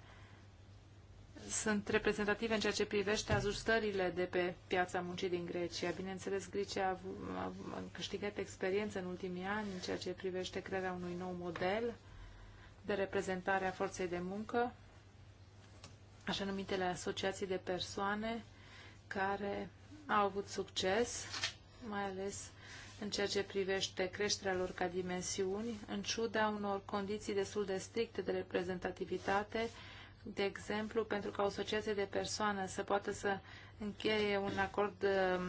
sunt reprezentative în ceea ce privește ajustările de pe piața muncii din Grecia. Bineînțeles, Grecia a câștigat experiență în ultimii ani în ceea ce privește crearea unui nou model de reprezentare a forței de muncă așa numitele asociații de persoane care au avut succes, mai ales în ceea ce privește creșterea lor ca dimensiuni, în ciuda unor condiții destul de stricte de reprezentativitate, de exemplu, pentru ca o asociație de persoană să poată să încheie un acord um,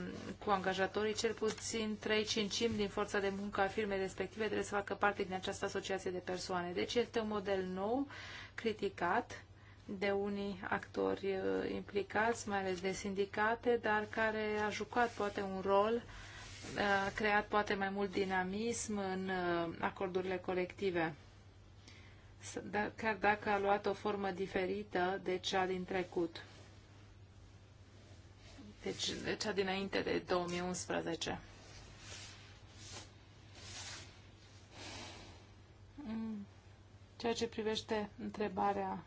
cu angajatorii, cel puțin 3 5 din forța de muncă a firmei respective trebuie să facă parte din această asociație de persoane. Deci este un model nou, criticat, de unii actori uh, implicați, mai ales de sindicate, dar care a jucat poate un rol, uh, a creat poate mai mult dinamism în uh, acordurile colective, da, chiar dacă a luat o formă diferită de cea din trecut, deci de cea dinainte de 2011. Mm. Ceea ce privește întrebarea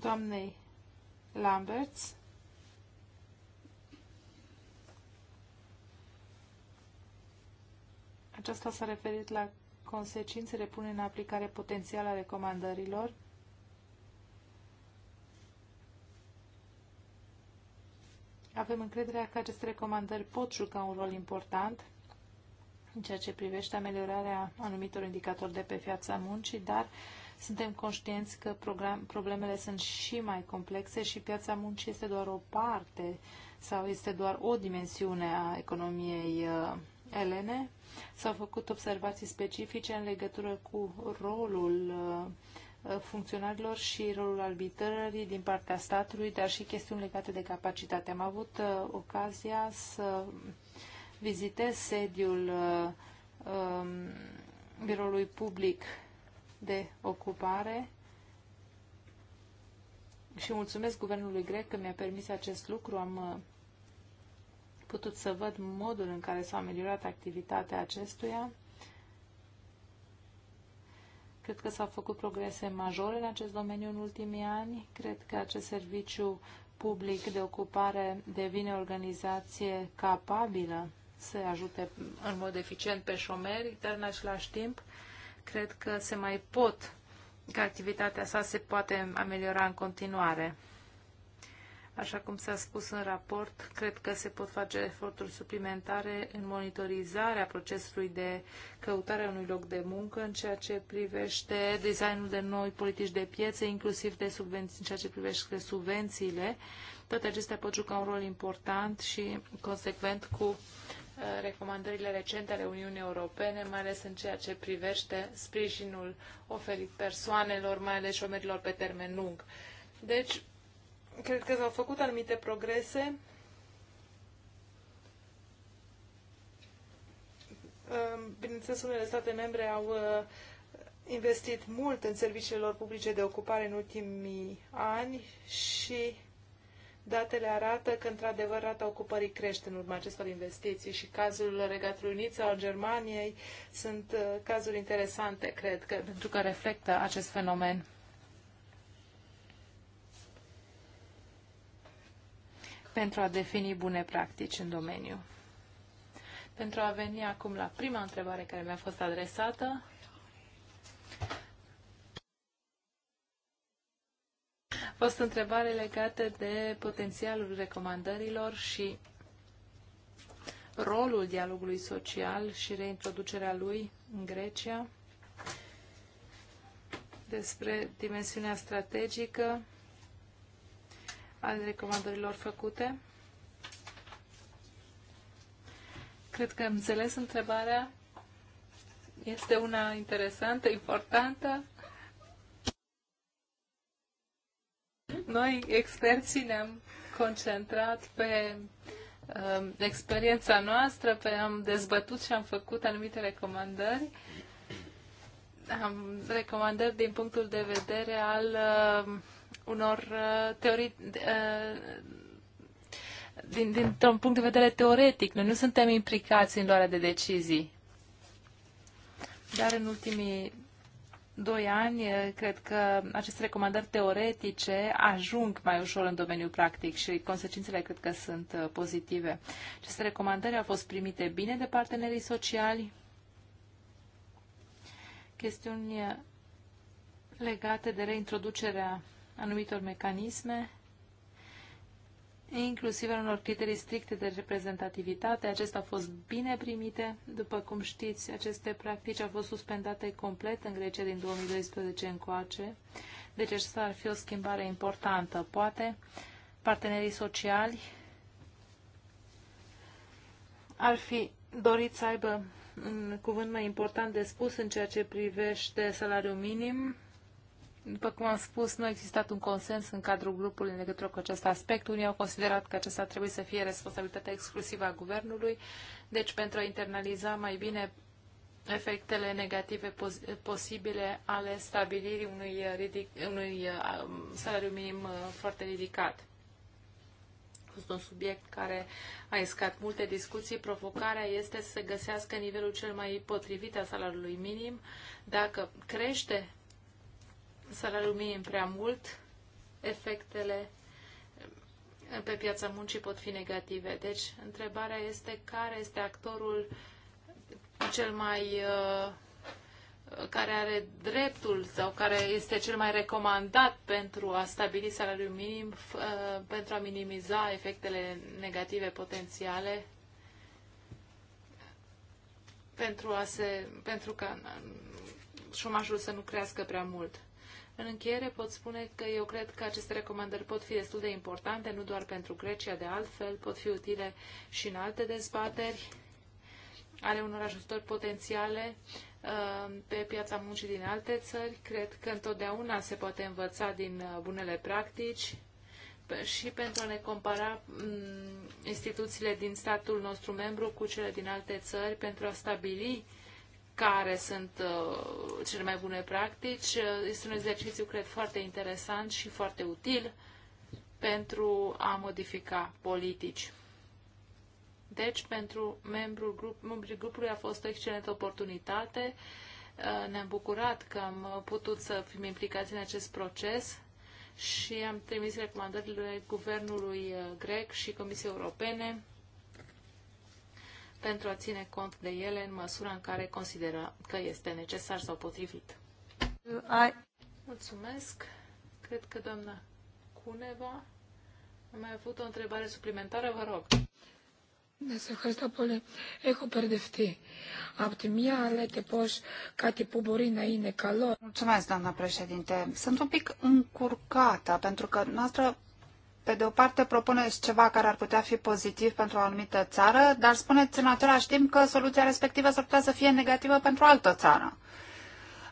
doamnei Lamberts. Aceasta s-a referit la consecințele pune în aplicare potențiala recomandărilor Avem încrederea că aceste recomandări pot juca un rol important în ceea ce privește ameliorarea anumitor indicatori de pe piața muncii, dar suntem conștienți că problemele sunt și mai complexe și piața muncii este doar o parte sau este doar o dimensiune a economiei uh, elene. S-au făcut observații specifice în legătură cu rolul uh, uh, funcționarilor și rolul arbitrării din partea statului, dar și chestiuni legate de capacitate. Am avut ocazia să vizitez sediul um, biroului public de ocupare și mulțumesc guvernului grec că mi-a permis acest lucru. Am uh, putut să văd modul în care s-a ameliorat activitatea acestuia. Cred că s-au făcut progrese majore în acest domeniu în ultimii ani. Cred că acest serviciu public de ocupare devine o organizație capabilă să ajute în mod eficient pe șomeri, dar în același timp Cred că se mai pot, că activitatea sa se poate ameliora în continuare. Așa cum s-a spus în raport, cred că se pot face eforturi suplimentare în monitorizarea procesului de căutare a unui loc de muncă în ceea ce privește designul de noi politici de piețe, inclusiv de subvenții, în ceea ce privește subvențiile. Toate acestea pot juca un rol important și consecvent cu Uh, recomandările recente ale Uniunii Europene, mai ales în ceea ce privește sprijinul oferit persoanelor, mai ales șomerilor pe termen lung. Deci, cred că s-au făcut anumite progrese. Uh, bineînțeles, unele state membre au uh, investit mult în serviciile lor publice de ocupare în ultimii ani și Datele arată că, într-adevăr, rata ocupării crește în urma acestor investiții și cazul Regatului Unit sau Germaniei sunt uh, cazuri interesante, cred, că, pentru că reflectă acest fenomen. pentru a defini bune practici în domeniu. Pentru a veni acum la prima întrebare care mi-a fost adresată, fost întrebare legată de potențialul recomandărilor și rolul dialogului social și reintroducerea lui în Grecia, despre dimensiunea strategică al recomandărilor făcute. Cred că am înțeles întrebarea. Este una interesantă, importantă. Noi, experții, ne-am concentrat pe uh, experiența noastră, pe am dezbătut și am făcut anumite recomandări. Am recomandări din punctul de vedere al uh, unor uh, teorii. Uh, din, dintr-un punct de vedere teoretic, noi nu suntem implicați în luarea de decizii. Dar în ultimii doi ani, cred că aceste recomandări teoretice ajung mai ușor în domeniul practic și consecințele cred că sunt pozitive. Aceste recomandări au fost primite bine de partenerii sociali. Chestiuni legate de reintroducerea anumitor mecanisme inclusiv în unor criterii stricte de reprezentativitate. Acestea au fost bine primite. După cum știți, aceste practici au fost suspendate complet în Grecia din 2012 încoace. Deci asta ar fi o schimbare importantă. Poate partenerii sociali ar fi dorit să aibă un cuvânt mai important de spus în ceea ce privește salariul minim după cum am spus, nu a existat un consens în cadrul grupului în legătură cu acest aspect. Unii au considerat că acesta trebuie să fie responsabilitatea exclusivă a guvernului, deci pentru a internaliza mai bine efectele negative posibile ale stabilirii unui, ridic, unui uh, salariu minim uh, foarte ridicat. A fost un subiect care a iscat multe discuții. Provocarea este să găsească nivelul cel mai potrivit al salariului minim. Dacă crește salariul minim prea mult, efectele pe piața muncii pot fi negative. Deci, întrebarea este care este actorul cel mai uh, care are dreptul sau care este cel mai recomandat pentru a stabili salariul minim, uh, pentru a minimiza efectele negative potențiale, pentru, a se, pentru ca șomajul să nu crească prea mult. În încheiere pot spune că eu cred că aceste recomandări pot fi destul de importante, nu doar pentru Grecia, de altfel pot fi utile și în alte dezbateri ale unor ajutori potențiale uh, pe piața muncii din alte țări. Cred că întotdeauna se poate învăța din uh, bunele practici și pentru a ne compara mm, instituțiile din statul nostru membru cu cele din alte țări, pentru a stabili uh, care sunt uh, cele mai bune practici. Uh, este un exercițiu, cred, foarte interesant și foarte util pentru a modifica politici. Deci, pentru membrul grup, membrul grupului a fost o excelentă oportunitate. Uh, ne-am bucurat că am putut să fim implicați în acest proces și am trimis recomandările Guvernului grec și Comisiei Europene pentru a ține cont de ele în măsura în care consideră că este necesar sau potrivit. I... Mulțumesc. Cred că doamna Cuneva a mai avut o întrebare suplimentară, vă rog. Da, să ευχαριστώ πολύ. Έχω μπερδευτεί. Από τη μία λέτε πως κάτι που μπορεί να είναι Mulțumesc, doamna președinte. Sunt un pic încurcată, pentru că noastră pe de o parte propuneți ceva care ar putea fi pozitiv pentru o anumită țară, dar spuneți în același timp că soluția respectivă s-ar putea să fie negativă pentru altă țară.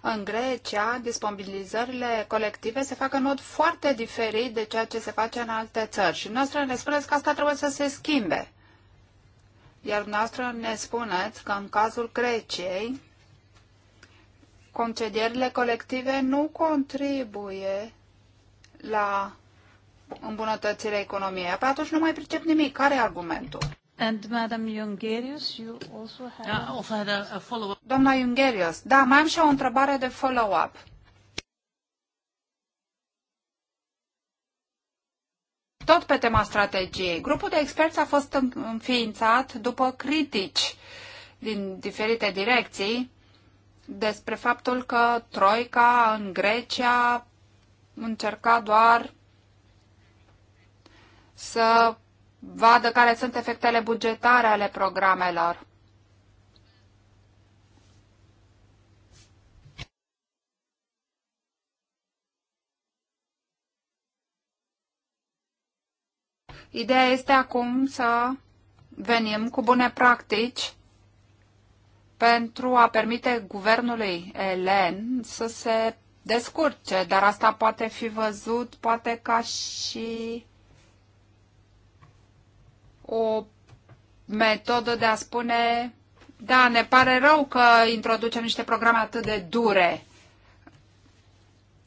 În Grecia, disponibilizările colective se fac în mod foarte diferit de ceea ce se face în alte țări și noastră ne spuneți că asta trebuie să se schimbe. Iar noastră ne spuneți că în cazul Greciei, concedierile colective nu contribuie la îmbunătățirea economiei. Apoi atunci nu mai pricep nimic. Care e argumentul? And Madam Jungerius, you also have. Yeah, also had a, a follow-up. Doamna Jungerius, da, mai am și o întrebare de follow-up. Tot pe tema strategiei. Grupul de experți a fost înființat după critici din diferite direcții despre faptul că Troica în Grecia încerca doar să vadă care sunt efectele bugetare ale programelor. Ideea este acum să venim cu bune practici pentru a permite guvernului elen să se descurce, dar asta poate fi văzut poate ca și o metodă de a spune, da, ne pare rău că introducem niște programe atât de dure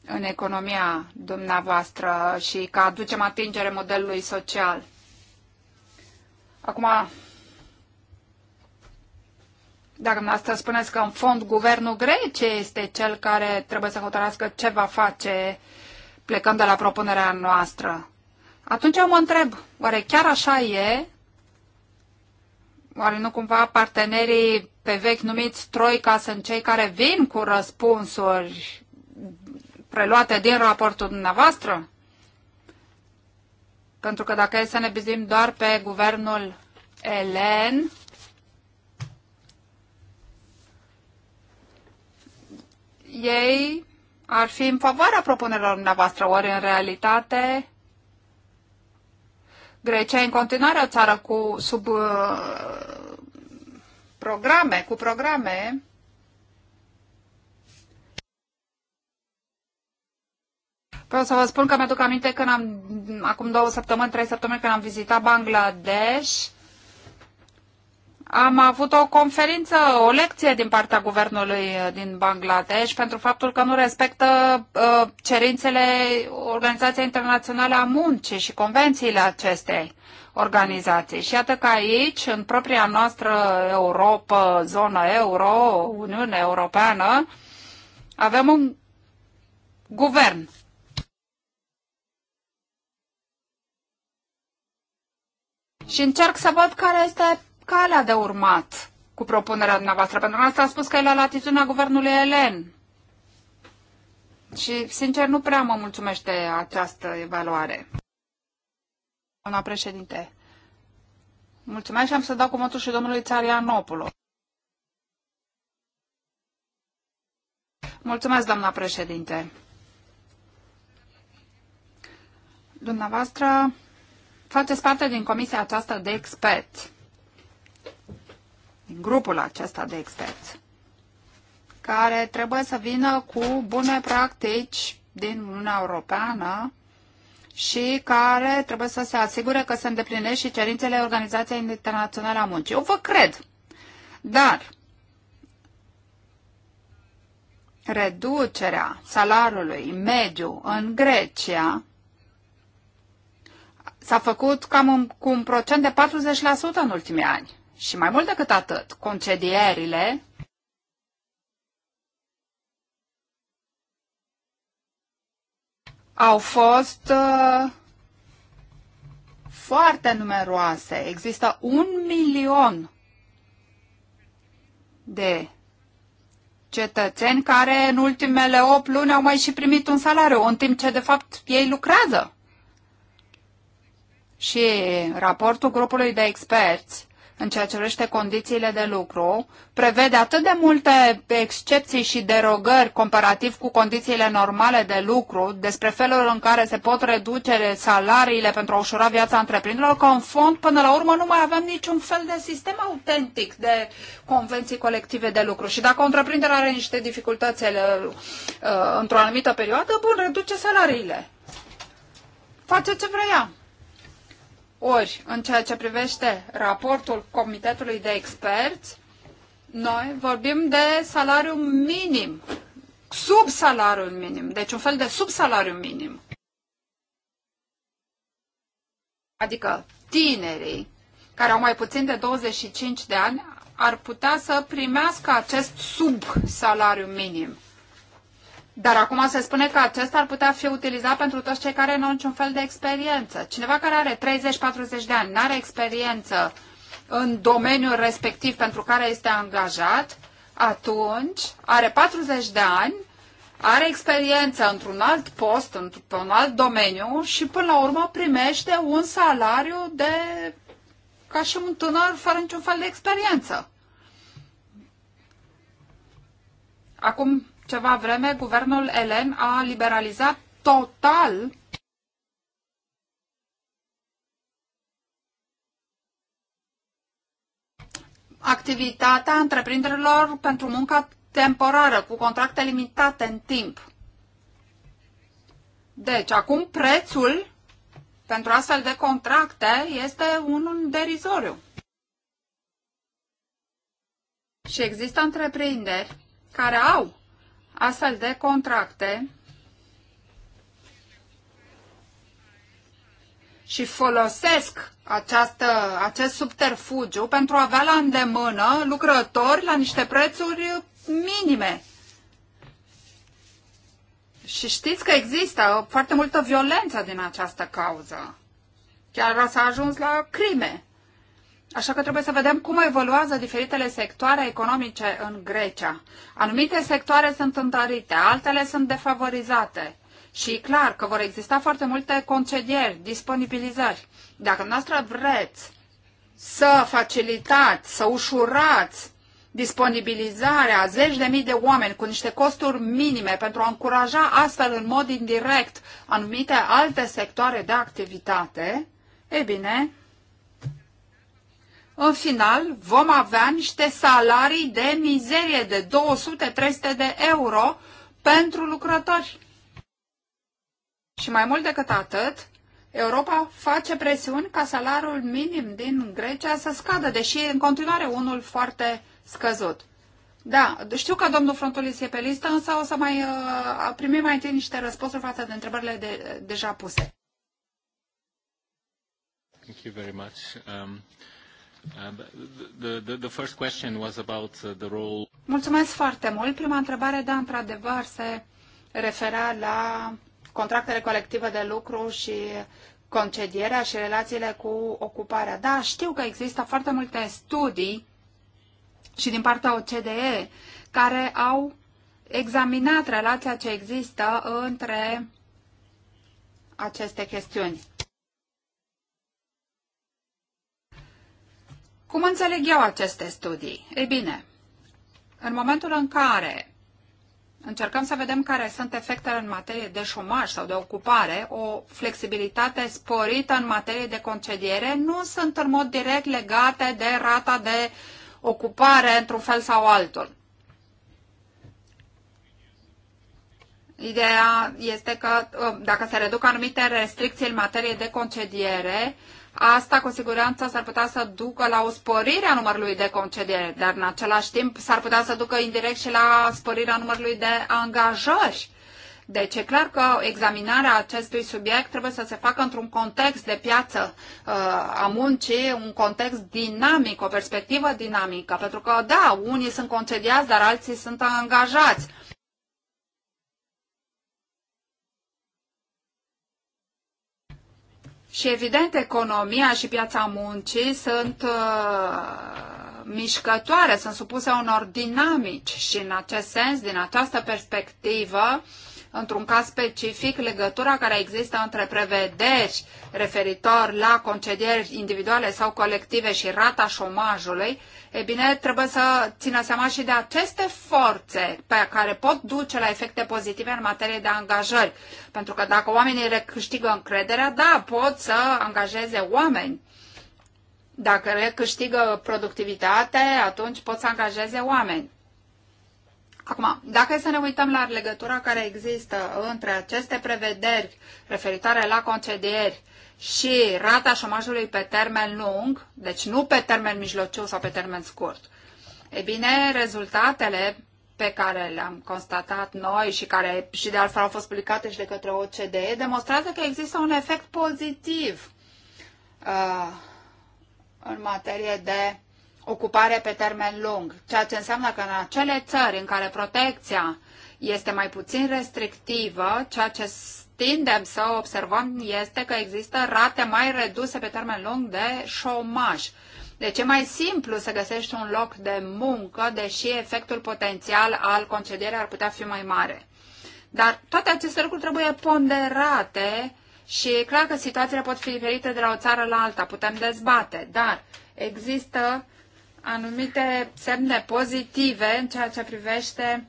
în economia dumneavoastră și că aducem atingere modelului social. Acum, dacă dumneavoastră spuneți că în fond guvernul grece este cel care trebuie să hotărască ce va face plecând de la propunerea noastră, atunci eu mă întreb, oare chiar așa e oare nu cumva partenerii pe vechi numiți Troica sunt cei care vin cu răspunsuri preluate din raportul dumneavoastră? Pentru că dacă e să ne bizim doar pe guvernul Elen, ei ar fi în favoarea propunerilor dumneavoastră, ori în realitate Grecia e în continuare o țară cu sub uh, programe, cu programe Vreau să vă spun că mi-aduc aminte când am, acum două săptămâni, trei săptămâni, când am vizitat Bangladesh, am avut o conferință, o lecție din partea guvernului din Bangladesh pentru faptul că nu respectă uh, cerințele Organizației Internaționale a Muncii și convențiile acestei organizații. Și iată că aici, în propria noastră Europa, zonă euro, Uniune Europeană, avem un guvern și încerc să văd care este calea de urmat cu propunerea dumneavoastră, pentru că asta a spus că e la latitudinea guvernului Elen. Și, sincer, nu prea mă mulțumește această evaluare. Doamna președinte, mulțumesc și am să dau cuvântul și domnului Țarianopoulos. Mulțumesc, doamna președinte. Dumneavoastră faceți parte din comisia aceasta de experți din grupul acesta de experți, care trebuie să vină cu bune practici din Uniunea Europeană și care trebuie să se asigure că se îndeplinesc și cerințele Organizației Internaționale a Muncii. Eu vă cred, dar reducerea salariului mediu în Grecia s-a făcut cam un, cu un procent de 40% în ultimii ani. Și mai mult decât atât, concedierile au fost uh, foarte numeroase. Există un milion de cetățeni care în ultimele 8 luni au mai și primit un salariu, în timp ce de fapt ei lucrează. Și raportul grupului de experți în ceea ce privește condițiile de lucru, prevede atât de multe excepții și derogări comparativ cu condițiile normale de lucru despre felul în care se pot reduce salariile pentru a ușura viața întreprinderilor, că în fond, până la urmă, nu mai avem niciun fel de sistem autentic de convenții colective de lucru. Și dacă o întreprindere are niște dificultăți uh, într-o anumită perioadă, bun, reduce salariile. Face ce vrea ori, în ceea ce privește raportul Comitetului de Experți, noi vorbim de salariu minim, sub salariul minim, deci un fel de sub salariu minim. Adică tinerii care au mai puțin de 25 de ani ar putea să primească acest sub salariu minim. Dar acum se spune că acesta ar putea fi utilizat pentru toți cei care nu au niciun fel de experiență. Cineva care are 30-40 de ani, nu are experiență în domeniul respectiv pentru care este angajat, atunci are 40 de ani, are experiență într-un alt post, într-un alt domeniu și până la urmă primește un salariu de ca și un tânăr fără niciun fel de experiență. Acum, ceva vreme, guvernul elen a liberalizat total activitatea întreprinderilor pentru munca temporară, cu contracte limitate în timp. Deci, acum prețul pentru astfel de contracte este unul derizoriu. Și există întreprinderi care au astfel de contracte și folosesc această, acest subterfugiu pentru a avea la îndemână lucrători la niște prețuri minime. Și știți că există foarte multă violență din această cauză. Chiar s-a ajuns la crime. Așa că trebuie să vedem cum evoluează diferitele sectoare economice în Grecia. Anumite sectoare sunt întărite, altele sunt defavorizate. Și clar că vor exista foarte multe concedieri, disponibilizări. Dacă noastră vreți să facilitați, să ușurați disponibilizarea zeci de mii de oameni cu niște costuri minime pentru a încuraja astfel în mod indirect anumite alte sectoare de activitate, e bine, în final vom avea niște salarii de mizerie de 200-300 de euro pentru lucrători. Și mai mult decât atât, Europa face presiuni ca salariul minim din Grecia să scadă, deși în continuare unul foarte scăzut. Da, știu că domnul Frontulis e pe listă, însă o să mai uh, primim mai întâi niște răspunsuri față de întrebările de, deja puse. Thank you very much. Um... Mulțumesc foarte mult. Prima întrebare, da, într-adevăr, se refera la contractele colective de lucru și concedierea și relațiile cu ocuparea. Da, știu că există foarte multe studii și din partea OCDE care au examinat relația ce există între aceste chestiuni. Cum înțeleg eu aceste studii? Ei bine, în momentul în care încercăm să vedem care sunt efectele în materie de șomaj sau de ocupare, o flexibilitate sporită în materie de concediere nu sunt în mod direct legate de rata de ocupare într-un fel sau altul. Ideea este că ă, dacă se reduc anumite restricții în materie de concediere, Asta, cu siguranță, s-ar putea să ducă la o sporire a numărului de concedieri, dar în același timp s-ar putea să ducă indirect și la sporirea numărului de angajări. Deci e clar că examinarea acestui subiect trebuie să se facă într-un context de piață uh, a muncii, un context dinamic, o perspectivă dinamică, pentru că, da, unii sunt concediați, dar alții sunt angajați. Și evident, economia și piața muncii sunt uh, mișcătoare, sunt supuse unor dinamici și în acest sens, din această perspectivă, uh, într-un caz specific, legătura care există între prevederi referitor la concedieri individuale sau colective și rata șomajului, e bine, trebuie să țină seama și de aceste forțe pe care pot duce la efecte pozitive în materie de angajări. Pentru că dacă oamenii recâștigă încrederea, da, pot să angajeze oameni. Dacă recâștigă productivitate, atunci pot să angajeze oameni. Acum, dacă e să ne uităm la legătura care există între aceste prevederi referitoare la concedieri și rata șomajului pe termen lung, deci nu pe termen mijlociu sau pe termen scurt, e bine, rezultatele pe care le-am constatat noi și care și de altfel au fost publicate și de către OCDE demonstrează că există un efect pozitiv uh, în materie de ocupare pe termen lung, ceea ce înseamnă că în acele țări în care protecția este mai puțin restrictivă, ceea ce tindem să observăm este că există rate mai reduse pe termen lung de șomaj. Deci e mai simplu să găsești un loc de muncă, deși efectul potențial al concedierii ar putea fi mai mare. Dar toate aceste lucruri trebuie ponderate și e clar că situațiile pot fi diferite de la o țară la alta, putem dezbate, dar există anumite semne pozitive în ceea ce privește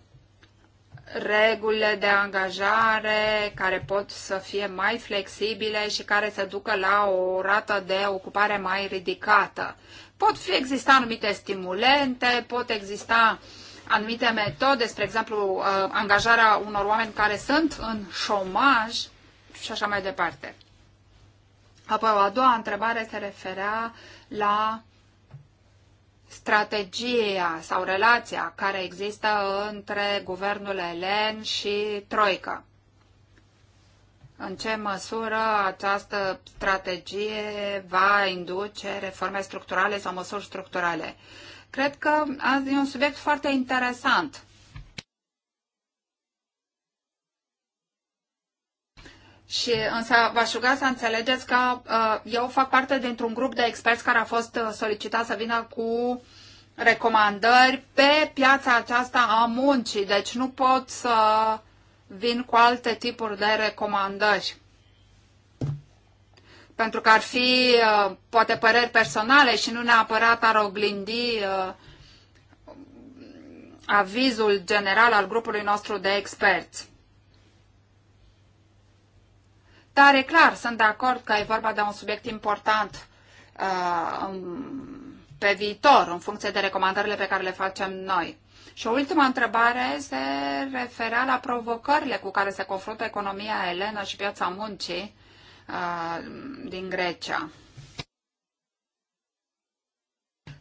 regulile de angajare care pot să fie mai flexibile și care să ducă la o rată de ocupare mai ridicată. Pot fi exista anumite stimulente, pot exista anumite metode, spre exemplu uh, angajarea unor oameni care sunt în șomaj și așa mai departe. Apoi o a doua întrebare se referea la strategia sau relația care există între guvernul elen și Troică. În ce măsură această strategie va induce reforme structurale sau măsuri structurale? Cred că azi e un subiect foarte interesant Și însă v-aș ruga să înțelegeți că uh, eu fac parte dintr-un grup de experți care a fost uh, solicitat să vină cu recomandări pe piața aceasta a muncii, deci nu pot să vin cu alte tipuri de recomandări. Pentru că ar fi uh, poate păreri personale și nu neapărat ar oglindi uh, avizul general al grupului nostru de experți tare clar sunt de acord că e vorba de un subiect important uh, pe viitor, în funcție de recomandările pe care le facem noi. Și o ultimă întrebare se referea la provocările cu care se confruntă economia elenă și piața muncii uh, din Grecia.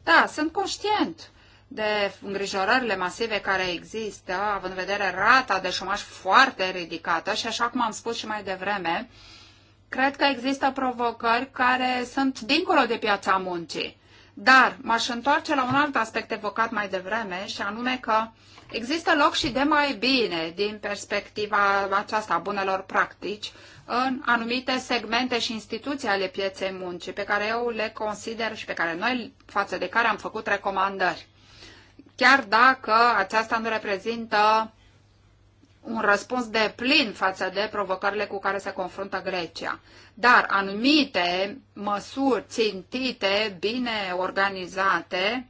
Da, sunt conștient de îngrijorările masive care există, având în vedere rata de șomaș foarte ridicată și așa cum am spus și mai devreme, cred că există provocări care sunt dincolo de piața muncii. Dar m-aș întoarce la un alt aspect evocat mai devreme și anume că există loc și de mai bine din perspectiva aceasta bunelor practici în anumite segmente și instituții ale pieței muncii pe care eu le consider și pe care noi față de care am făcut recomandări chiar dacă aceasta nu reprezintă un răspuns de plin față de provocările cu care se confruntă Grecia. Dar anumite măsuri țintite, bine organizate,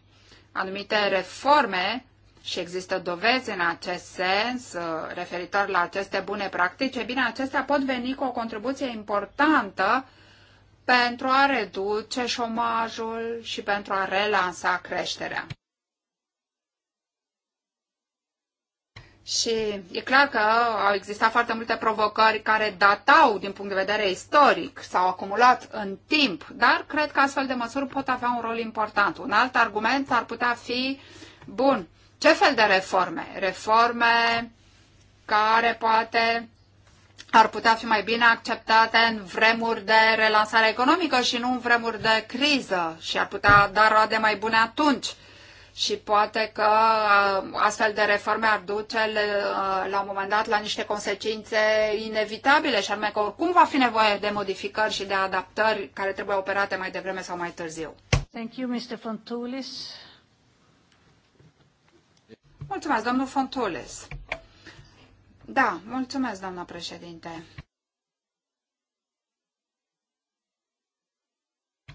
anumite reforme și există dovezi în acest sens uh, referitor la aceste bune practici, bine, acestea pot veni cu o contribuție importantă pentru a reduce șomajul și pentru a relansa creșterea. Și e clar că au existat foarte multe provocări care datau din punct de vedere istoric, s-au acumulat în timp, dar cred că astfel de măsuri pot avea un rol important. Un alt argument ar putea fi, bun, ce fel de reforme? Reforme care poate ar putea fi mai bine acceptate în vremuri de relansare economică și nu în vremuri de criză și ar putea da roade mai bune atunci și poate că uh, astfel de reforme ar duce uh, la un moment dat la niște consecințe inevitabile și anume că oricum va fi nevoie de modificări și de adaptări care trebuie operate mai devreme sau mai târziu. Thank you, Mr. Fontoulis. Mulțumesc, domnul Fontoulis. Da, mulțumesc, doamna președinte.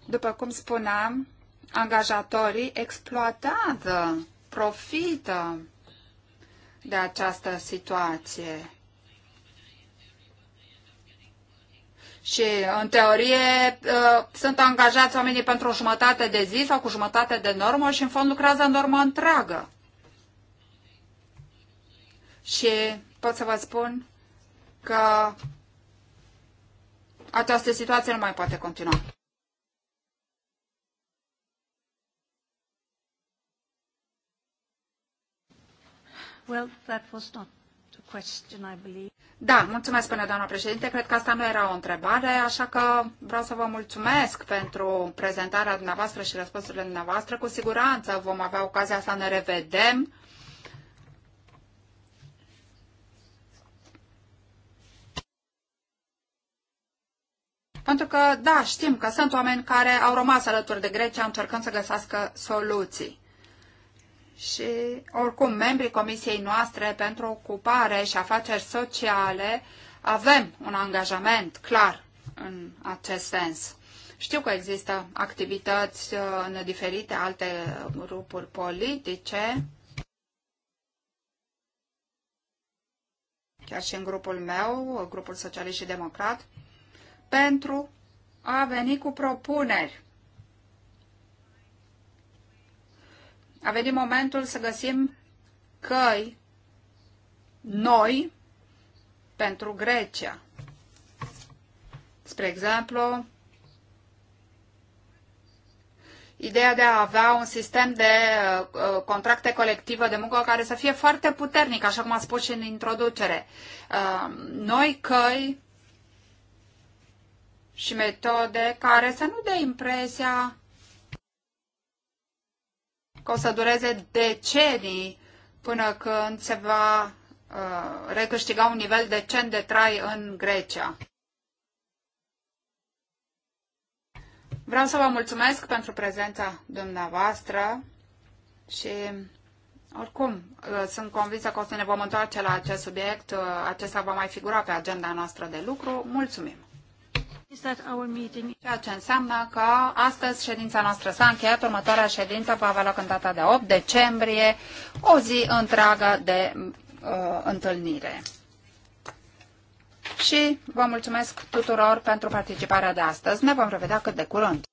După cum spuneam, angajatorii exploatează, profită de această situație. Și, în teorie, ă, sunt angajați oamenii pentru o jumătate de zi sau cu jumătate de normă și, în fond, lucrează în normă întreagă. Și pot să vă spun că această situație nu mai poate continua. Well, that was not question, I believe. Da, mulțumesc, până doamna președinte. Cred că asta nu era o întrebare, așa că vreau să vă mulțumesc pentru prezentarea dumneavoastră și răspunsurile dumneavoastră. Cu siguranță vom avea ocazia să ne revedem. Pentru că, da, știm că sunt oameni care au rămas alături de Grecia încercând să găsească soluții și oricum membrii Comisiei noastre pentru ocupare și afaceri sociale avem un angajament clar în acest sens. Știu că există activități uh, în diferite alte grupuri politice, chiar și în grupul meu, uh, grupul socialist și democrat, pentru a veni cu propuneri a venit momentul să găsim căi noi pentru Grecia. Spre exemplu, ideea de a avea un sistem de uh, uh contracte colective de muncă care să fie foarte puternic, așa cum a spus și în introducere. Uh, noi căi și metode care să nu dea impresia că o să dureze decenii până când se va uh, recâștiga un nivel decent de trai în Grecia. Vreau să vă mulțumesc pentru prezența dumneavoastră și oricum uh, sunt convinsă că o să ne vom întoarce la acest subiect, uh, acesta va mai figura pe agenda noastră de lucru. Mulțumim! Ceea ce înseamnă că astăzi ședința noastră s-a încheiat, următoarea ședință va avea loc în data de 8 decembrie, o zi întreagă de uh, întâlnire. Și vă mulțumesc tuturor pentru participarea de astăzi. Ne vom revedea cât de curând.